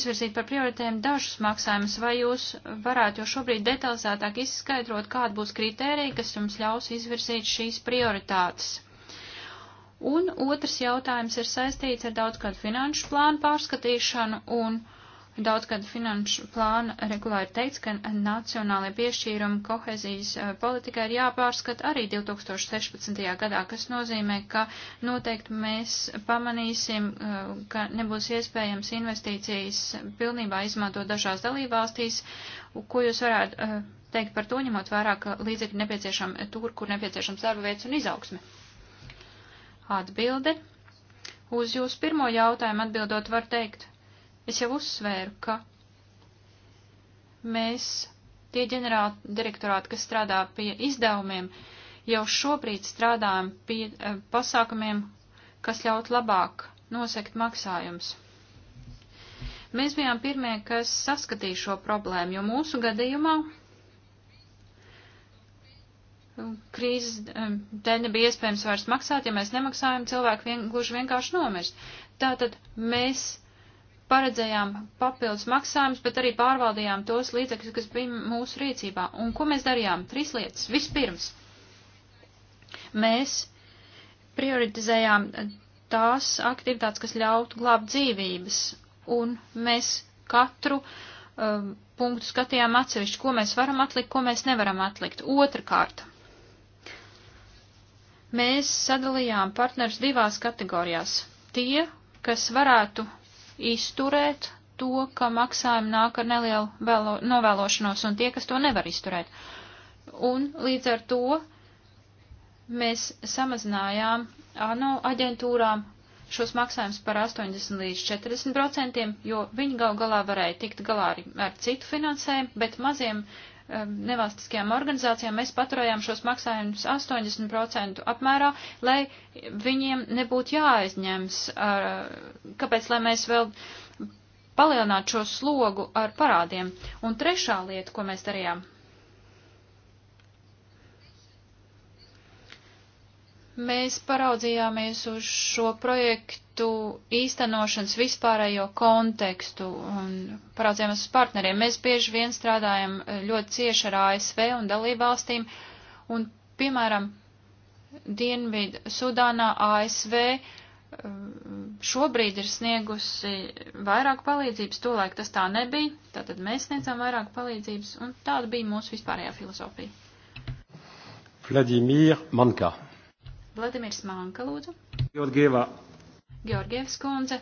Speaker 2: izvirzīt par prioritēm dažus maksājumus, vai jūs varētu jau šobrīd detalizētāk izskaidrot, kāda būs kritērija, kas jums ļaus izvirzīt šīs prioritātes. Un otrs jautājums ir saistīts ar daudzgadu finanšu plānu pārskatīšanu un daudzgadu finanšu plānu regulāri teikts, ka nacionālajie piešķīrumi kohezijas eh, politikai ir jāpārskata arī 2016. gadā, kas nozīmē, ka noteikti mēs pamanīsim, eh, ka nebūs iespējams investīcijas pilnībā izmantot dažās dalībvalstīs, ko jūs varētu eh, teikt par to, ņemot vairāk līdzekļu nepieciešam tur, kur nepieciešams darba vietas un izaugsme. Atbilde uz jūsu pirmo jautājumu atbildot var teikt, es jau uzsvēru, ka mēs, tie ģenerāli direktorāti, kas strādā pie izdevumiem, jau šobrīd strādājam pie e, pasākumiem, kas ļaut labāk nosekt maksājums. Mēs bijām pirmie, kas saskatīja šo problēmu, jo mūsu gadījumā Nu, krīzes dēļ nebija iespējams vairs maksāt, ja mēs nemaksājam, cilvēki vien, gluži vienkārši nomirst. Tātad mēs paredzējām papildus maksājumus, bet arī pārvaldījām tos līdzekļus, kas bija mūsu rīcībā. Un ko mēs darījām? Trīs lietas. Vispirms, mēs prioritizējām tās aktivitātes, kas ļautu glābt dzīvības, un mēs katru um, punktu skatījām atsevišķi, ko mēs varam atlikt, ko mēs nevaram atlikt. Otrakārt, Mēs sadalījām partners divās kategorijās. Tie, kas varētu izturēt to, ka maksājumi nāk ar nelielu vēlo, novēlošanos, un tie, kas to nevar izturēt. Un līdz ar to mēs samazinājām ANO aģentūrām šos maksājumus par 80 līdz 40 procentiem, jo viņi gal galā varēja tikt galā ar, ar citu finansējumu, bet maziem uh, Um, nevalstiskajām organizācijām, mēs paturējām šos maksājumus 80% apmērā, lai viņiem nebūtu jāaizņems, kāpēc, lai mēs vēl palielinātu šo slogu ar parādiem. Un trešā lieta, ko mēs darījām, Mēs paraudzījāmies uz šo projektu īstenošanas vispārējo kontekstu un paraudzījāmies uz partneriem. Mēs bieži vien strādājam eh, ļoti cieši ar ASV un dalībvalstīm, un, piemēram, Dienvidu Sudānā ASV eh, šobrīd ir sniegusi vairāk palīdzības, tolaik tas tā nebija, tātad mēs sniedzām vairāk palīdzības, un tāda bija mūsu vispārējā filozofija. Vladimir Manka. Vladimirs Manka, lūdzu. Georgievā. Georgievs kundze.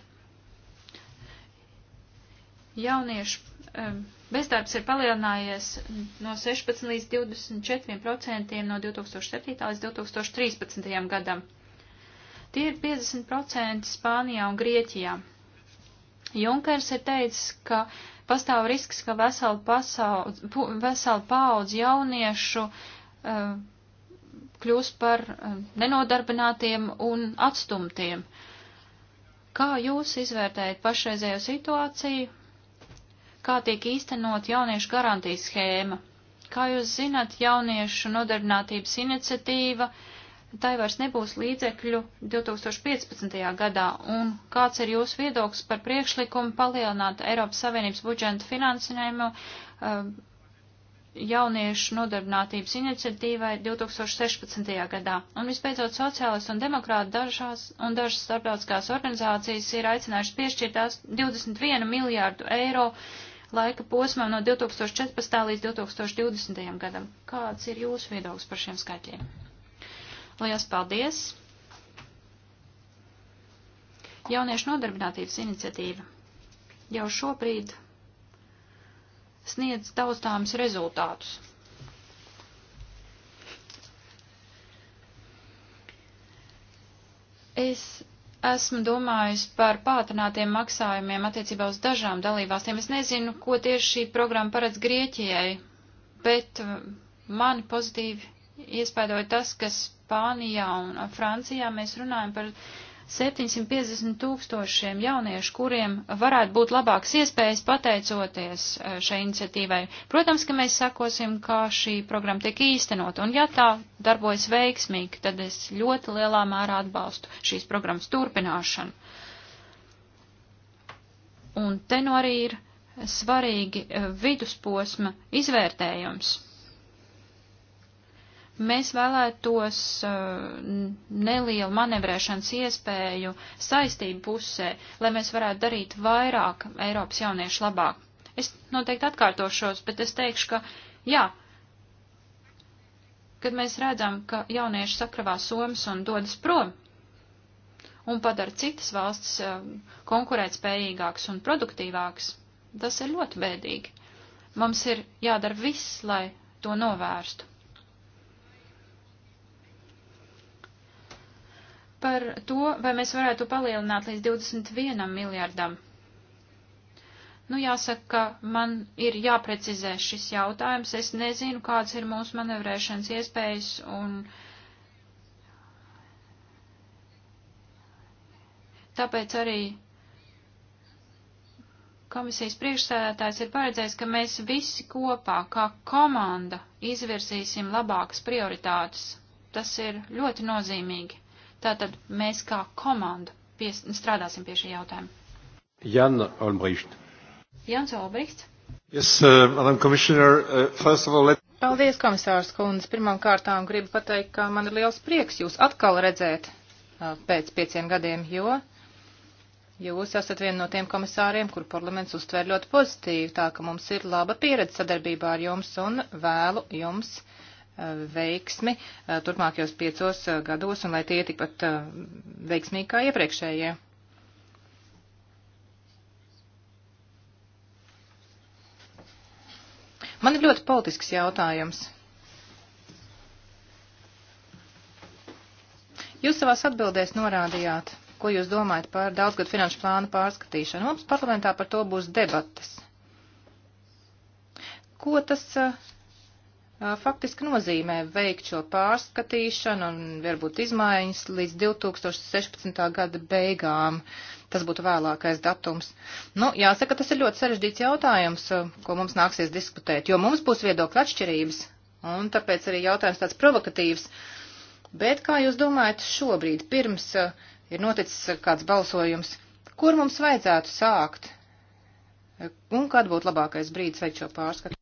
Speaker 2: Jauniešu bezdarbs ir palielinājies no 16 līdz 24 procentiem no 2007. līdz 2013. gadam. Tie ir 50% Spānijā un Grieķijā. Junkers ir teicis, ka pastāv risks, ka vesela, pasaudz, vesela paudz jauniešu uh, kļūs par eh, nenodarbinātiem un atstumtiem. Kā jūs izvērtējat pašreizējo situāciju? Kā tiek īstenot jauniešu garantijas schēma? Kā jūs zināt, jauniešu nodarbinātības iniciatīva, tai vairs nebūs līdzekļu 2015. gadā, un kāds ir jūsu viedoklis par priekšlikumu palielināt Eiropas Savienības budžeta finansējumu uh, jauniešu nodarbinātības iniciatīvai 2016. gadā. Un visbeidzot, sociālas un demokrāti dažās un dažas starptautiskās organizācijas ir aicinājušas piešķirtās 21 miljārdu eiro laika posmā no 2014. līdz 2020. gadam. Kāds ir jūsu viedoklis par šiem skaitļiem? Lielas paldies! Jauniešu nodarbinātības iniciatīva jau šobrīd sniedz taustāms rezultātus. Es esmu domājis par pātrinātiem maksājumiem attiecībā uz dažām dalībvalstīm. Es nezinu, ko tieši šī programma paredz Grieķijai, bet uh, mani pozitīvi iespaidoja tas, ka Spānijā un Francijā mēs runājam par 750 tūkstošiem jauniešu, kuriem varētu būt labāks iespējas pateicoties eh, šai iniciatīvai. Protams, ka mēs sakosim, kā šī programma tiek īstenot, un ja tā darbojas veiksmīgi, tad es ļoti lielā mērā atbalstu šīs programmas turpināšanu. Un te no nu arī ir svarīgi eh, vidusposma izvērtējums. Mēs vēlētos uh, nelielu manevrēšanas iespēju saistību pusē, lai mēs varētu darīt vairāk Eiropas jauniešu labāk. Es noteikti atkārtošos, bet es teikšu, ka jā, kad mēs redzam, ka jaunieši sakravā somas un dodas prom un padara citas valsts uh, konkurētspējīgākas un produktīvākas, tas ir ļoti bēdīgi. Mums ir jādara viss, lai to novērstu. par to, vai mēs varētu palielināt līdz 21 miljardam. Nu, jāsaka, ka man ir jāprecizē šis jautājums. Es nezinu, kāds ir mūsu manevrēšanas iespējas un tāpēc arī komisijas priekšsēdētājs ir paredzējis, ka mēs visi kopā, kā komanda, izvirsīsim labākas prioritātes. Tas ir ļoti nozīmīgi. Tātad mēs kā komanda pies, strādāsim pie šī jautājuma. Jan Olbricht. Jans Olbrichts.
Speaker 1: Yes, uh, Madam Commissioner, uh, first of all, let...
Speaker 2: Paldies, komisārs
Speaker 1: Kundze. Pirmām kārtām gribu pateikt, ka man ir liels prieks jūs atkal redzēt uh, pēc pieciem gadiem, jo jūs esat viena no tiem komisāriem, kur parlaments uztver ļoti pozitīvi, tā ka mums ir laba pieredze sadarbībā ar jums un vēlu jums uh, veiksmi eh, turpmākajos piecos eh, gados un lai tie tikpat eh, veiksmīgi kā iepriekšējie. Man ir ļoti politisks jautājums. Jūs savās atbildēs norādījāt, ko jūs domājat par daudzgadu finanšu plānu pārskatīšanu. Mums parlamentā par to būs debatas. Ko tas uh, faktiski nozīmē veikt šo pārskatīšanu un varbūt izmaiņas līdz 2016. gada beigām. Tas būtu vēlākais datums. Nu, jāsaka, tas ir ļoti sarežģīts jautājums, ko mums nāksies diskutēt, jo mums būs viedokļa atšķirības, un tāpēc arī jautājums tāds provokatīvs. Bet kā jūs domājat šobrīd, pirms ir noticis kāds balsojums, kur mums vajadzētu sākt? Un kad būtu labākais brīdis veikt šo pārskatu?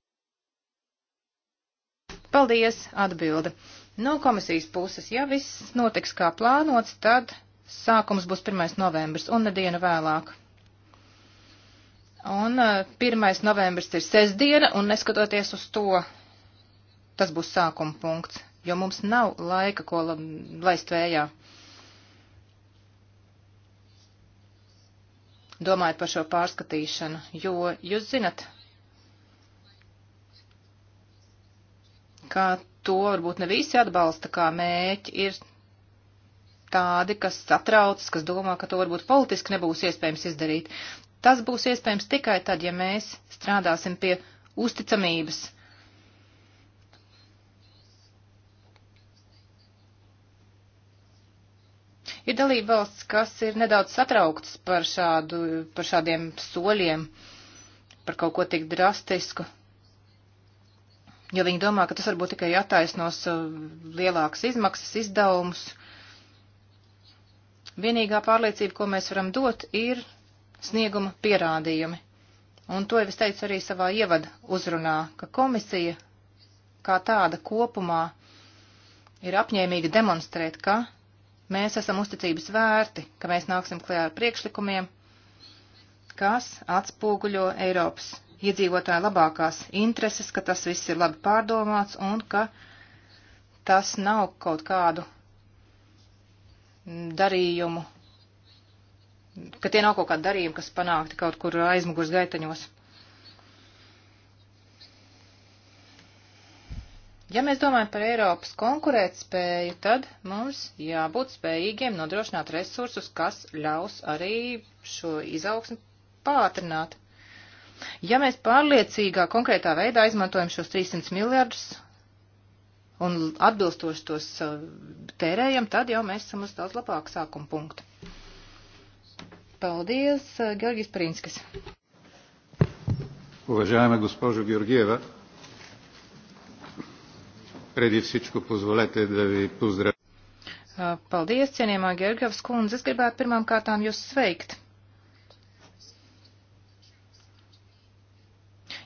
Speaker 1: Paldies, atbilde. No komisijas puses, ja viss notiks kā plānots, tad sākums būs 1. novembris un nedienu vēlāk. Un 1. Eh, novembris ir sestdiena, un neskatoties uz to, tas būs sākuma punkts, jo mums nav laika, ko laist vējā. Domājot par šo pārskatīšanu, jo jūs zinat, ka to varbūt ne visi atbalsta kā mēķi, ir tādi, kas satraucas, kas domā, ka to varbūt politiski nebūs iespējams izdarīt. Tas būs iespējams tikai tad, ja mēs strādāsim pie uzticamības. Ir dalība valsts, kas ir nedaudz satraukts par, šādu, par šādiem soļiem, par kaut ko tik drastisku, jo viņi domā, ka tas varbūt tikai attaisnos uh, lielākas izmaksas, izdevumus. Vienīgā pārliecība, ko mēs varam dot, ir snieguma pierādījumi. Un to jau es teicu arī savā ievada uzrunā, ka komisija kā tāda kopumā ir apņēmīga demonstrēt, ka mēs esam uzticības vērti, ka mēs nāksim klajā ar priekšlikumiem, kas atspūguļo Eiropas iedzīvotāju labākās intereses, ka tas viss ir labi pārdomāts un ka tas nav kaut kādu darījumu, ka tie nav kaut kādi darījumi, kas panākti kaut kur aizmugurs gaitaņos. Ja mēs domājam par Eiropas konkurētspēju, tad mums jābūt spējīgiem nodrošināt resursus, kas ļaus arī šo izaugsmu pātrināt. Ja mēs pārliecīgā, konkrētā veidā izmantojam šos 300 miljardus un atbilstoši tos uh, tērējam, tad jau mēs esam uz daudz labāku sākuma punktu. Paldies, uh, Georgijas Prīnskis.
Speaker 2: Уважаема госпожо Георгиева, преди всичко позволете да ви поздравя.
Speaker 1: Uh, Paldies, cienījumā Georgievs kundze. Es gribētu pirmām kārtām jūs sveikt.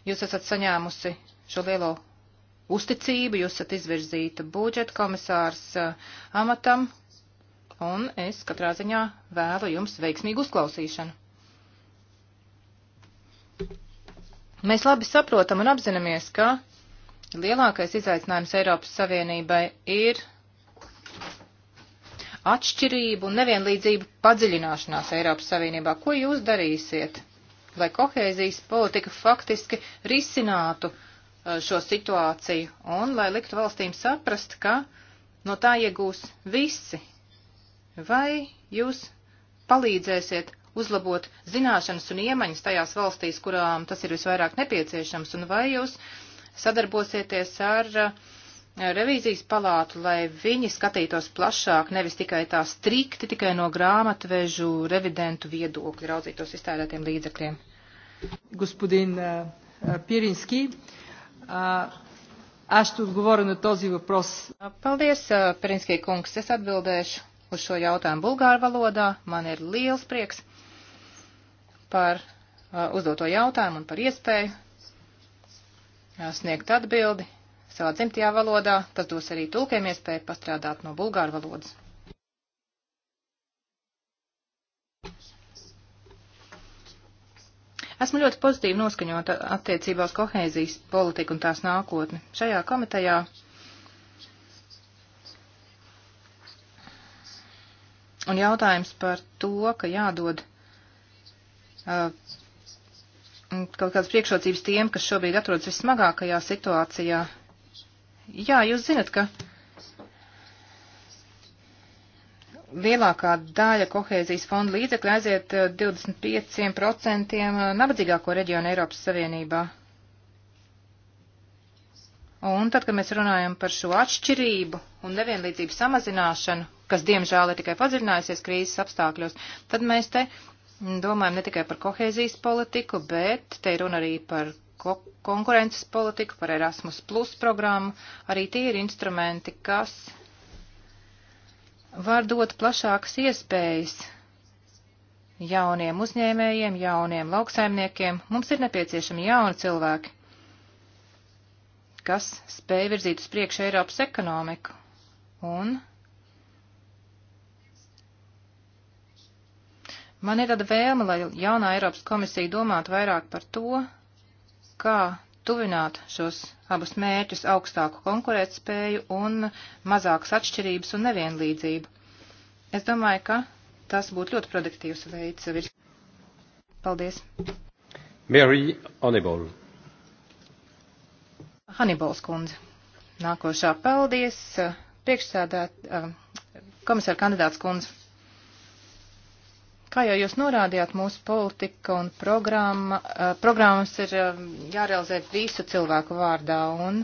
Speaker 1: Jūs esat saņēmusi šo lielo uzticību, jūs esat izvirzīta budžeta komisārs eh, amatam, un es katrā ziņā vēlu jums veiksmīgu uzklausīšanu. Mēs labi saprotam un apzināmies, ka lielākais izaicinājums Eiropas Savienībai ir atšķirību un nevienlīdzību padziļināšanās Eiropas Savienībā. Ko jūs darīsiet, lai kohēzijas politika faktiski risinātu uh, šo situāciju un lai liktu valstīm saprast, ka no tā iegūs visi. Vai jūs palīdzēsiet uzlabot zināšanas un iemaņas tajās valstīs, kurām tas ir visvairāk nepieciešams, un vai jūs sadarbosieties ar uh, revīzijas palātu, lai viņi skatītos plašāk, nevis tikai tā strikti, tikai no grāmatvežu revidentu viedokļa, raudzītos iztērētiem līdzekļiem. Господин Пирински, аз ще отговоря на този въпрос. Paldies, Пирински eh, kungs, es atbildēšu uz šo jautājumu bulgāru valodā. Man ir liels prieks par eh, uzdoto jautājumu un par iespēju eh, sniegt atbildi savā dzimtajā valodā. Tas dos arī tulkiem iespēju pastrādāt no bulgāru valodas. Esmu ļoti pozitīvi noskaņota attiecībā uz kohēzijas politiku un tās nākotni. Šajā komitejā un jautājums par to, ka jādod uh, kaut kādas priekšrocības tiem, kas šobrīd atrodas vissmagākajā situācijā, Jā, jūs zinat, ka lielākā daļa kohēzijas fonda līdzekļu aiziet 25% eh, eh, nabadzīgāko reģionu Eiropas Savienībā. Un tad, kad mēs runājam par šo atšķirību un nevienlīdzību samazināšanu, kas diemžēl ir tikai padziļinājusies krīzes apstākļos, tad mēs te mm, domājam ne tikai par kohēzijas politiku, bet te ir runa arī par ko konkurences politiku, par Erasmus Plus programmu. Arī tie ir instrumenti, kas var dot plašākas iespējas jauniem uzņēmējiem, jauniem lauksaimniekiem. Mums ir nepieciešami jauni cilvēki, kas spēj virzīt uz priekšu Eiropas ekonomiku. Un man ir tāda vēlme, lai jaunā Eiropas komisija domātu vairāk par to, kā tuvināt šos abus mērķus - augstāku konkurētspēju un mazākas atšķirības un nevienlīdzību. Es domāju, ka tas būtu ļoti produktīvs veids. Paldies! Mary Hannibal. Hannibals kundze. Nākošā paldies. Priekšsēdēt eh, komisāra kandidāts kundze. Kā jau jūs norādījāt, mūsu politika un programma, eh, programmas ir eh, jārealizē visu cilvēku vārdā, un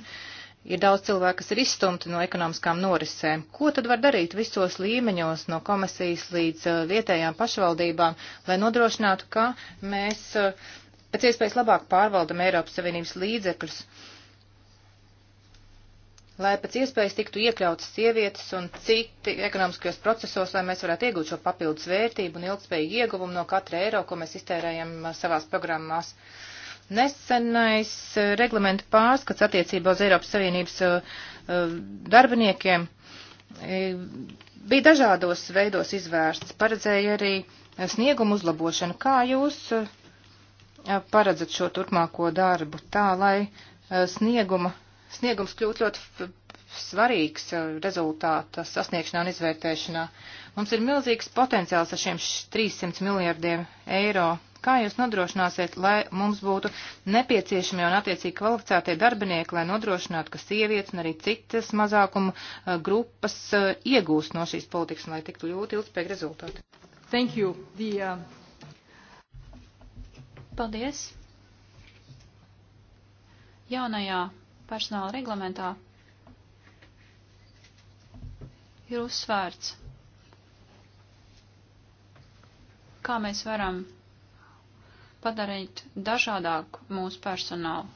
Speaker 1: ir daudz cilvēku, kas ir izstumti no ekonomiskām norisēm. Ko tad var darīt visos līmeņos, no komisijas līdz eh, vietējām pašvaldībām, lai nodrošinātu, ka mēs pēc iespējas labāk pārvaldam Eiropas Savienības līdzekļus? Uh, lai pēc iespējas tiktu iekļautas sievietes un citi ekonomiskajos procesos, lai mēs varētu iegūt šo papildus vērtību un ilgspējīgu ieguvumu no katra eiro, ko mēs iztērējam uh, savās programmās. Nesenais uh, reglamenta pārskats attiecībā uz Eiropas Savienības uh, darbiniekiem bija dažādos veidos izvērsts, paredzēja arī sniegumu uzlabošanu. Kā jūs paredzat šo turpmāko darbu tā, lai snieguma sniegums kļūt ļoti svarīgs uh, rezultāta sasniegšanā un izvērtēšanā. Mums ir milzīgs potenciāls ar šiem 300 miljardiem eiro. Kā jūs nodrošināsiet, lai mums būtu nepieciešamie un attiecīgi kvalificētie darbinieki, lai nodrošinātu, ka sievietes un arī citas mazākumu uh, grupas uh, iegūst no šīs politikas un lai tiktu ļoti ilgspējīgi rezultāti?
Speaker 2: Thank you. The, uh... Paldies. Jaunajā personāla reglamentā ir uzsvērts, kā mēs varam padarīt dažādāku mūsu personālu.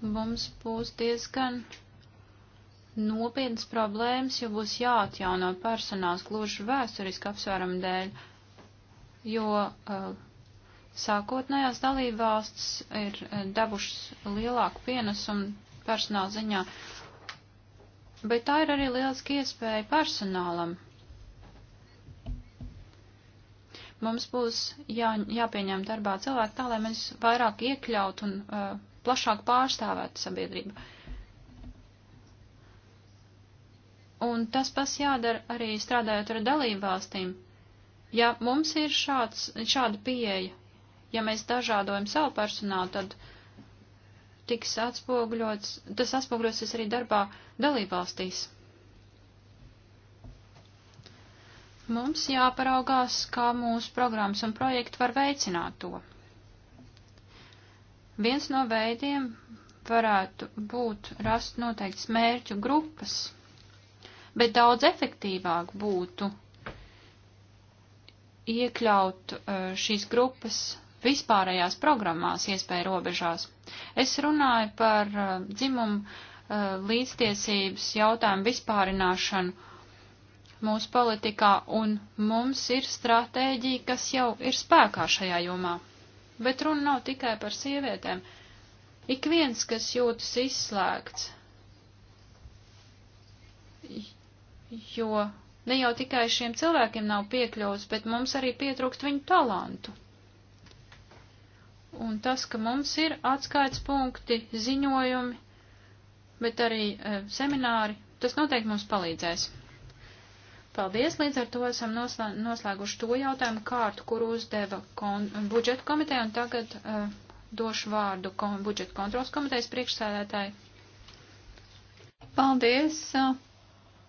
Speaker 2: Mums būs diezgan nopietnas problēmas, jo būs jāatjauno personāls gluži vēsturiski apsvērumu dēļ, jo uh, sākotnējās dalībvalsts ir e, devušas lielāku pienesumu personāla ziņā, bet tā ir arī lieliski iespēja personālam. Mums būs jā, jāpieņem darbā cilvēki tā, lai mēs vairāk iekļaut un uh, plašāk pārstāvētu sabiedrību. Un tas pats jādara arī strādājot ar dalībvalstīm. Ja mums ir šāds, šāda pieeja, Ja mēs dažādojam savu personālu, tad tiks atspoguļots, tas atspoguļosies arī darbā dalībvalstīs. Mums jāparaugās, kā mūsu programmas un projekti var veicināt to. Viens no veidiem varētu būt rast noteikts mērķu grupas, bet daudz efektīvāk būtu iekļaut eh, šīs grupas vispārējās programmās iespēja robežās. Es runāju par uh, dzimumu uh, līdztiesības jautājumu vispārināšanu mūsu politikā, un mums ir stratēģija, kas jau ir spēkā šajā jomā. Bet runa nav tikai par sievietēm. Ik viens, kas jūtas izslēgts, jo ne jau tikai šiem cilvēkiem nav piekļuvs, bet mums arī pietrūkst viņu talantu un tas, ka mums ir atskaits punkti, ziņojumi, bet arī e, semināri, tas noteikti mums palīdzēs. Paldies, līdz ar to esam noslē, noslēguši to jautājumu kārtu, kuru uzdeva kon, budžeta komiteja, un tagad uh, e, došu vārdu kon, budžeta kontrols komitejas priekšsēdētāji. Paldies!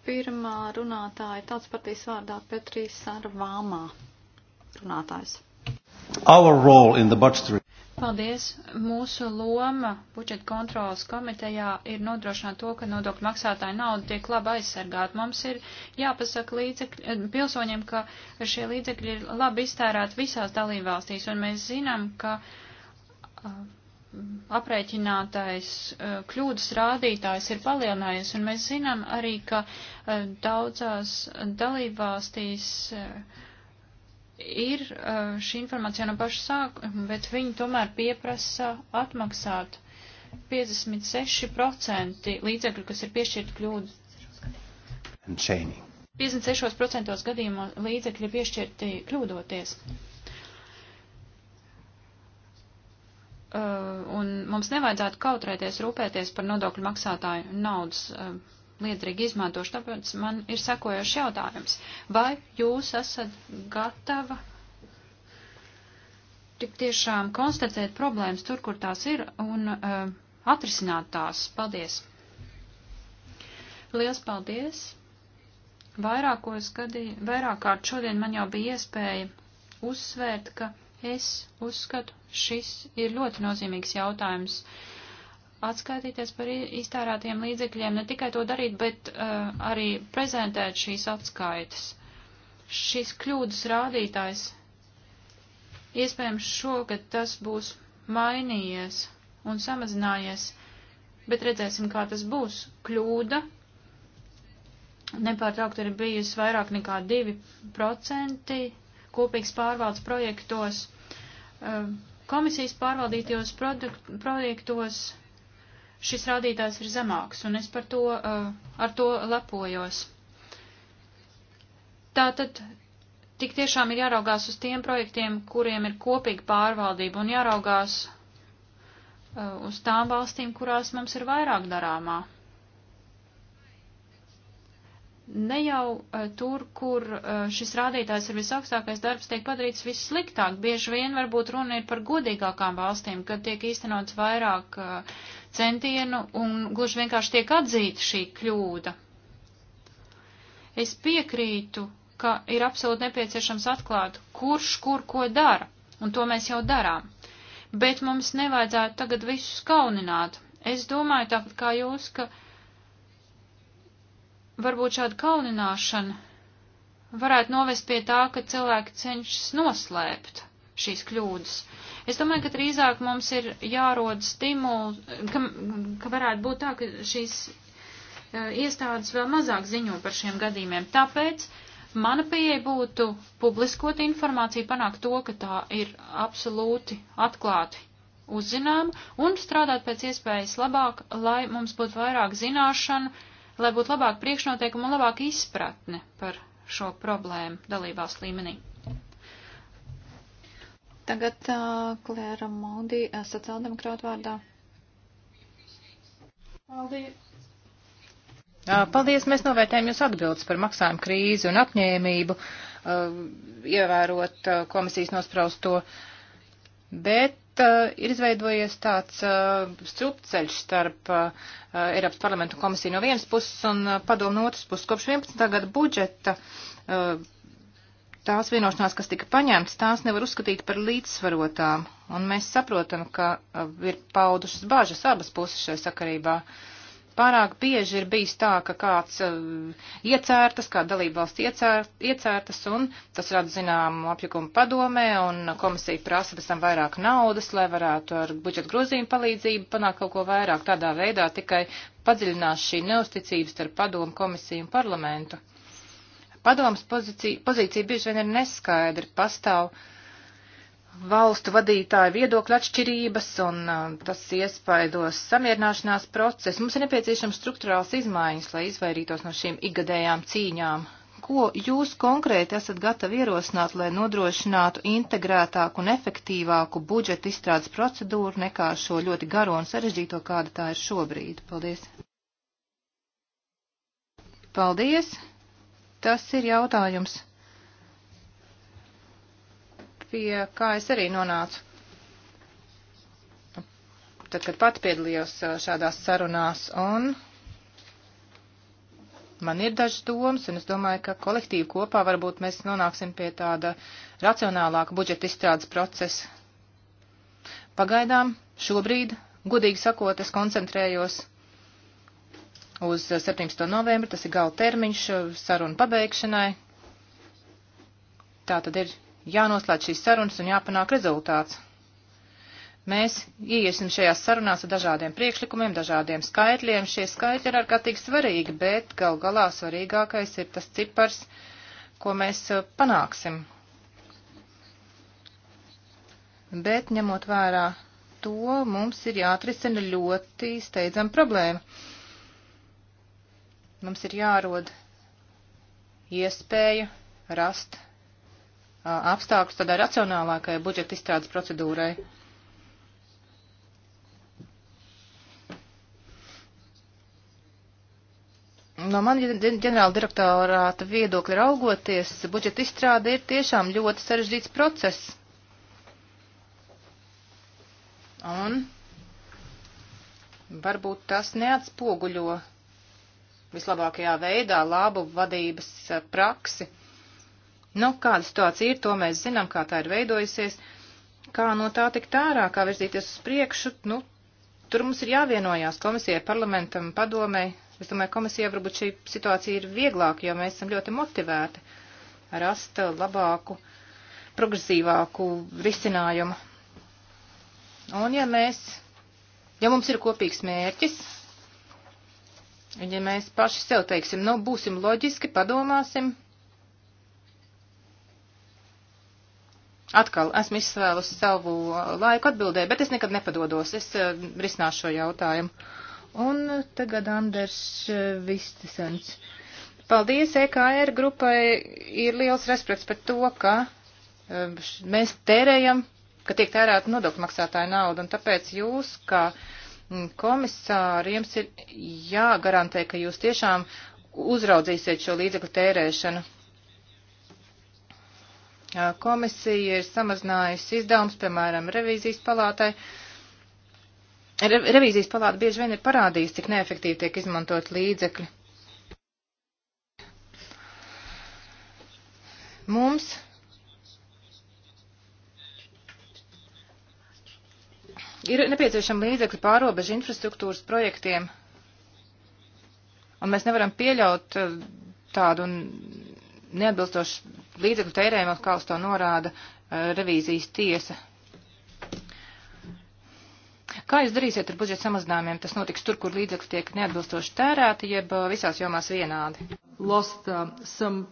Speaker 2: Pirmā runātāja tāds partijas vārdā Petrīs Sarvāmā runātājs. Our role in the budgetary Paldies! Mūsu loma budžeta kontrolas komitejā ir nodrošināt to, ka nodokļu maksātāja nauda tiek labi aizsargāta. Mums ir jāpasaka līdzekļi, eh, pilsoņiem, ka šie līdzekļi ir labi iztērēti visās dalībvalstīs, un mēs zinām, ka eh, aprēķinātais eh, kļūdas rādītājs ir palielinājies, un mēs zinām arī, ka daudzās dalībvalstīs ir eh, šī informācija no paša sākuma, bet viņi tomēr pieprasa atmaksāt 56% līdzekļu, kas ir piešķirti kļūdu. 56% gadījumā līdzekļi ir piešķirti kļūdoties. Eh, un mums nevajadzētu kautrēties rūpēties par nodokļu maksātāju naudas eh, liederīgi izmantošu. Tāpēc man ir sekojošs jautājums. Vai jūs esat gatava tik tiešām konstatēt problēmas tur, kur tās ir, un uh, atrisināt tās? Paldies! Liels paldies! Vairākos gadījumos, vairāk kārt šodien man jau bija iespēja uzsvērt, ka es uzskatu, šis ir ļoti nozīmīgs jautājums. Uh, atskaitīties par iztērētiem līdzekļiem, ne tikai to darīt, bet uh, arī prezentēt šīs atskaites. Šis kļūdas rādītājs, iespējams, šogad tas būs mainījies un samazinājies, bet redzēsim, kā tas būs. Kļūda nepārtraukti ir bijusi vairāk nekā 2% kopīgs pārvaldes projektos. Uh, komisijas pārvaldītajos produktu, projektos šis rādītājs ir zemāks, un es par to, uh, ar to lepojos. Tātad tik tiešām ir jāraugās uz tiem projektiem, kuriem ir kopīga pārvaldība, un jāraugās uh, uz tām valstīm, kurās mums ir vairāk darāmā. Ne jau uh, tur, kur uh, šis rādītājs ir visaugstākais darbs, tiek padarīts vissliktāk. Bieži vien varbūt runa ir par godīgākām valstīm, kad tiek īstenots vairāk uh, centienu un gluži vienkārši tiek atzīta šī kļūda. Es piekrītu, ka ir absolūti nepieciešams atklāt, kurš kur ko dara, un to mēs jau darām. Bet mums nevajadzētu tagad visus kaunināt. Es domāju tāpat kā jūs, ka varbūt šāda kaunināšana varētu novest pie tā, ka cilvēki cenšas noslēpt šīs kļūdas. Es domāju, ka drīzāk mums ir jārod stimuli, ka, ka varētu būt tā, ka šīs eh, iestādes vēl mazāk ziņo par šiem gadījumiem. Tāpēc mana pieeja būtu publiskot informāciju, panākt to, ka tā ir absolūti atklāti uzzinām un strādāt pēc iespējas labāk, lai mums būtu vairāk zināšanu, lai būtu labāk priekšnoteikumu un labāk izpratne par šo problēmu dalībās līmenī. Tagad uh, Klēra Maudī, uh, sociāldemokrāta vārdā. Paldies. Uh, paldies, mēs
Speaker 1: novērtējam jūs atbildes par maksājumu krīzi un apņēmību, uh, ievērot uh, komisijas nospraustu, bet ir izveidojies tāds strupceļš starp Eiropas parlamentu komisiju no vienas puses un padomu no otras puses. Kopš 11. gada budžeta tās vienošanās, kas tika paņemtas, tās nevar uzskatīt par līdzsvarotām, un mēs saprotam, ka uh, ir paudušas bažas abas puses šai sakarībā. Pārāk bieži ir bijis tā, ka kāds uh, iecērtas, kāda dalība valsts iecēr, iecērtas, un tas rada zināmu apjukumu padomē, un komisija prasa pēc tam vairāk naudas, lai varētu ar budžeta grozījumu palīdzību panākt kaut ko vairāk. Tādā veidā tikai padziļinās šī neusticības starp padomu komisiju un parlamentu. Padomas pozīcija, pozīcija bieži vien ir neskaidra, pastāv valstu vadītāju viedokļu atšķirības un uh, tas iespaidos samierināšanās procesu. Mums ir nepieciešams struktūrāls izmaiņas, lai izvairītos no šīm igadējām cīņām. Ko jūs konkrēti esat gatavi ierosināt, lai nodrošinātu integrētāku un efektīvāku budžeta izstrādes procedūru nekā šo ļoti garo un sarežģīto, kāda tā ir šobrīd? Paldies! Paldies! Tas ir jautājums, pie kā es arī nonācu. Tad, kad pat piedalījos šādās sarunās, un man ir dažas domas, un es domāju, ka kolektīvi kopā varbūt mēs nonāksim pie tāda racionālāka budžeta izstrādes procesa. Pagaidām, šobrīd, godīgi sakot, es koncentrējos uz 17. novembri, tas ir gala termiņš sarunu pabeigšanai. Tā tad ir jānoslēdz šīs sarunas un jāpanāk rezultāts. Mēs ieiesim šajās sarunās ar dažādiem priekšlikumiem, dažādiem skaitļiem. Šie skaitļi ir ārkārtīgi svarīgi, bet gal galā svarīgākais ir tas cipars, ko mēs eh, panāksim. Bet ņemot vērā to, mums ir jāatrisina ļoti steidzama problēma Mums ir jārod iespēja rast apstākļus tādai racionālākai budžeta izstrādes procedūrai. No man ģenerāla direktorāta viedokļa raugoties, budžeta izstrāde ir tiešām ļoti sarežģīts process. Un varbūt tas neatspoguļo vislabākajā veidā labu vadības eh, praksi. Nu, kāda situācija ir, to mēs zinām, kā tā ir veidojusies, kā no tā tikt ārā, kā virzīties uz priekšu, nu, tur mums ir jāvienojās komisijai, parlamentam, padomē. Es domāju, komisijai varbūt šī situācija ir vieglāka, jo mēs esam ļoti motivēti rast labāku, progresīvāku risinājumu. Un ja mēs, ja mums ir kopīgs mērķis, Ja mēs paši sev teiksim, nu, būsim loģiski, padomāsim. Atkal esmu izsvēlusi savu uh, laiku atbildē, bet es nekad nepadodos. Es uh, risināšu šo jautājumu. Un tagad Anders uh, Vistisens. Paldies, EKR grupai ir liels respekts par to, ka uh, mēs tērējam, ka tiek tērēta nodokļu maksātāja nauda, un tāpēc jūs, kā uh, Mm, komisāri, jums ir jāgarantē, ka jūs tiešām uzraudzīsiet šo līdzekļu tērēšanu. Komisija ir samazinājusi izdevums, piemēram, revīzijas palātai. Re revīzijas palāta bieži vien ir parādījusi, cik neefektīvi tiek izmantot līdzekļi. Mums Ir nepieciešama līdzekļu pārobežu infrastruktūras projektiem, un mēs nevaram pieļaut eh, tādu neatbilstošu līdzekļu tērējumu, kā uz to norāda eh, revīzijas tiesa. Kā jūs darīsiet ar budžeta samazinājumiem? Tas notiks tur, kur līdzekļi tiek neatbilstoši tērēti, jeb eh, visās jomās vienādi.
Speaker 2: Lost, uh, some...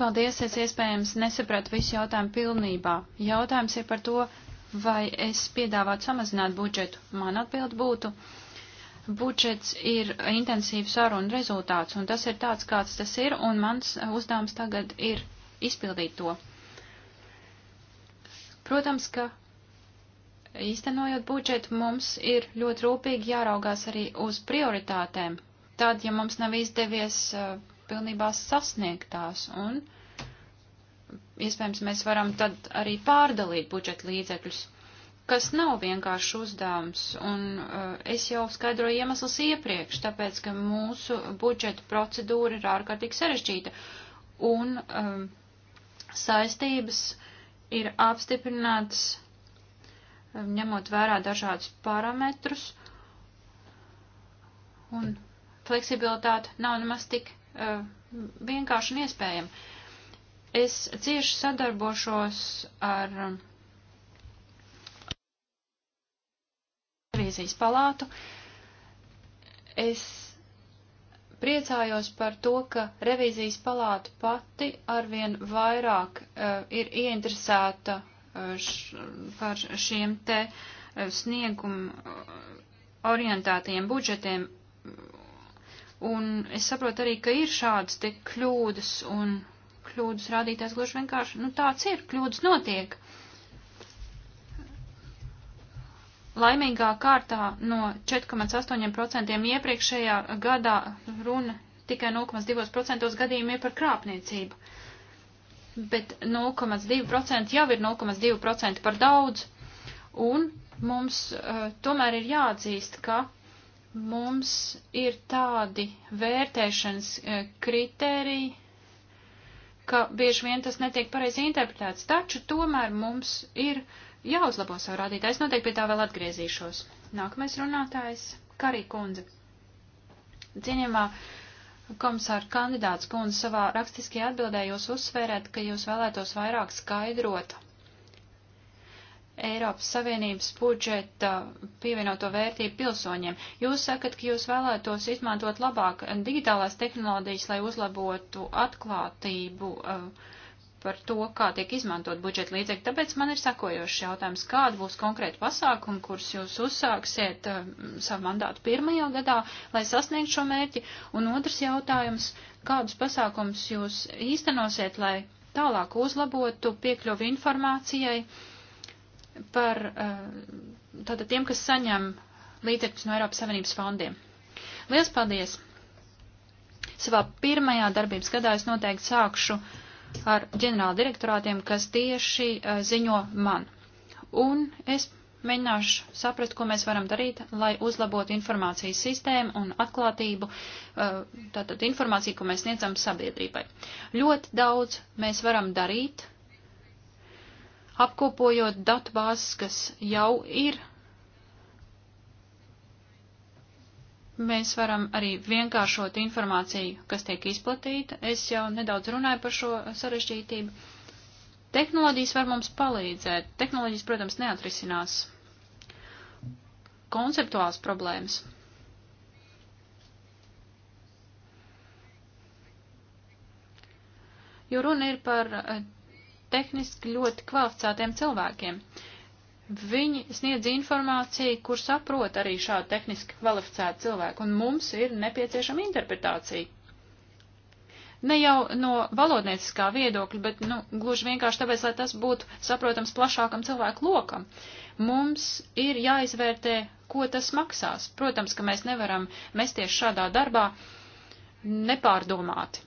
Speaker 2: Paldies, es iespējams nesapratu visu jautājumu pilnībā. Jautājums ir par to, vai es piedāvātu samazināt budžetu? Man atbild būtu, budžets ir intensīvs sarunu rezultāts, un tas ir tāds, kāds tas ir, un mans uzdevums tagad ir izpildīt to. Protams, ka īstenojot budžetu, mums ir ļoti rūpīgi jāraugās arī uz prioritātēm. Tad, ja mums nav izdevies uh, pilnībā sasniegt tās, un uh, iespējams, mēs varam tad arī pārdalīt budžeta līdzekļus, kas nav vienkārši uzdevums. Un uh, es jau skaidroju iemeslus iepriekš, tāpēc, ka mūsu budžeta procedūra ir ārkārtīgi sarežģīta. Un um, saistības ir apstiprināts, um, ņemot vērā dažādus parametrus, un fleksibilitāte nav nemaz tik uh, vienkārši un iespējama. Uh, Es cieši sadarbošos ar um, revīzijas palātu. Es priecājos par to, ka revīzijas palāta pati arvien vairāk uh, ir ieinteresēta uh, š, par šiem te uh, sniegumu uh, orientētajiem budžetiem. Un es saprotu arī, ka ir šādas te kļūdas un kļūdas rādītājs gluži vienkārši, nu tāds ir, kļūdas notiek. Laimīgā kārtā no 4,8% iepriekšējā gadā runa tikai 0,2% gadījumiem par krāpniecību. Bet 0,2% jau ir 0,2% par daudz. Un mums uh, tomēr ir jāatzīst, ka mums ir tādi vērtēšanas uh, eh, kritēriji, ka bieži vien tas netiek pareizi interpretēts, taču tomēr mums ir jāuzlabo savu rādītāju. Es noteikti pie tā vēl atgriezīšos. Nākamais runātājs - Karī kundze. Cienījumā komisāra kandidāts kundze savā rakstiskajā atbildē jūs uzsvērēt, ka jūs vēlētos vairāk skaidrot Eiropas Savienības budžeta pievienoto vērtību pilsoņiem. Jūs sakat, ka jūs vēlētos izmantot labāk digitālās tehnoloģijas, lai uzlabotu atklātību uh, par to, kā tiek izmantot budžeta līdzekļi. Tāpēc man ir sakojošs jautājums, kāda būs konkrēta pasākuma, kurus jūs uzsāksiet uh, savu mandātu pirmajā gadā, lai sasniegtu šo mērķi? Un otrs jautājums, kādus pasākumus jūs īstenosiet, lai tālāk uzlabotu piekļuvi informācijai? Uh, par eh, tātad tiem, kas saņem līdzekļus no Eiropas Savienības fondiem. Lielas paldies! Savā pirmajā darbības gadā es noteikti sākšu ar ģenerāla direktorātiem, kas tieši eh, ziņo man. Un es mēģināšu saprast, ko mēs varam darīt, lai uzlabotu informācijas sistēmu un atklātību, eh, tātad informāciju, ko mēs sniedzam sabiedrībai. Ļoti daudz mēs varam darīt, apkopojot datubāzes, kas jau ir. Mēs varam arī vienkāršot informāciju, kas tiek izplatīta. Es jau nedaudz runāju par šo sarežģītību. Tehnoloģijas var mums palīdzēt. Tehnoloģijas, protams, neatrisinās konceptuāls problēmas. Jo runa ir par eh, tehniski ļoti kvalificētiem cilvēkiem. Viņi sniedz informāciju, kur saprot arī šādu tehniski kvalificētu cilvēku, un mums ir nepieciešama interpretācija. Ne jau no valodnieciskā viedokļa, bet nu, gluži vienkārši tāpēc, lai tas būtu saprotams plašākam cilvēku lokam. Mums ir jāizvērtē, ko tas maksās. Protams, ka mēs nevaram mesties šādā darbā nepārdomāti.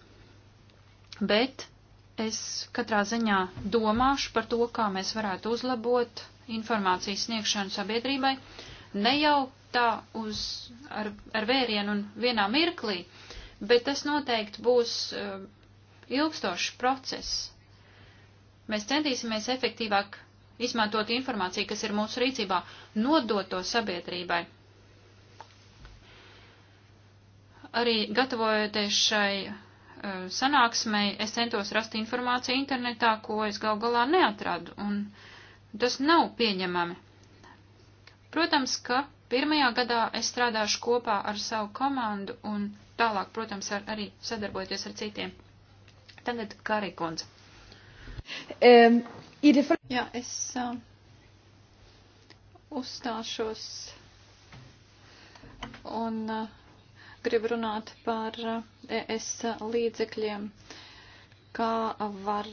Speaker 2: Bet Es katrā ziņā domāšu par to, kā mēs varētu uzlabot informācijas sniegšanu sabiedrībai, ne jau tā uz, ar, ar vērienu un vienā mirklī, bet tas noteikti būs uh, ilgstošs process. Mēs centīsimies efektīvāk izmantot informāciju, kas ir mūsu rīcībā, nodot to sabiedrībai. Arī gatavojoties šai E, sanāksmei es centos rast informāciju internetā, ko es gal galā neatradu, un tas nav pieņemami. Protams, ka pirmajā gadā es strādāšu kopā ar savu komandu un tālāk, protams, ar, arī sadarbojoties ar citiem. Tagad Karikons. Um, Jā, es uh, uzstāšos un. Uh, gribu runāt par eh, ES līdzekļiem, kā var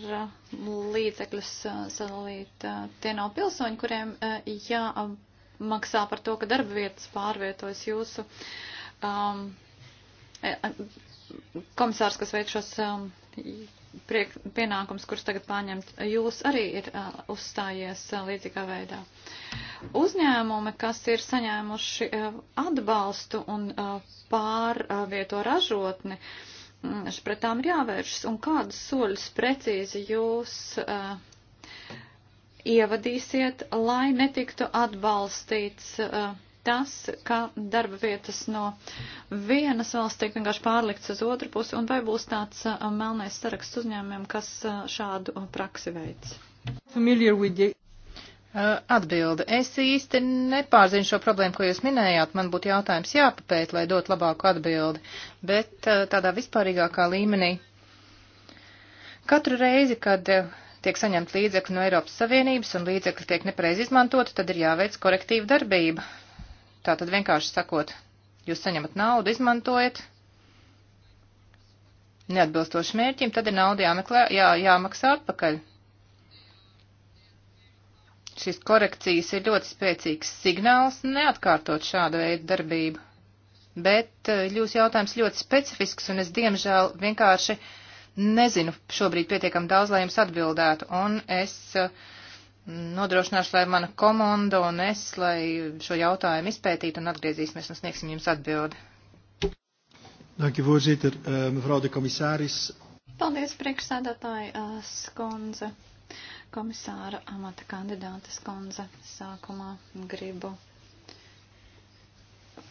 Speaker 2: līdzekļus eh, sadalīt. Eh, tie nav pilsoņi, kuriem jāmaksā par to, ka darba vietas pārvietojas jūsu um, komisārs, kas veic šos um, priek, pienākums, kurus tagad pārņemt, jūs arī ir uh, uzstājies uh, līdzīgā veidā. Uzņēmumi, kas ir saņēmuši uh, atbalstu un uh, pārvieto uh, ražotni, mm, pret tām ir jāvēršas. Un kādus soļus precīzi jūs uh, ievadīsiet, lai netiktu atbalstīts. Uh, tas, ka darba vietas no vienas valsts tiek vienkārši pārlikts uz otru pusi, un vai būs tāds melnais saraksts uzņēmumiem, kas šādu praksi veids?
Speaker 1: Atbilde. Es īsti nepārzinu šo problēmu, ko jūs minējāt. Man būtu jautājums jāpapēt, lai dot labāku atbildi. Bet tādā vispārīgākā līmenī. Katru reizi, kad tiek saņemt līdzekļi no Eiropas Savienības un līdzekļi tiek nepareiz izmantoti, tad ir jāveic korektīva darbība. Tātad vienkārši sakot, jūs saņemat naudu, izmantojat neatbilstoši mērķim, tad ir nauda jāmeklē, jā, jāmaksā atpakaļ. Šis korekcijas ir ļoti spēcīgs signāls neatkārtot šādu veidu darbību. Bet eh, jūs jautājums ļoti specifisks, un es diemžēl vienkārši nezinu šobrīd pietiekam daudz, lai jums atbildētu, un es uh, nodrošināšu, lai mana komanda un es, lai šo jautājumu izpētītu un atgriezīsimies un sniegsim jums atbildi. Dank u voorzitter. Uh, mevrouw de commissaris.
Speaker 2: Paldies, priekšsēdētāji uh, eh, Skondze, komisāra amata kandidāte Skondze. Sākumā gribu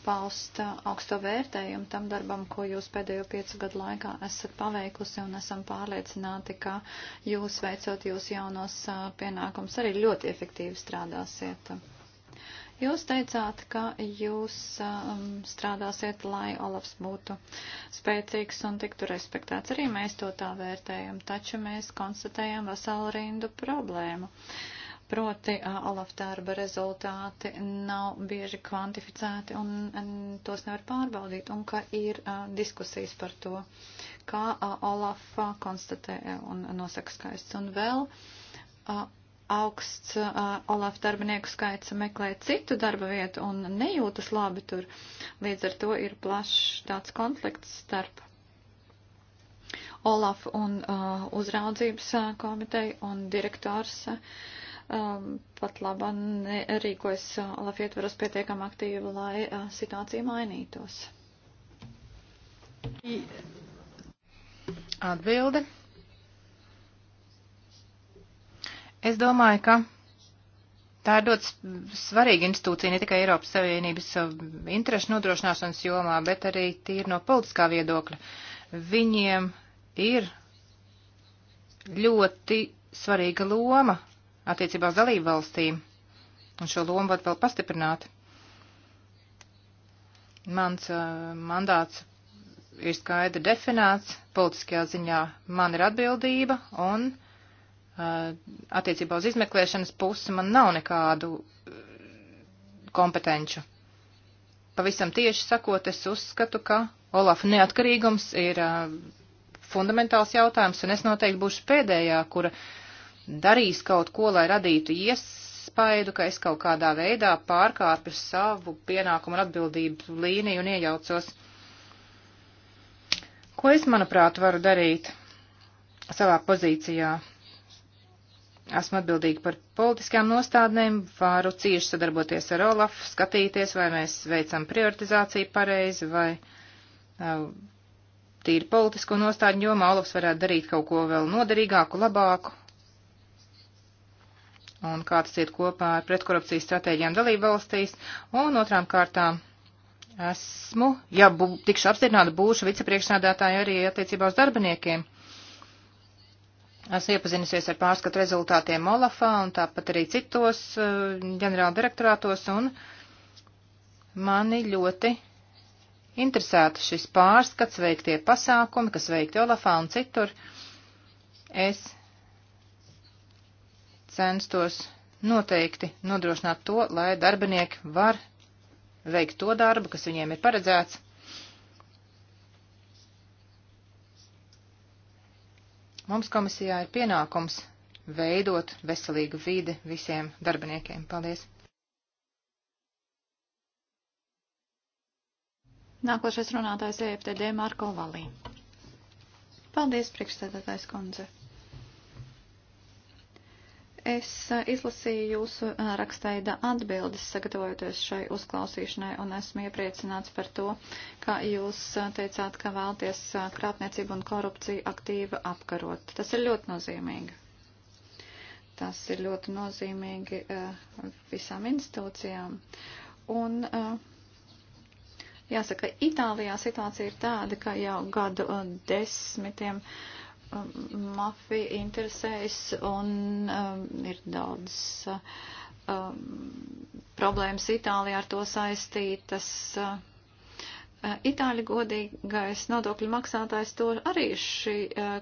Speaker 2: paust uh, augsto vērtējumu tam darbam, ko jūs pēdējo piecu gadu laikā esat paveikusi un esam pārliecināti, ka jūs veicot jūs jaunos uh, pienākums arī ļoti efektīvi strādāsiet. Jūs teicāt, ka jūs um, strādāsiet, lai Olafs būtu spēcīgs un tiktu respektēts. Arī mēs to tā vērtējam, taču mēs konstatējam veselu rindu problēmu. Uh, Proti, Olaf darba rezultāti nav bieži kvantificēti un, un tos nevar pārbaudīt, un ka ir uh, diskusijas par to, kā uh, Olaf uh, konstatē un nosaka skaists. Un vēl uh, augsts uh, Olaf darbinieku skaits meklē citu darba vietu un nejūtas labi tur. Līdz ar to ir plašs tāds konflikts starp Olaf un uh, uzraudzības komiteja un direktors. Uh, um, pat laba rīkojas uh, LAF ietveros pietiekam aktīvi, lai uh, situācija mainītos.
Speaker 1: Atbilde. Es domāju, ka tā ir ļoti svarīga institūcija ne tikai Eiropas Savienības uh, interešu nodrošināšanas jomā, bet arī tīri no politiskā viedokļa. Viņiem ir ļoti svarīga loma attiecībā uz dalību valstīm, un šo lomu var vēl pastiprināt. Mans uh, mandāts ir skaidri definēts, politiskajā ziņā man ir atbildība, un uh, attiecībā uz izmeklēšanas pusi man nav nekādu uh, kompetenču. Pavisam tieši sakot, es uzskatu, ka Olafa neatkarīgums ir uh, fundamentāls jautājums, un es noteikti būšu pēdējā, kura uh, darījis kaut ko, lai radītu iespaidu, ka es kaut kādā veidā pārkāpju savu pienākumu un atbildību līniju un iejaucos. Ko es, manuprāt, varu darīt savā pozīcijā? Esmu atbildīga par politiskām nostādnēm, varu cieši sadarboties ar Olafu, skatīties, vai mēs veicam prioritizāciju pareizi, vai uh, tīri politisko nostādņu jomā Olafs varētu darīt kaut ko vēl noderīgāku, labāku un kā tas iet kopā ar pretkorupcijas stratēģijām dalību valstīs, un otrām kārtām esmu, ja bū, tikšu apstiprināta, būšu vicepriekšnādātāja arī attiecībā uz darbiniekiem. Esmu iepazinusies ar pārskatu rezultātiem Olafā un tāpat arī citos uh, ģenerāla direktorātos, un mani ļoti interesētu šis pārskats, veiktie pasākumi, kas veikti Olafā un citur. Es censtos noteikti nodrošināt to, lai darbinieki var veikt to darbu, kas viņiem ir paredzēts. Mums komisijā ir pienākums veidot veselīgu vidi visiem darbiniekiem. Paldies!
Speaker 2: Nākošais runātājs Ēptē e Dēmārko Valī. Paldies, priekšstādātājs kundze! Es eh, izlasīju jūsu eh, rakstaida atbildes, sagatavojoties šai uzklausīšanai, un esmu iepriecināts par to, ka jūs eh, teicāt, ka vēlties krāpniecību un korupciju aktīvi apkarot. Tas ir ļoti nozīmīgi. Tas ir ļoti nozīmīgi visām institūcijām. Un jāsaka, Itālijā situācija ir tāda, ka jau gadu desmitiem. Uh, Um, mafija interesēs un um, ir daudz um, problēmas Itālijā ar to saistītas. Uh, Itāļu godīgais nodokļu maksātājs to arī šī uh,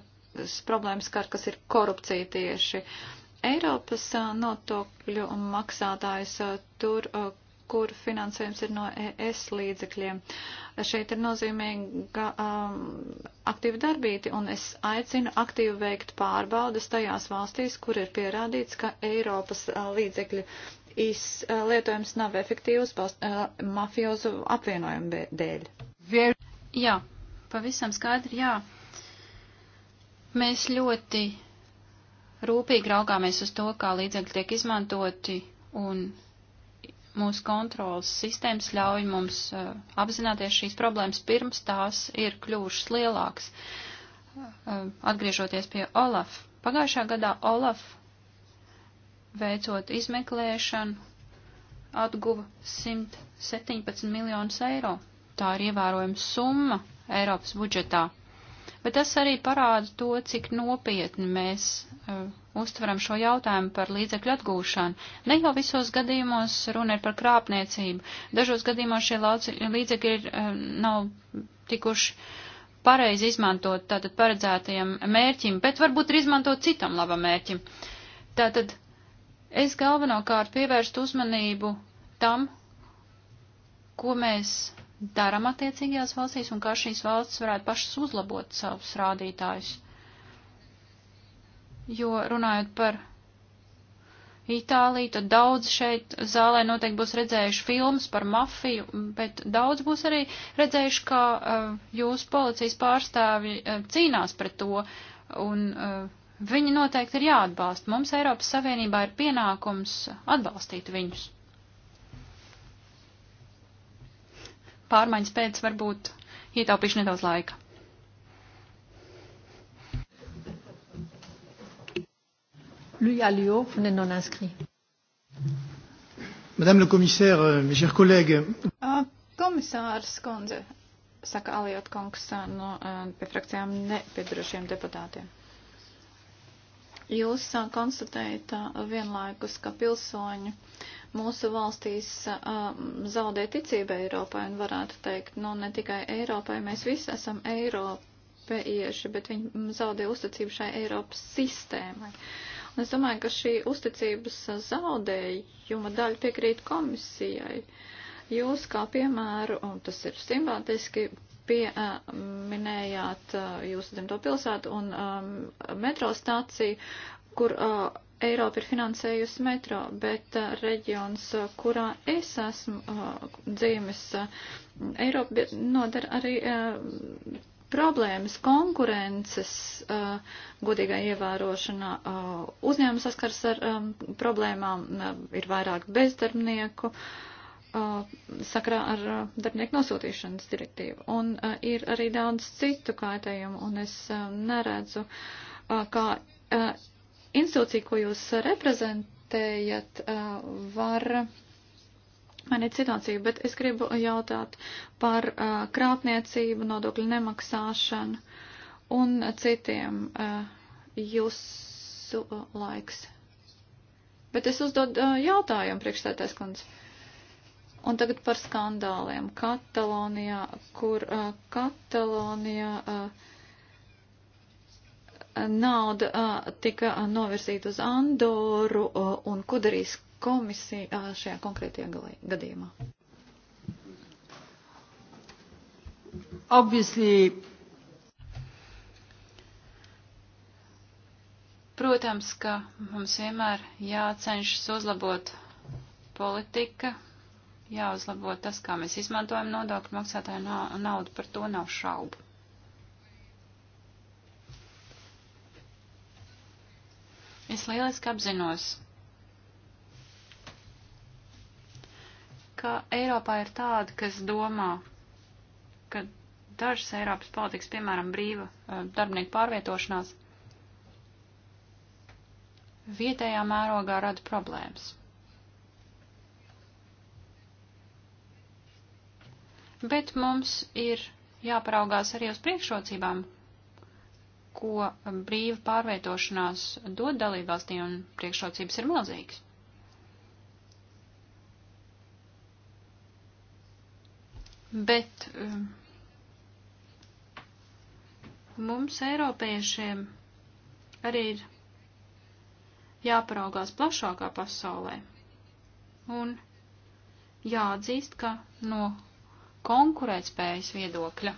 Speaker 2: problēmas kar, kas ir korupcija tieši. Eiropas uh, nodokļu maksātājs uh, tur. Uh, kur finansējums ir no ES līdzekļiem. Šeit ir nozīmīga um, aktīva darbība, un es aicinu aktīvi veikt pārbaudas tajās valstīs, kur ir pierādīts, ka Eiropas uh, līdzekļu izlietojums uh, nav efektīvs balst, uh, mafiozu apvienojumu dēļ. Jā, pavisam skaidri, jā. Mēs ļoti rūpīgi raugāmies uz to, kā līdzekļi tiek izmantoti un mūsu kontrolas sistēmas ļauj mums uh, apzināties šīs problēmas pirms tās ir kļuvušas lielākas. Uh, atgriežoties pie Olaf. Pagājušā gadā Olaf, veicot izmeklēšanu, atguva 117 miljonus eiro. Tā ir ievērojama summa Eiropas budžetā bet tas arī parāda to, cik nopietni mēs uh, uztveram šo jautājumu par līdzekļu atgūšanu. Ne jau visos gadījumos runa ir par krāpniecību. Dažos gadījumos šie līdzekļi ir, uh, nav tikuši pareizi izmantot tātad paredzētajam mērķim, bet varbūt ir izmantot citam labam mērķim. Tātad es galvenokārt pievērstu uzmanību tam, ko mēs daram attiecīgajās valstīs un kā šīs valstis varētu pašas uzlabot savus rādītājus. Jo runājot par Itāliju, tad daudz šeit zālē noteikti būs redzējuši filmas par mafiju, bet daudz būs arī redzējuši, kā uh, jūs policijas pārstāvi uh, cīnās pret to, un uh, viņi noteikti ir jāatbalsta. Mums Eiropas Savienībā ir pienākums atbalstīt viņus. pārmaiņas pēc varbūt ietaupīšu nedaudz laika. Lui Alliot, vous n'êtes non inscrit. Madame le commissaire, euh, mes chers collègues. Ah, komisārs Kondze, saka Aliot Kongs ah, no ah, pie frakcijām nepiedarošiem deputātiem. Jūs konstatējat vienlaikus, ka pilsoņu uh, mūsu valstīs zaudē ticība Eiropai un varētu teikt, nu ne tikai Eiropai, mēs visi esam Eiropieši, bet viņi zaudē uzticību šai Eiropas sistēmai. Un es domāju, ka šī uzticības zaudējuma daļa piekrīt komisijai. Jūs kā piemēru, un tas ir simpātiski, pieminējāt uh, jūsu dzimto pilsētu un um, metro stāciju, kur uh, Eiropa ir finansējusi metro, bet uh, reģions, uh, kurā es esmu uh, dzīves, uh, Eiropa nodara arī uh, problēmas konkurences uh, godīgā ievērošanā. Uh, uzņēmums saskars ar um, problēmām, uh, ir vairāk bezdarbnieku. Uh, sakrā ar uh, darbinieku nosūtīšanas direktīvu. Un uh, ir arī daudz citu kaitējumu, un es uh, neredzu, uh, kā uh, institūcija, ko jūs reprezentējat, var mainīt situāciju, bet es gribu jautāt par krāpniecību, nodokļu nemaksāšanu un citiem jūsu laiks. Bet es uzdod jautājumu priekšstētais kundze. Un tagad par skandāliem Katalonijā, kur Katalonijā uh, nauda tika novirzīta uz Andoru un ko darīs komisija šajā konkrētajā gadījumā? Obviously. Protams, ka mums vienmēr jācenšas uzlabot politika, jāuzlabo tas, kā mēs izmantojam nodokļu maksātāju naudu, par to nav šaubu. Es lieliski apzinos, ka Eiropā ir tāda, kas domā, ka dažas Eiropas politikas, piemēram, brīva eh, darbinieku pārvietošanās, vietējā mērogā rada problēmas. Bet mums ir jāparaugās arī uz priekšrocībām, ko brīva pārvietošanās dod dalībvalstīm, un priekšrocības ir milzīgas. Bet um, mums, Eiropiešiem, arī ir jāparaugās plašākā pasaulē un jāatzīst, ka no konkurētspējas viedokļa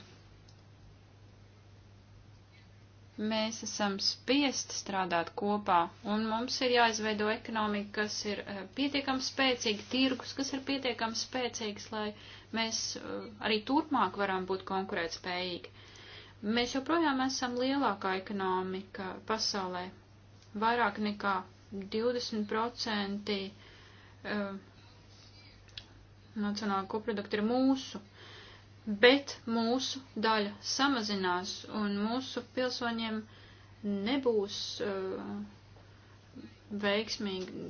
Speaker 2: Mēs esam spiest strādāt kopā, un mums ir jāizveido ekonomika, kas ir eh, pietiekami spēcīga, tirgus, kas ir pietiekami spēcīgs, lai mēs eh, arī turpmāk varam būt konkurētspējīgi. Mēs joprojām esam lielākā ekonomika pasaulē, vairāk nekā 20% eh, nacionāla koprodukta ir mūsu bet mūsu daļa samazinās un mūsu pilsoņiem nebūs uh, veiksmīgi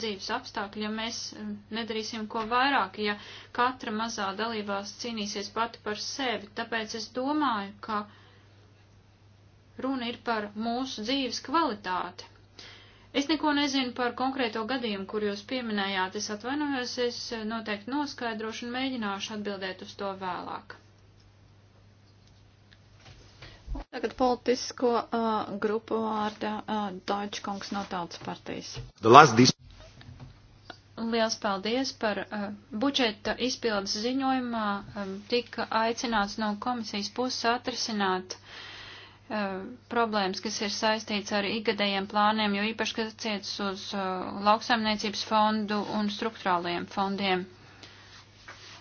Speaker 2: dzīves apstākļi, ja mēs uh, nedarīsim ko vairāk, ja katra mazā dalībās cīnīsies pati par sevi. Tāpēc es domāju, ka runa ir par mūsu dzīves kvalitāti. Es neko nezinu par konkrēto gadījumu, kur jūs pieminējāt, es atvainojos, es eh, noteikti noskaidrošu un mēģināšu atbildēt uz to vēlāk. Tagad politisko uh, grupu vārda uh, eh, Deutschkungs no tautas partijas. Liels paldies par uh, budžeta izpildes ziņojumā. Um, tika aicināts no komisijas puses atrisināt uh, Eh, problēmas, kas ir saistīts ar ikgadējiem plāniem, jo īpaši, kas attiecas uz eh, lauksaimniecības fondu un struktūrāliem fondiem.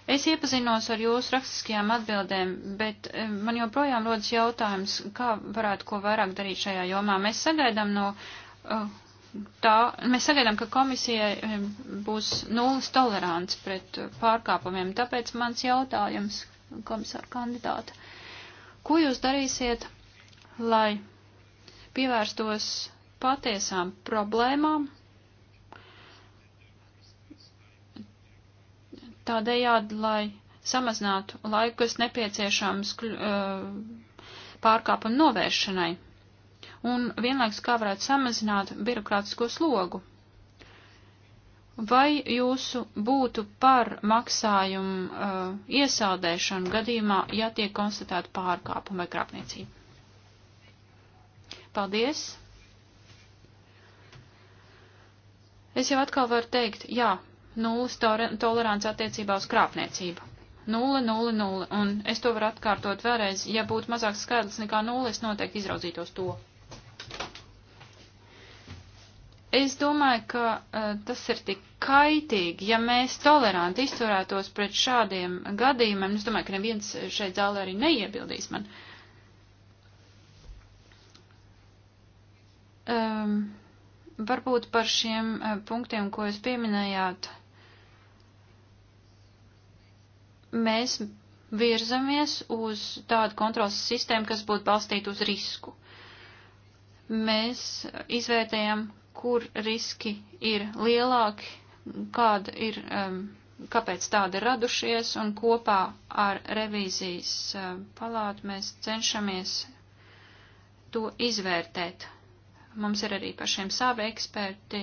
Speaker 2: Es iepazinos ar jūsu rakstiskajām atbildēm, bet eh, man joprojām rodas jautājums, kā varētu ko vairāk darīt šajā jomā. Mēs sagaidām no tā, mēs sagaidām, ka komisijai būs nulles tolerants pret pārkāpumiem, tāpēc mans jautājums, komisāra kandidāta, ko jūs darīsiet? lai pievērstos patiesām problēmām, tādējādi, lai samazinātu laiku, kas nepieciešams pārkāpumu novēršanai, un vienlaiks kā varētu samazināt birokrātisko slogu. Vai jūsu būtu par maksājumu uh, iesaldēšanu gadījumā, ja tiek konstatēta pārkāpuma vai krāpniecība? Paldies! Es jau atkal varu teikt, jā, nulles tolerants attiecībā uz krāpniecību. Nulle, nulle, nulle, un es to varu atkārtot vēlreiz, ja būtu mazāks skaidrs nekā nulle, es noteikti izraudzītos to. Es domāju, ka uh, tas ir tik kaitīgi, ja mēs toleranti izturētos pret šādiem gadījumiem. Es domāju, ka neviens šeit zālē arī neiebildīs man. Uh, Um, varbūt par šiem eh, punktiem, ko jūs pieminējāt. Mēs virzamies uz tādu kontrolas sistēmu, kas būtu balstīta uz risku. Mēs izvērtējam, kur riski ir lielāki, kāda ir, um, kāpēc tāda ir radušies, un kopā ar revīzijas um, palātu mēs cenšamies to izvērtēt mums ir arī pašiem savi eksperti.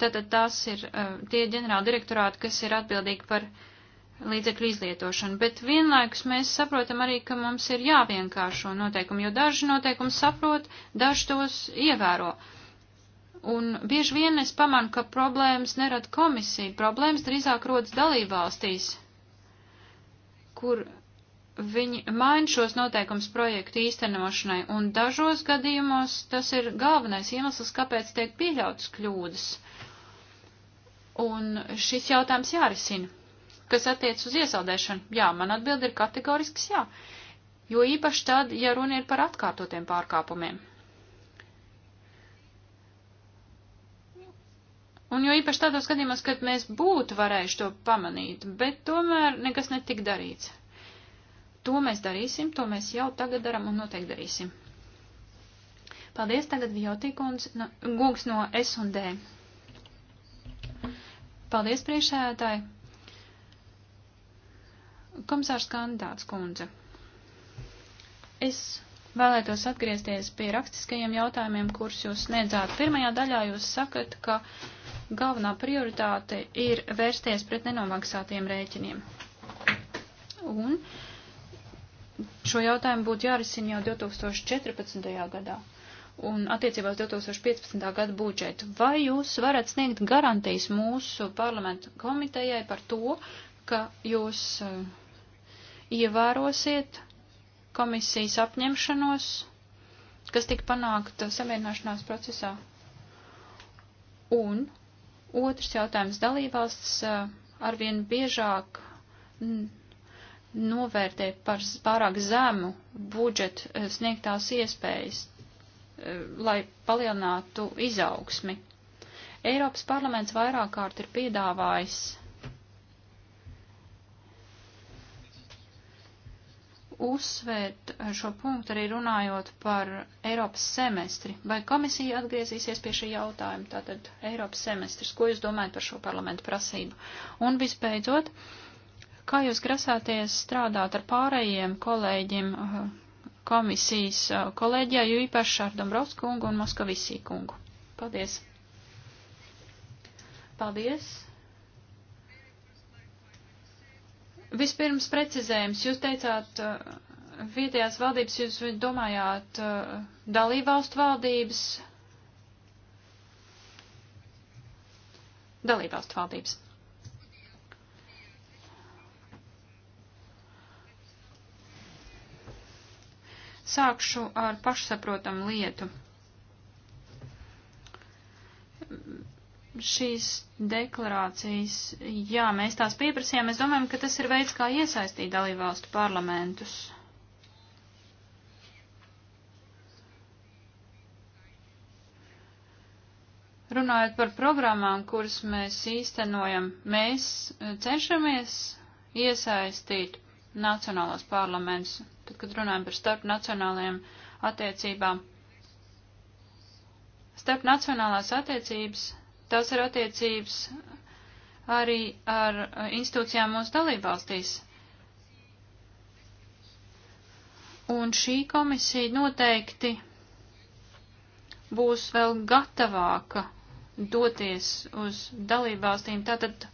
Speaker 2: Tātad tās ir uh, tie ģenerāla direktorāti, kas ir atbildīgi par līdzekļu izlietošanu. Bet vienlaikus mēs saprotam arī, ka mums ir jāvienkāršo noteikumi, jo daži noteikumi saprot, daži tos ievēro. Un bieži vien es pamanu, ka problēmas nerada komisija, problēmas drīzāk rodas dalībvalstīs, kur viņi maina šos noteikums projektu īstenošanai, un dažos gadījumos tas ir galvenais iemesls, kāpēc tiek pieļautas kļūdas. Un šis jautājums jārisina. Kas attiec uz iesaldēšanu? Jā, man atbild ir kategorisks jā, jo īpaši tad, ja runa ir par atkārtotiem pārkāpumiem. Un jo īpaši tādos gadījumos, kad mēs būtu varējuši to pamanīt, bet tomēr nekas netika darīts. To mēs darīsim, to mēs jau tagad daram un noteikti darīsim. Paldies tagad Vjotīkungs no, nu, Gungs no S&D. Paldies priekšsēdētāji. Komisārs kandidāts kundze. Es vēlētos atgriezties pie rakstiskajiem jautājumiem, kurus jūs sniedzāt. Pirmajā daļā jūs sakat, ka galvenā prioritāte ir vērsties pret nenomaksātiem rēķiniem. Un uh, šo jautājumu būtu jārisina jau 2014. gadā un attiecībā uz 2015. gada budžetu. Vai jūs varat sniegt garantijas mūsu parlamentu komitejai par to, ka jūs eh, ievērosiet komisijas apņemšanos, kas tika panākta samierināšanās procesā? Un otrs jautājums dalībvalsts eh, arvien biežāk novērtē par pārāk zemu budžetu e, sniegtās iespējas, e, lai palielinātu izaugsmi. Eiropas parlaments vairāk kārt ir piedāvājis uzsvērt šo punktu arī runājot par Eiropas semestri. Vai komisija atgriezīsies pie šī jautājuma, tātad Eiropas semestris, ko jūs domājat par šo parlamentu prasību? Un visbeidzot, uh, Kā jūs grasāties strādāt ar pārējiem kolēģiem eh, komisijas eh, kolēģijā, jo īpaši ar Dombrovskungu un Moskavisī kungu? Paldies! Paldies! Vispirms precizējums. Jūs teicāt, eh, vietējās valdības, jūs domājāt dalībvalstu valdības? Dalībvalstu valdības. Sākšu ar pašsaprotamu lietu. Šīs deklarācijas, jā, mēs tās pieprasījām, mēs domājam, ka tas ir veids, kā iesaistīt dalībvalstu parlamentus. Runājot par programmām, kuras mēs īstenojam, mēs cenšamies iesaistīt nacionālos parlamentus. Tad, kad runājam par starp nacionālajiem attiecībām, starp nacionālās attiecības, tās ir attiecības arī ar uh, institūcijām mūsu dalībvalstīs. Un šī komisija noteikti būs vēl gatavāka doties uz dalībvalstīm, tātad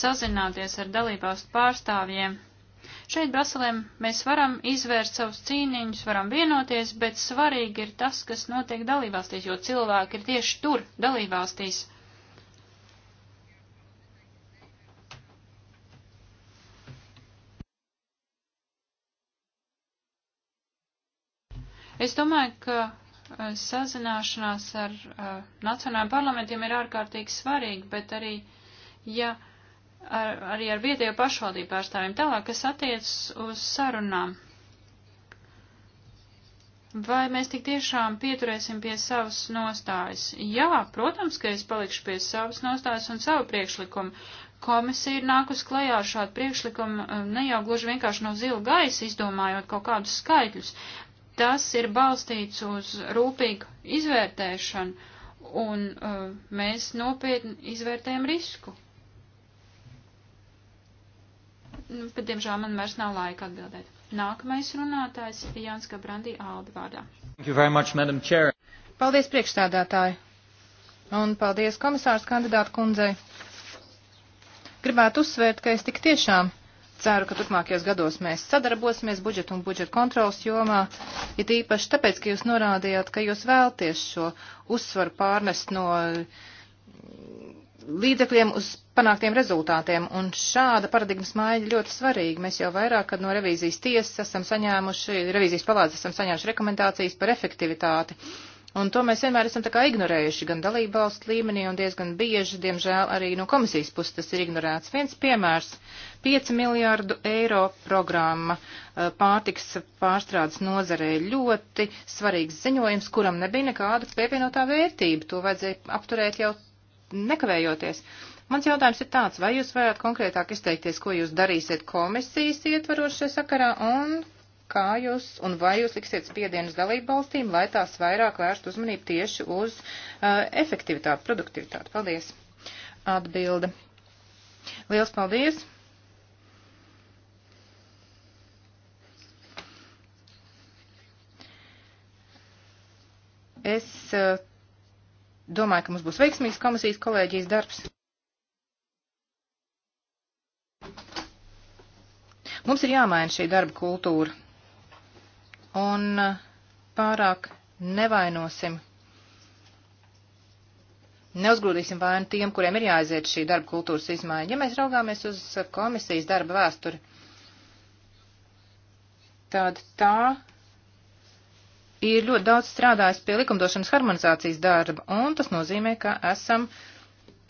Speaker 2: sazināties ar dalībvalstu pārstāvjiem Šeit Brasilēm mēs varam izvērst savus cīniņus, varam vienoties, bet svarīgi ir tas, kas notiek dalībvalstīs, jo cilvēki ir tieši tur, dalībvalstīs. Es domāju, ka eh, sazināšanās ar uh, nacionālajiem parlamentiem ir ārkārtīgi svarīgi, bet arī, ja uh, ar, arī ar vietējo pašvaldību pārstāvjiem. Tālāk, kas attiecas uz sarunām. Vai mēs tik tiešām pieturēsim pie savas nostājas? Jā, protams, ka es palikšu pie savas nostājas un savu priekšlikumu. Komisija ir nākus klajā ar šādu priekšlikumu um, ne jau gluži vienkārši no zila gaisa izdomājot kaut kādus skaitļus. Tas ir balstīts uz rūpīgu izvērtēšanu un uh, mēs nopietni izvērtējam risku. Nu, bet, diemžēl, man vairs nav laika atbildēt. Nākamais runātājs ir Jānis Gabrandī Aldi vārdā. Much,
Speaker 1: paldies priekšstādātāji un paldies komisārs kandidātu kundzei. Gribētu uzsvērt, ka es tik tiešām ceru, ka turpmākajos gados mēs sadarbosimies budžeta un budžeta kontrolas jomā, it ja īpaši tāpēc, ka jūs norādījāt, ka jūs vēlties šo uzsvaru pārnest no līdzekļiem uz panāktiem rezultātiem, un šāda paradigmas maiņa ļoti svarīga. Mēs jau vairāk, kad no revīzijas tiesas esam saņēmuši, revīzijas palādes esam saņēmuši rekomendācijas par efektivitāti, un to mēs vienmēr esam tā kā ignorējuši, gan dalību valstu līmenī, un diezgan bieži, diemžēl, arī no komisijas puses tas ir ignorēts. Viens piemērs - 5 miljārdu eiro programma eh, pārtiks pārstrādes nozarē ļoti svarīgs ziņojums, kuram nebija nekāda pievienotā vērtība. To vajadzēja apturēt jau nekavējoties. Mans jautājums ir tāds, vai jūs varat konkrētāk izteikties, ko jūs darīsiet komisijas ietvaros šajā sakarā un kā jūs un vai jūs liksiet spiedienus dalību valstīm, lai tās vairāk vērst uzmanību tieši uz uh, efektivitāti, produktivitāti. Paldies. Atbilde. Liels paldies. Es uh, Domāju, ka mums būs veiksmīgs komisijas kolēģijas darbs. Mums ir jāmaina šī darba kultūra. Un uh, pārāk nevainosim. Neuzgrūdīsim vainu tiem, kuriem ir jāaiziet šī darba kultūras izmaiņa. Ja mēs raugāmies uz komisijas darba vēsturi, tad tā ir ļoti daudz strādājis pie likumdošanas harmonizācijas darba, un tas nozīmē, ka esam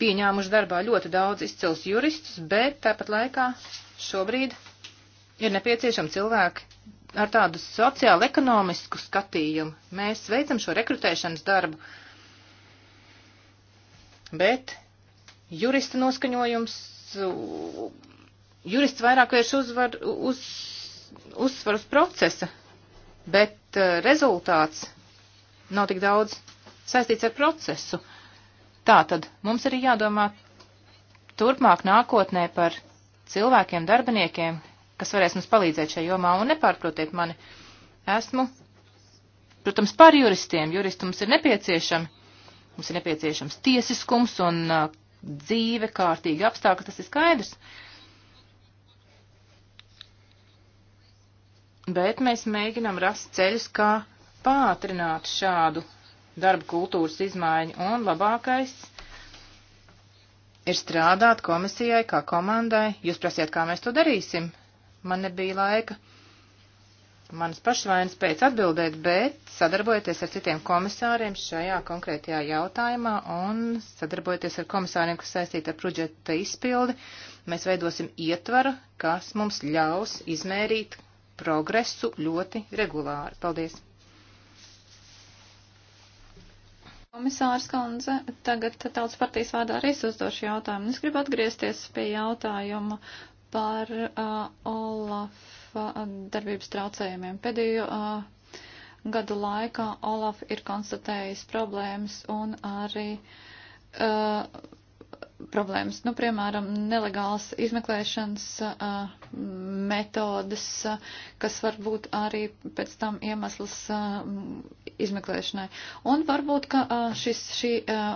Speaker 1: pieņēmuši darbā ļoti daudz izcils juristus, bet tāpat laikā šobrīd ir nepieciešami cilvēki ar tādu sociālu ekonomisku skatījumu. Mēs veicam šo rekrutēšanas darbu, bet jurista noskaņojums, jurists vairāk vērš uzvar, uz, uzsvar uz procesa bet eh, rezultāts nav tik daudz saistīts ar procesu. Tātad mums arī jādomā turpmāk nākotnē par cilvēkiem, darbiniekiem, kas varēs mums palīdzēt šajā jomā un nepārprotiet mani. Esmu, protams, par juristiem. Juristi mums ir nepieciešami. Mums ir nepieciešams tiesiskums un uh, dzīve, kārtīgi apstākļi, tas ir skaidrs. Uh, bet mēs mēģinam rast ceļus, kā pātrināt šādu darba kultūras izmaiņu, un labākais ir strādāt komisijai kā komandai. Jūs prasiet, kā mēs to darīsim. Man nebija laika manas pašvainas pēc atbildēt, bet sadarbojoties ar citiem komisāriem šajā konkrētajā jautājumā un sadarbojoties ar komisāriem, kas saistīti ar budžeta izpildi, mēs veidosim ietvaru, kas mums ļaus izmērīt, progresu ļoti regulāri. Paldies!
Speaker 2: Komisārs Kandze, tagad tautas partijas vārdā arī uzdošu jautājumu. Es gribu atgriezties pie jautājuma par uh, Olafa uh, darbības traucējumiem. Pēdējo uh, gadu laikā Olaf ir konstatējis problēmas un arī uh, problēmas. Nu, piemēram, nelegāls izmeklēšanas uh, metodas, uh, kas var būt arī pēc tam iemesls uh, izmeklēšanai. Un varbūt, ka uh, šis, šī uh,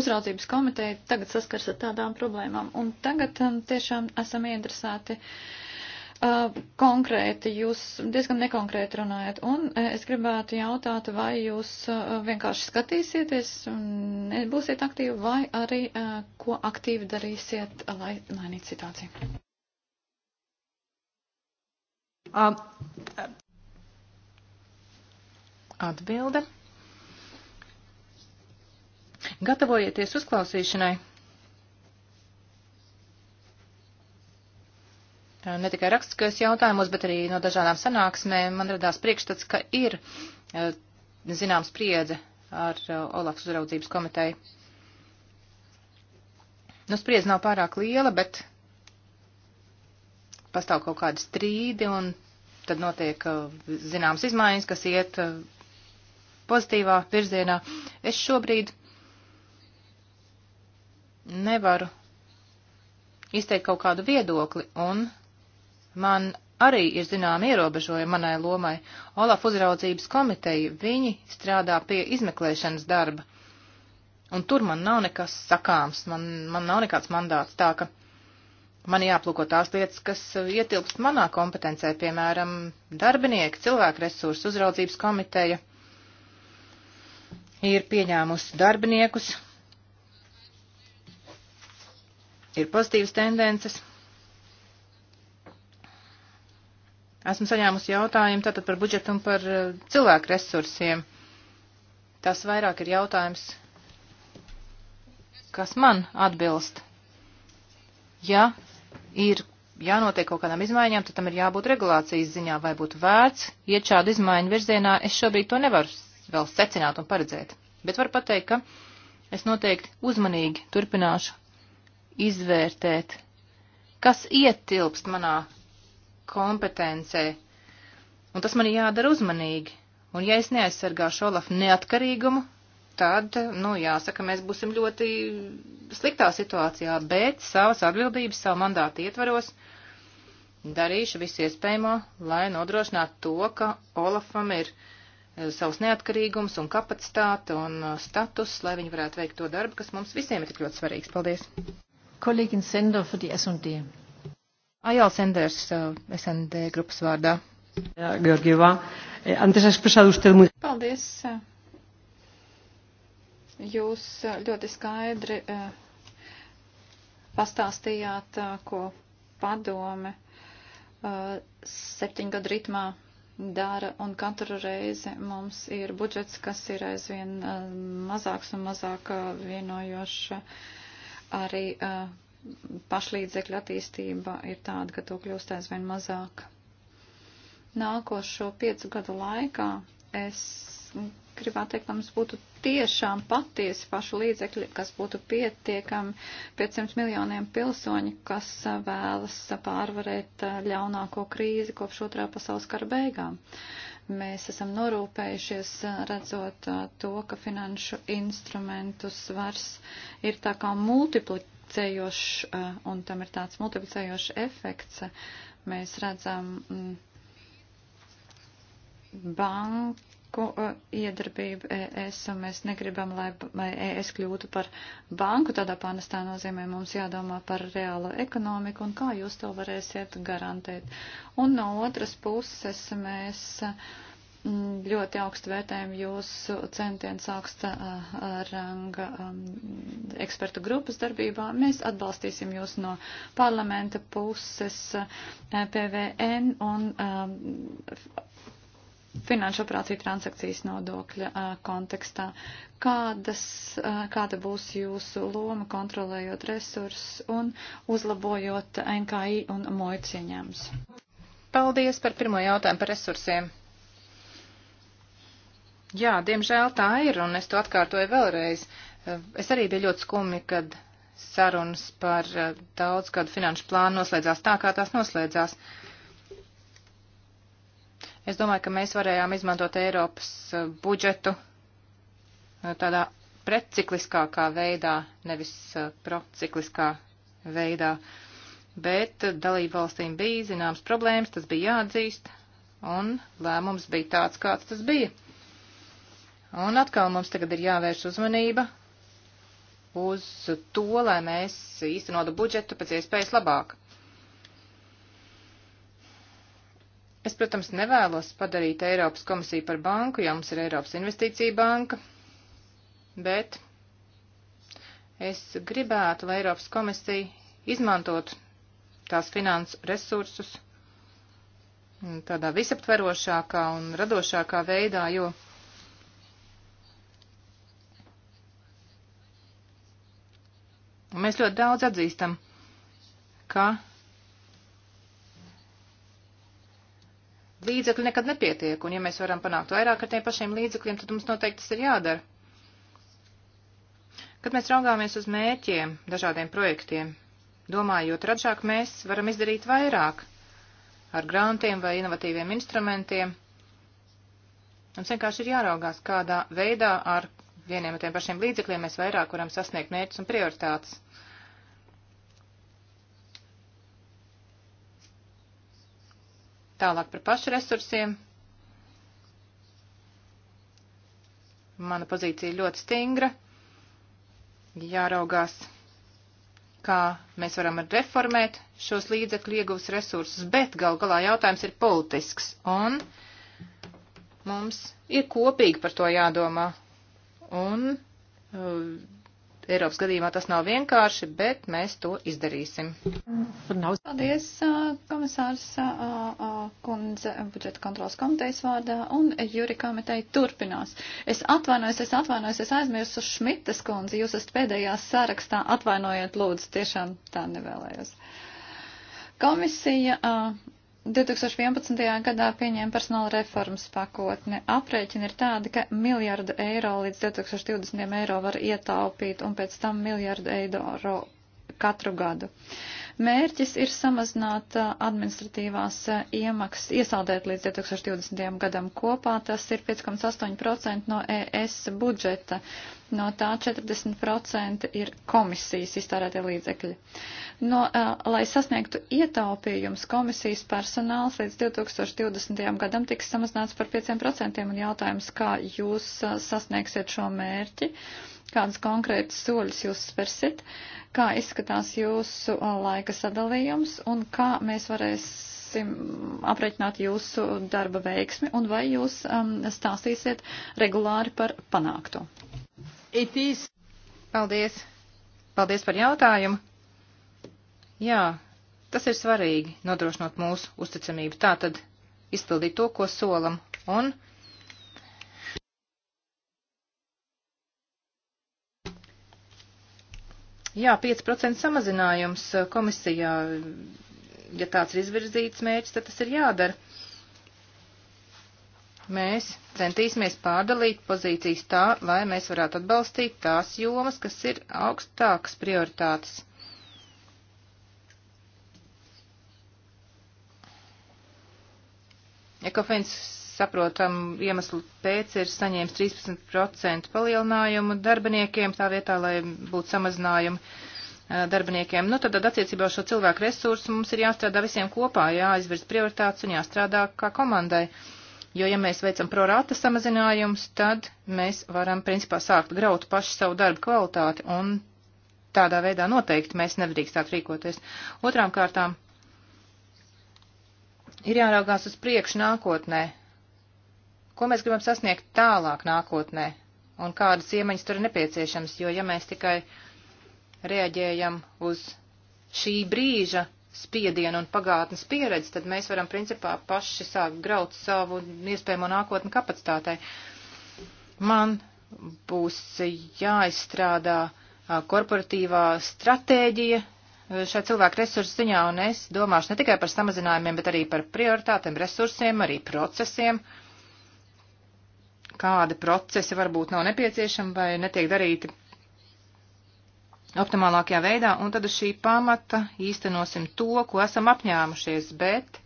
Speaker 2: uzraudzības komiteja tagad saskars ar tādām problēmām. Un tagad um, tiešām esam ieinteresēti uh, uh, konkrēti, jūs diezgan nekonkrēti runājat, un uh, es gribētu jautāt, vai jūs uh, vienkārši skatīsieties, būsiet aktīvi, vai arī uh, ko aktīvi darīsiet, lai mainītu situāciju?
Speaker 1: Um, atbilde. Gatavojieties uzklausīšanai. Eh, ne tikai rakstiskajos jautājumos, bet arī no dažādām sanāksmēm man radās priekšstats, ka ir eh, zināms spriedze ar eh, Olafs uzraudzības komiteju. Nu, spriedze nav pārāk liela, bet pastāv kaut kādi strīdi un tad notiek zināmas izmaiņas, kas iet pozitīvā virzienā. Es šobrīd nevaru izteikt kaut kādu viedokli un Man arī ir zinām ierobežojumi manai lomai. Olaf uzraudzības komiteja, viņi strādā pie izmeklēšanas darba. Un tur man nav nekas sakāms, man, man nav nekāds mandāts, tā ka man jāplūko tās lietas, kas ietilpst manā kompetencē, piemēram, darbinieki, cilvēku resursu uzraudzības komiteja ir pieņēmusi darbiniekus, ir pozitīvas tendences, Esmu saņēmusi jautājumu tātad par budžetu un par eh, cilvēku resursiem. Tas vairāk ir jautājums, kas man atbilst. Ja ir jānotiek kaut kādām izmaiņām, tad tam ir jābūt regulācijas ziņā, vai būtu vērts iet šādu izmaiņu virzienā. Es šobrīd to nevaru vēl secināt un paredzēt. Bet varu pateikt, ka es noteikti uzmanīgi turpināšu izvērtēt, kas ietilpst manā kompetencē. Un tas man jādara uzmanīgi. Un ja es neaizsargāšu Olafu neatkarīgumu, tad, nu, jāsaka, mēs būsim ļoti sliktā situācijā, bet savas atbildības, savu mandātu ietvaros darīšu visu iespējamo, lai nodrošinātu to, ka Olafam ir eh, savs neatkarīgums un kapacitāte un eh, status, lai viņi varētu veikt to darbu, kas mums visiem ir tik ļoti svarīgs. Paldies!
Speaker 2: Kolēģin Sender for the S&D.
Speaker 1: Ajāl Senders, eh, SND grupas vārdā. Jā, Georgievā.
Speaker 2: Eh, Antes expresado usted muy... Paldies. Jūs ļoti skaidri eh, pastāstījāt, ko padome septiņgadu ritmā dara, un katru reizi mums ir budžets, kas ir aizvien mazāks un mazāk vienojošs arī pašlīdzekļu attīstība ir tāda, ka to kļūst aizvien mazāk. Nākošo piecu gadu laikā es gribētu teikt, lai mums būtu tiešām patiesi pašu līdzekļi, kas būtu pietiekami 500 miljoniem pilsoņu, kas vēlas pārvarēt ļaunāko krīzi kopš otrā pasaules kara beigām. Mēs esam norūpējušies redzot to, ka finanšu instrumentu svars ir tā kā multipli multiplicējošs, eh, un tam ir tāds multiplicējošs efekts. Mēs redzam mm, banku eh, iedarbību ES, un mēs negribam, lai, lai ES kļūtu par banku. Tādā panestā nozīmē mums jādomā par reālo ekonomiku un kā jūs to varēsiet garantēt. Un no otras puses mēs. Uh, Mm, ļoti augstu vērtējam jūsu centienus augsta eh, ranga um, ekspertu grupas darbībā. Mēs atbalstīsim jūs no parlamenta puses eh, PVN un um, finanšu operāciju transakcijas nodokļa eh, kontekstā. Kādas, kāda būs jūsu loma kontrolējot resursus un uzlabojot NKI un mojcieņēmus?
Speaker 1: Paldies par pirmo jautājumu par resursiem. Jā, diemžēl tā ir, un es to atkārtoju vēlreiz. Eh, es arī biju ļoti skumi, kad sarunas par eh, daudz kādu finanšu plānu noslēdzās tā, kā tās noslēdzās. Es domāju, ka mēs varējām izmantot Eiropas eh, budžetu tādā pretcikliskākā veidā, nevis procikliskā veidā. Bet dalību valstīm bija zināms problēmas, tas bija jāatzīst, un lēmums bija tāds, kāds tas bija. Un atkal mums tagad ir jāvērš uzmanība uz to, lai mēs īstenotu budžetu pēc iespējas labāk. Es, protams, nevēlos padarīt Eiropas komisiju par banku, ja mums ir Eiropas investīcija banka, bet es gribētu, lai Eiropas komisija izmantot tās finansu resursus tādā visaptverošākā un radošākā veidā, jo Mēs ļoti daudz atzīstam, ka līdzekļi nekad nepietiek, un ja mēs varam panākt vairāk ar tiem pašiem līdzekļiem, tad mums noteikti tas ir jādara. Kad mēs raugāmies uz mērķiem, dažādiem projektiem, domājot ražāk, mēs varam izdarīt vairāk ar grantiem vai inovatīviem instrumentiem. Mums vienkārši ir jāraugās, kādā veidā ar vieniem un tiem pašiem līdzekļiem mēs vairāk varam sasniegt mērķus un prioritātes. Tālāk par pašu resursiem. Mana pozīcija ļoti stingra. Jāraugās, kā mēs varam reformēt šos līdzekļu ieguvus resursus, bet gal galā jautājums ir politisks. Un mums ir kopīgi par to jādomā. Un uh, Eiropas gadījumā tas nav vienkārši, bet mēs to izdarīsim.
Speaker 2: Paldies, uh, komisārs uh, uh, kundze budžeta kontrolas komitejas vārdā un Juri komiteja turpinās. Es atvainojos, es atvainojos, es aizmirsu Šmitas kundzi, jūs esat pēdējā sarakstā, atvainojiet lūdzu, tiešām tā nevēlējos. Komisija uh, 2011. gadā pieņēma personāla reformas pakotni. Aprēķini ir tādi, ka miljardu eiro līdz 2020. eiro var ietaupīt un pēc tam miljardu eiro katru gadu. Uh, Mērķis ir samazināt administratīvās iemaksas, iesaldēt līdz 2020. gadam kopā. Tas ir 5,8% no ES budžeta. No tā 40% ir komisijas iztērētie līdzekļi. No, lai sasniegtu ietaupījums, komisijas personāls līdz 2020. gadam tiks samazināts par 5% un jautājums, kā jūs sasniegsiet šo mērķi. Uh, Kādas konkrētas soļas jūs spersit, kā izskatās jūsu uh, laika sadalījums un kā mēs varēsim aprēķināt jūsu darba veiksmi un vai jūs um, stāstīsiet regulāri par panākto? Itīs.
Speaker 1: Paldies. Paldies par jautājumu. Jā, tas ir svarīgi, nodrošinot mūsu uzticamību. Tātad izpildīt to, ko solam, un Jā, 5% samazinājums komisijā, ja tāds ir izvirzīts mērķis, tad tas ir jādara. Mēs centīsimies pārdalīt pozīcijas tā, lai mēs varētu atbalstīt tās jomas, kas ir augstākas prioritātes. Ekofens saprotam iemeslu pēc ir saņēmis 13% palielinājumu darbiniekiem, tā vietā, lai būtu samazinājumi darbiniekiem. Nu, tad, tad attiecībā uz šo cilvēku resursu mums ir jāstrādā visiem kopā, jāizvirz prioritātes un jāstrādā kā komandai. Jo, ja mēs veicam prorāta samazinājumus, tad mēs varam, principā, sākt graut pašu savu darbu kvalitāti, un tādā veidā noteikti mēs nedrīkstāt rīkoties. Otrām kārtām ir jāraugās uz priekšu nākotnē. Ko mēs gribam sasniegt tālāk nākotnē un kādas iemaņas tur ir nepieciešams, jo ja mēs tikai reaģējam uz šī brīža spiedienu un pagātnes pieredzi, tad mēs varam principā paši sākt graut savu iespējamo nākotni kapacitātei. Man būs jāizstrādā korporatīvā stratēģija šai cilvēku resursu ziņā, un es domāšu ne tikai par samazinājumiem, bet arī par prioritātēm, resursiem, arī procesiem. Uh, kādi procesi varbūt nav nepieciešami vai netiek darīti optimālākajā veidā, un tad uz šī pamata īstenosim to, ko esam apņēmušies, bet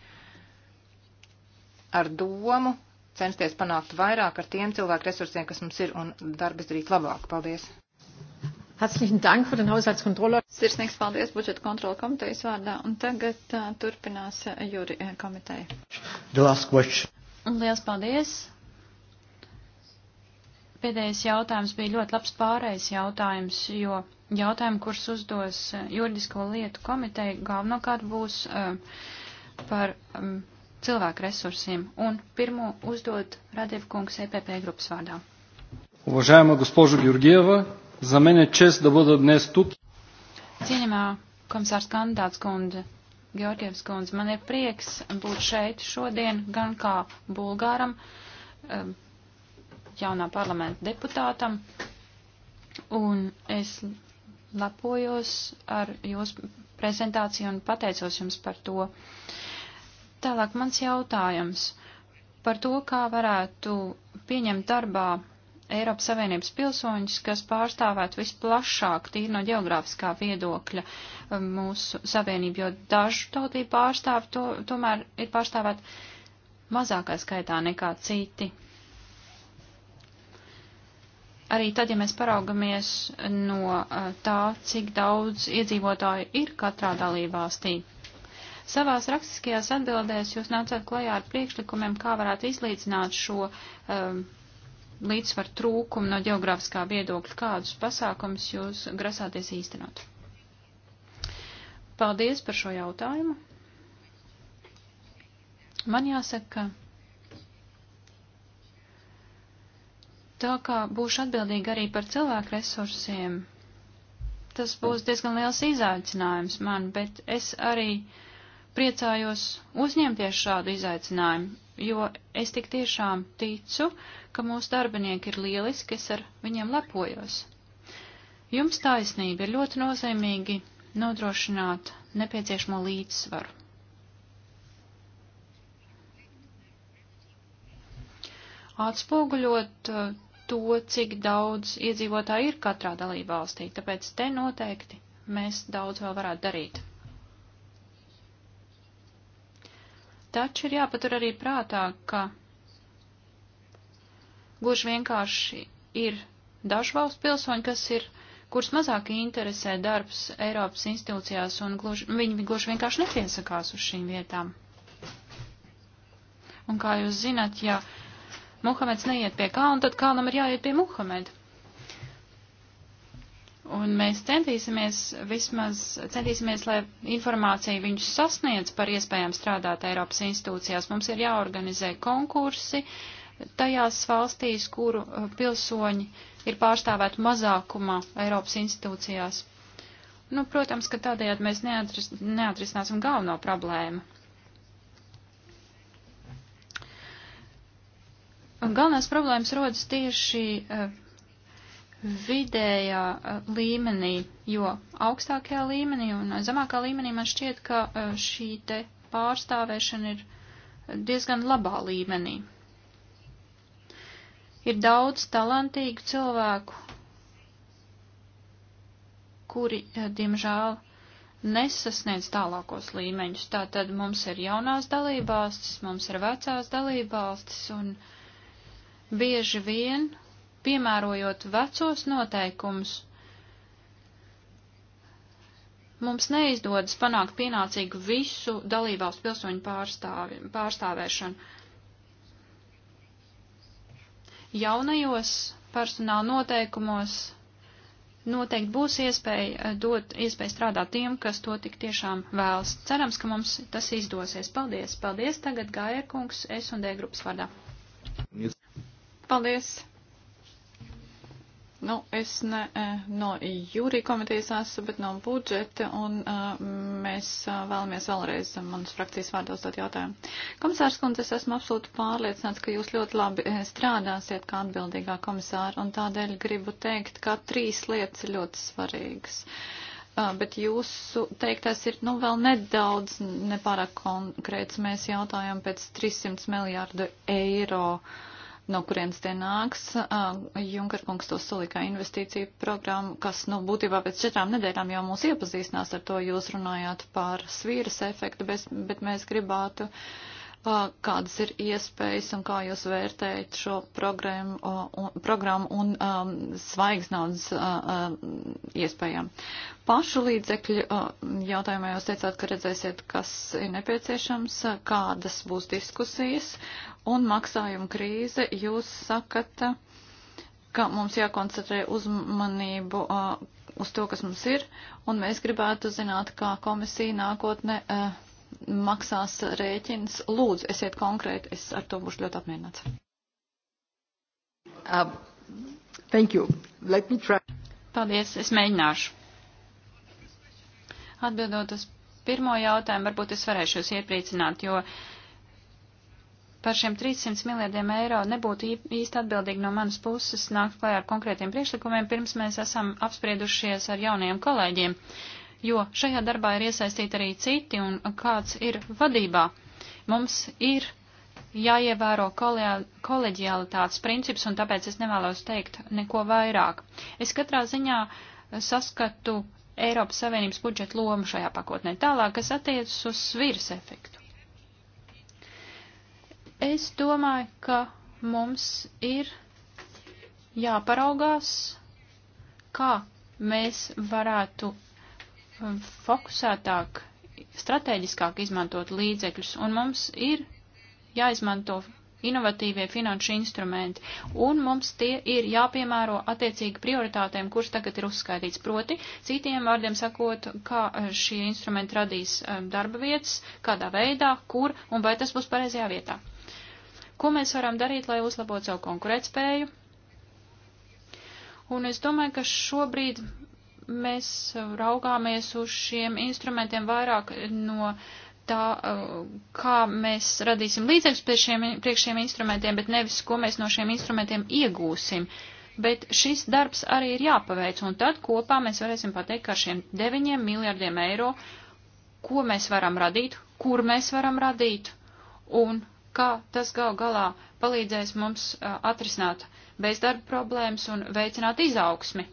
Speaker 1: ar domu censties panākt vairāk ar tiem cilvēku resursiem, kas mums ir, un darbu izdarīt labāk. Paldies!
Speaker 2: Herzlichen Dank für den Haushaltskontroller. Sirsnīgs paldies budžeta kontrola komitejas vārdā. Un tagad uh, turpinās Juri komiteja. The last question. Un liels paldies pēdējais jautājums bija ļoti labs pārējais jautājums, jo jautājumi, kurus uzdos eh, juridisko lietu komiteja, galvenokārt būs uh, par um, cilvēku resursiem. Un pirmo uzdod Radiev kungs EPP grupas vārdā.
Speaker 1: Уважаема госпожо Георгиева, за мен е чест да бъда днес тук.
Speaker 2: Cienījumā komisārs kandidāts kundze, Georgievs kundze, man ir prieks būt šeit šodien gan kā bulgāram, jaunā parlamenta deputātam, un es lepojos ar jūsu prezentāciju un pateicos jums par to. Tālāk mans jautājums par to, kā varētu pieņemt darbā Eiropas Savienības pilsoņus, kas pārstāvētu visplašāk, tīri no geogrāfiskā viedokļa um, mūsu savienību, jo dažu tautību pārstāv to, tomēr ir pārstāvēt mazākā skaitā nekā citi arī tad, ja mēs paraugamies no eh, tā, cik daudz iedzīvotāju ir katrā dalībvalstī. Savās rakstiskajās atbildēs jūs nācāt klajā ar priekšlikumiem, kā varētu izlīdzināt šo um, līdzsvaru trūkumu no geogrāfiskā viedokļa, kādus pasākumus jūs grasāties īstenot. Paldies par šo jautājumu. Man jāsaka, ka Tā kā būšu atbildīga arī par cilvēku resursiem, tas būs diezgan liels izaicinājums man, bet es arī priecājos uzņemties šādu izaicinājumu, jo es tik tiešām ticu, ka mūsu darbinieki ir lieliski, es ar viņiem lepojos. Jums taisnība ir ļoti nozīmīgi nodrošināt nepieciešamo līdzsvaru. Atspoguļot uh, to, cik daudz iedzīvotāji ir katrā dalībvalstī, tāpēc te noteikti mēs daudz vēl varētu darīt. Taču ir jāpatur arī prātā, ka gluži vienkārši ir dažu valstu pilsoņi, kas ir, kurus mazāk interesē darbs Eiropas institūcijās, un gluži, viņi gluži vienkārši nepiesakās uz šīm vietām. Un kā jūs zināt, ja Muhameds neiet pie kalna, tad kalnam ir jāiet pie Muhameda. Un mēs centīsimies, vismaz centīsimies, lai informācija viņus sasniedz par iespējām strādāt Eiropas institūcijās. Mums ir jāorganizē konkursi tajās valstīs, kuru uh, pilsoņi ir pārstāvēti mazākumā Eiropas institūcijās. Nu, protams, ka tādējādi mēs neatris, neatrisināsim galveno problēmu. Galvenās problēmas rodas tieši eh, vidējā eh, līmenī, jo augstākajā līmenī un zemākā līmenī man šķiet, ka eh, šī te pārstāvēšana ir diezgan labā līmenī. Ir daudz talantīgu cilvēku, kuri, diemžēl, nesasniedz tālākos līmeņus. Tātad mums ir jaunās dalībvalstis, mums ir vecās dalībvalstis, un uh, bieži vien, piemērojot vecos noteikumus, mums neizdodas panākt pienācīgu visu dalībvalstu pilsoņu pārstāvi, pārstāvēšanu. Jaunajos personāla noteikumos noteikti būs iespēja eh, dot iespēju strādāt tiem, kas to tik tiešām vēlas. Cerams, ka mums tas izdosies. Paldies! Paldies tagad, Gāja kungs, S un D grupas vārdā. Paldies! Nu, es ne eh, no jūrī komitejas esmu, bet no budžeta, un uh, mēs eh, vēlamies vēlreiz manas frakcijas vārdā uzdot jautājumu. Komisārs kundze, es esmu absolūti pārliecināts, ka jūs ļoti labi strādāsiet kā atbildīgā komisāra, un tādēļ gribu teikt, ka trīs lietas ir ļoti svarīgas. Uh, bet jūsu teiktais ir, nu, vēl nedaudz nepārāk konkrēts. Mēs jautājam pēc 300 miljārdu eiro. Uh, no kurienes tie nāks. Junker kungs to solīja investīciju programmu, kas, nu, būtībā pēc četrām nedēļām jau mūs iepazīstinās ar to. Jūs runājāt par svīras efektu, bet mēs gribētu. Uh, kādas ir iespējas un kā jūs vērtējat šo programmu, programmu un um, svaigas naudas uh, iespējām. Pašu līdzekļu jautājumā jūs teicāt, ka redzēsiet, kas ir nepieciešams, kādas būs diskusijas un maksājuma krīze. Jūs sakat, ka mums jākoncentrē uzmanību uh, uz to, kas mums ir, un mēs gribētu zināt, kā komisija nākotnē. Uh, maksās rēķins. Lūdzu, esiet konkrēti, es ar to būšu ļoti apmierināts. Uh, thank you. Let me try. Paldies, es mēģināšu. Atbildot uz pirmo jautājumu, varbūt es varēšu jūs iepriecināt, jo par šiem 300 miljardiem eiro nebūtu īsti atbildīgi no manas puses nākt klajā ar konkrētiem priekšlikumiem, pirms mēs esam apspriedušies ar jaunajiem kolēģiem. Uh, jo šajā darbā ir iesaistīti arī citi un kāds ir vadībā. Mums ir jāievēro koleģialitātes princips, un tāpēc es nevēlos teikt neko vairāk. Es katrā ziņā saskatu Eiropas Savienības budžeta lomu šajā pakotnē tālāk, kas attiecas uz svirs efektu. Es domāju, ka mums ir jāparaugās, kā mēs varētu fokusētāk, strateģiskāk izmantot līdzekļus, un mums ir jāizmanto inovatīvie finanšu instrumenti, un mums tie ir jāpiemēro attiecīgi prioritātēm, kuras tagad ir uzskaitīts. Proti, citiem vārdiem sakot, kā eh, šie instrumenti radīs eh, darba vietas, kādā veidā, kur un vai tas būs pareizajā vietā. Ko mēs varam darīt, lai uzlabotu savu konkurētspēju? Un es domāju, ka šobrīd mēs raugāmies uz šiem instrumentiem vairāk no tā, kā mēs radīsim līdzekļus pie šiem, priekš šiem instrumentiem, bet nevis, ko mēs no šiem instrumentiem iegūsim. Bet šis darbs arī ir jāpaveic, un tad kopā mēs varēsim pateikt, ka ar šiem 9 miljardiem eiro, ko mēs varam radīt, kur mēs varam radīt, un kā tas gal galā palīdzēs mums atrisināt bezdarba problēmas un veicināt izaugsmi.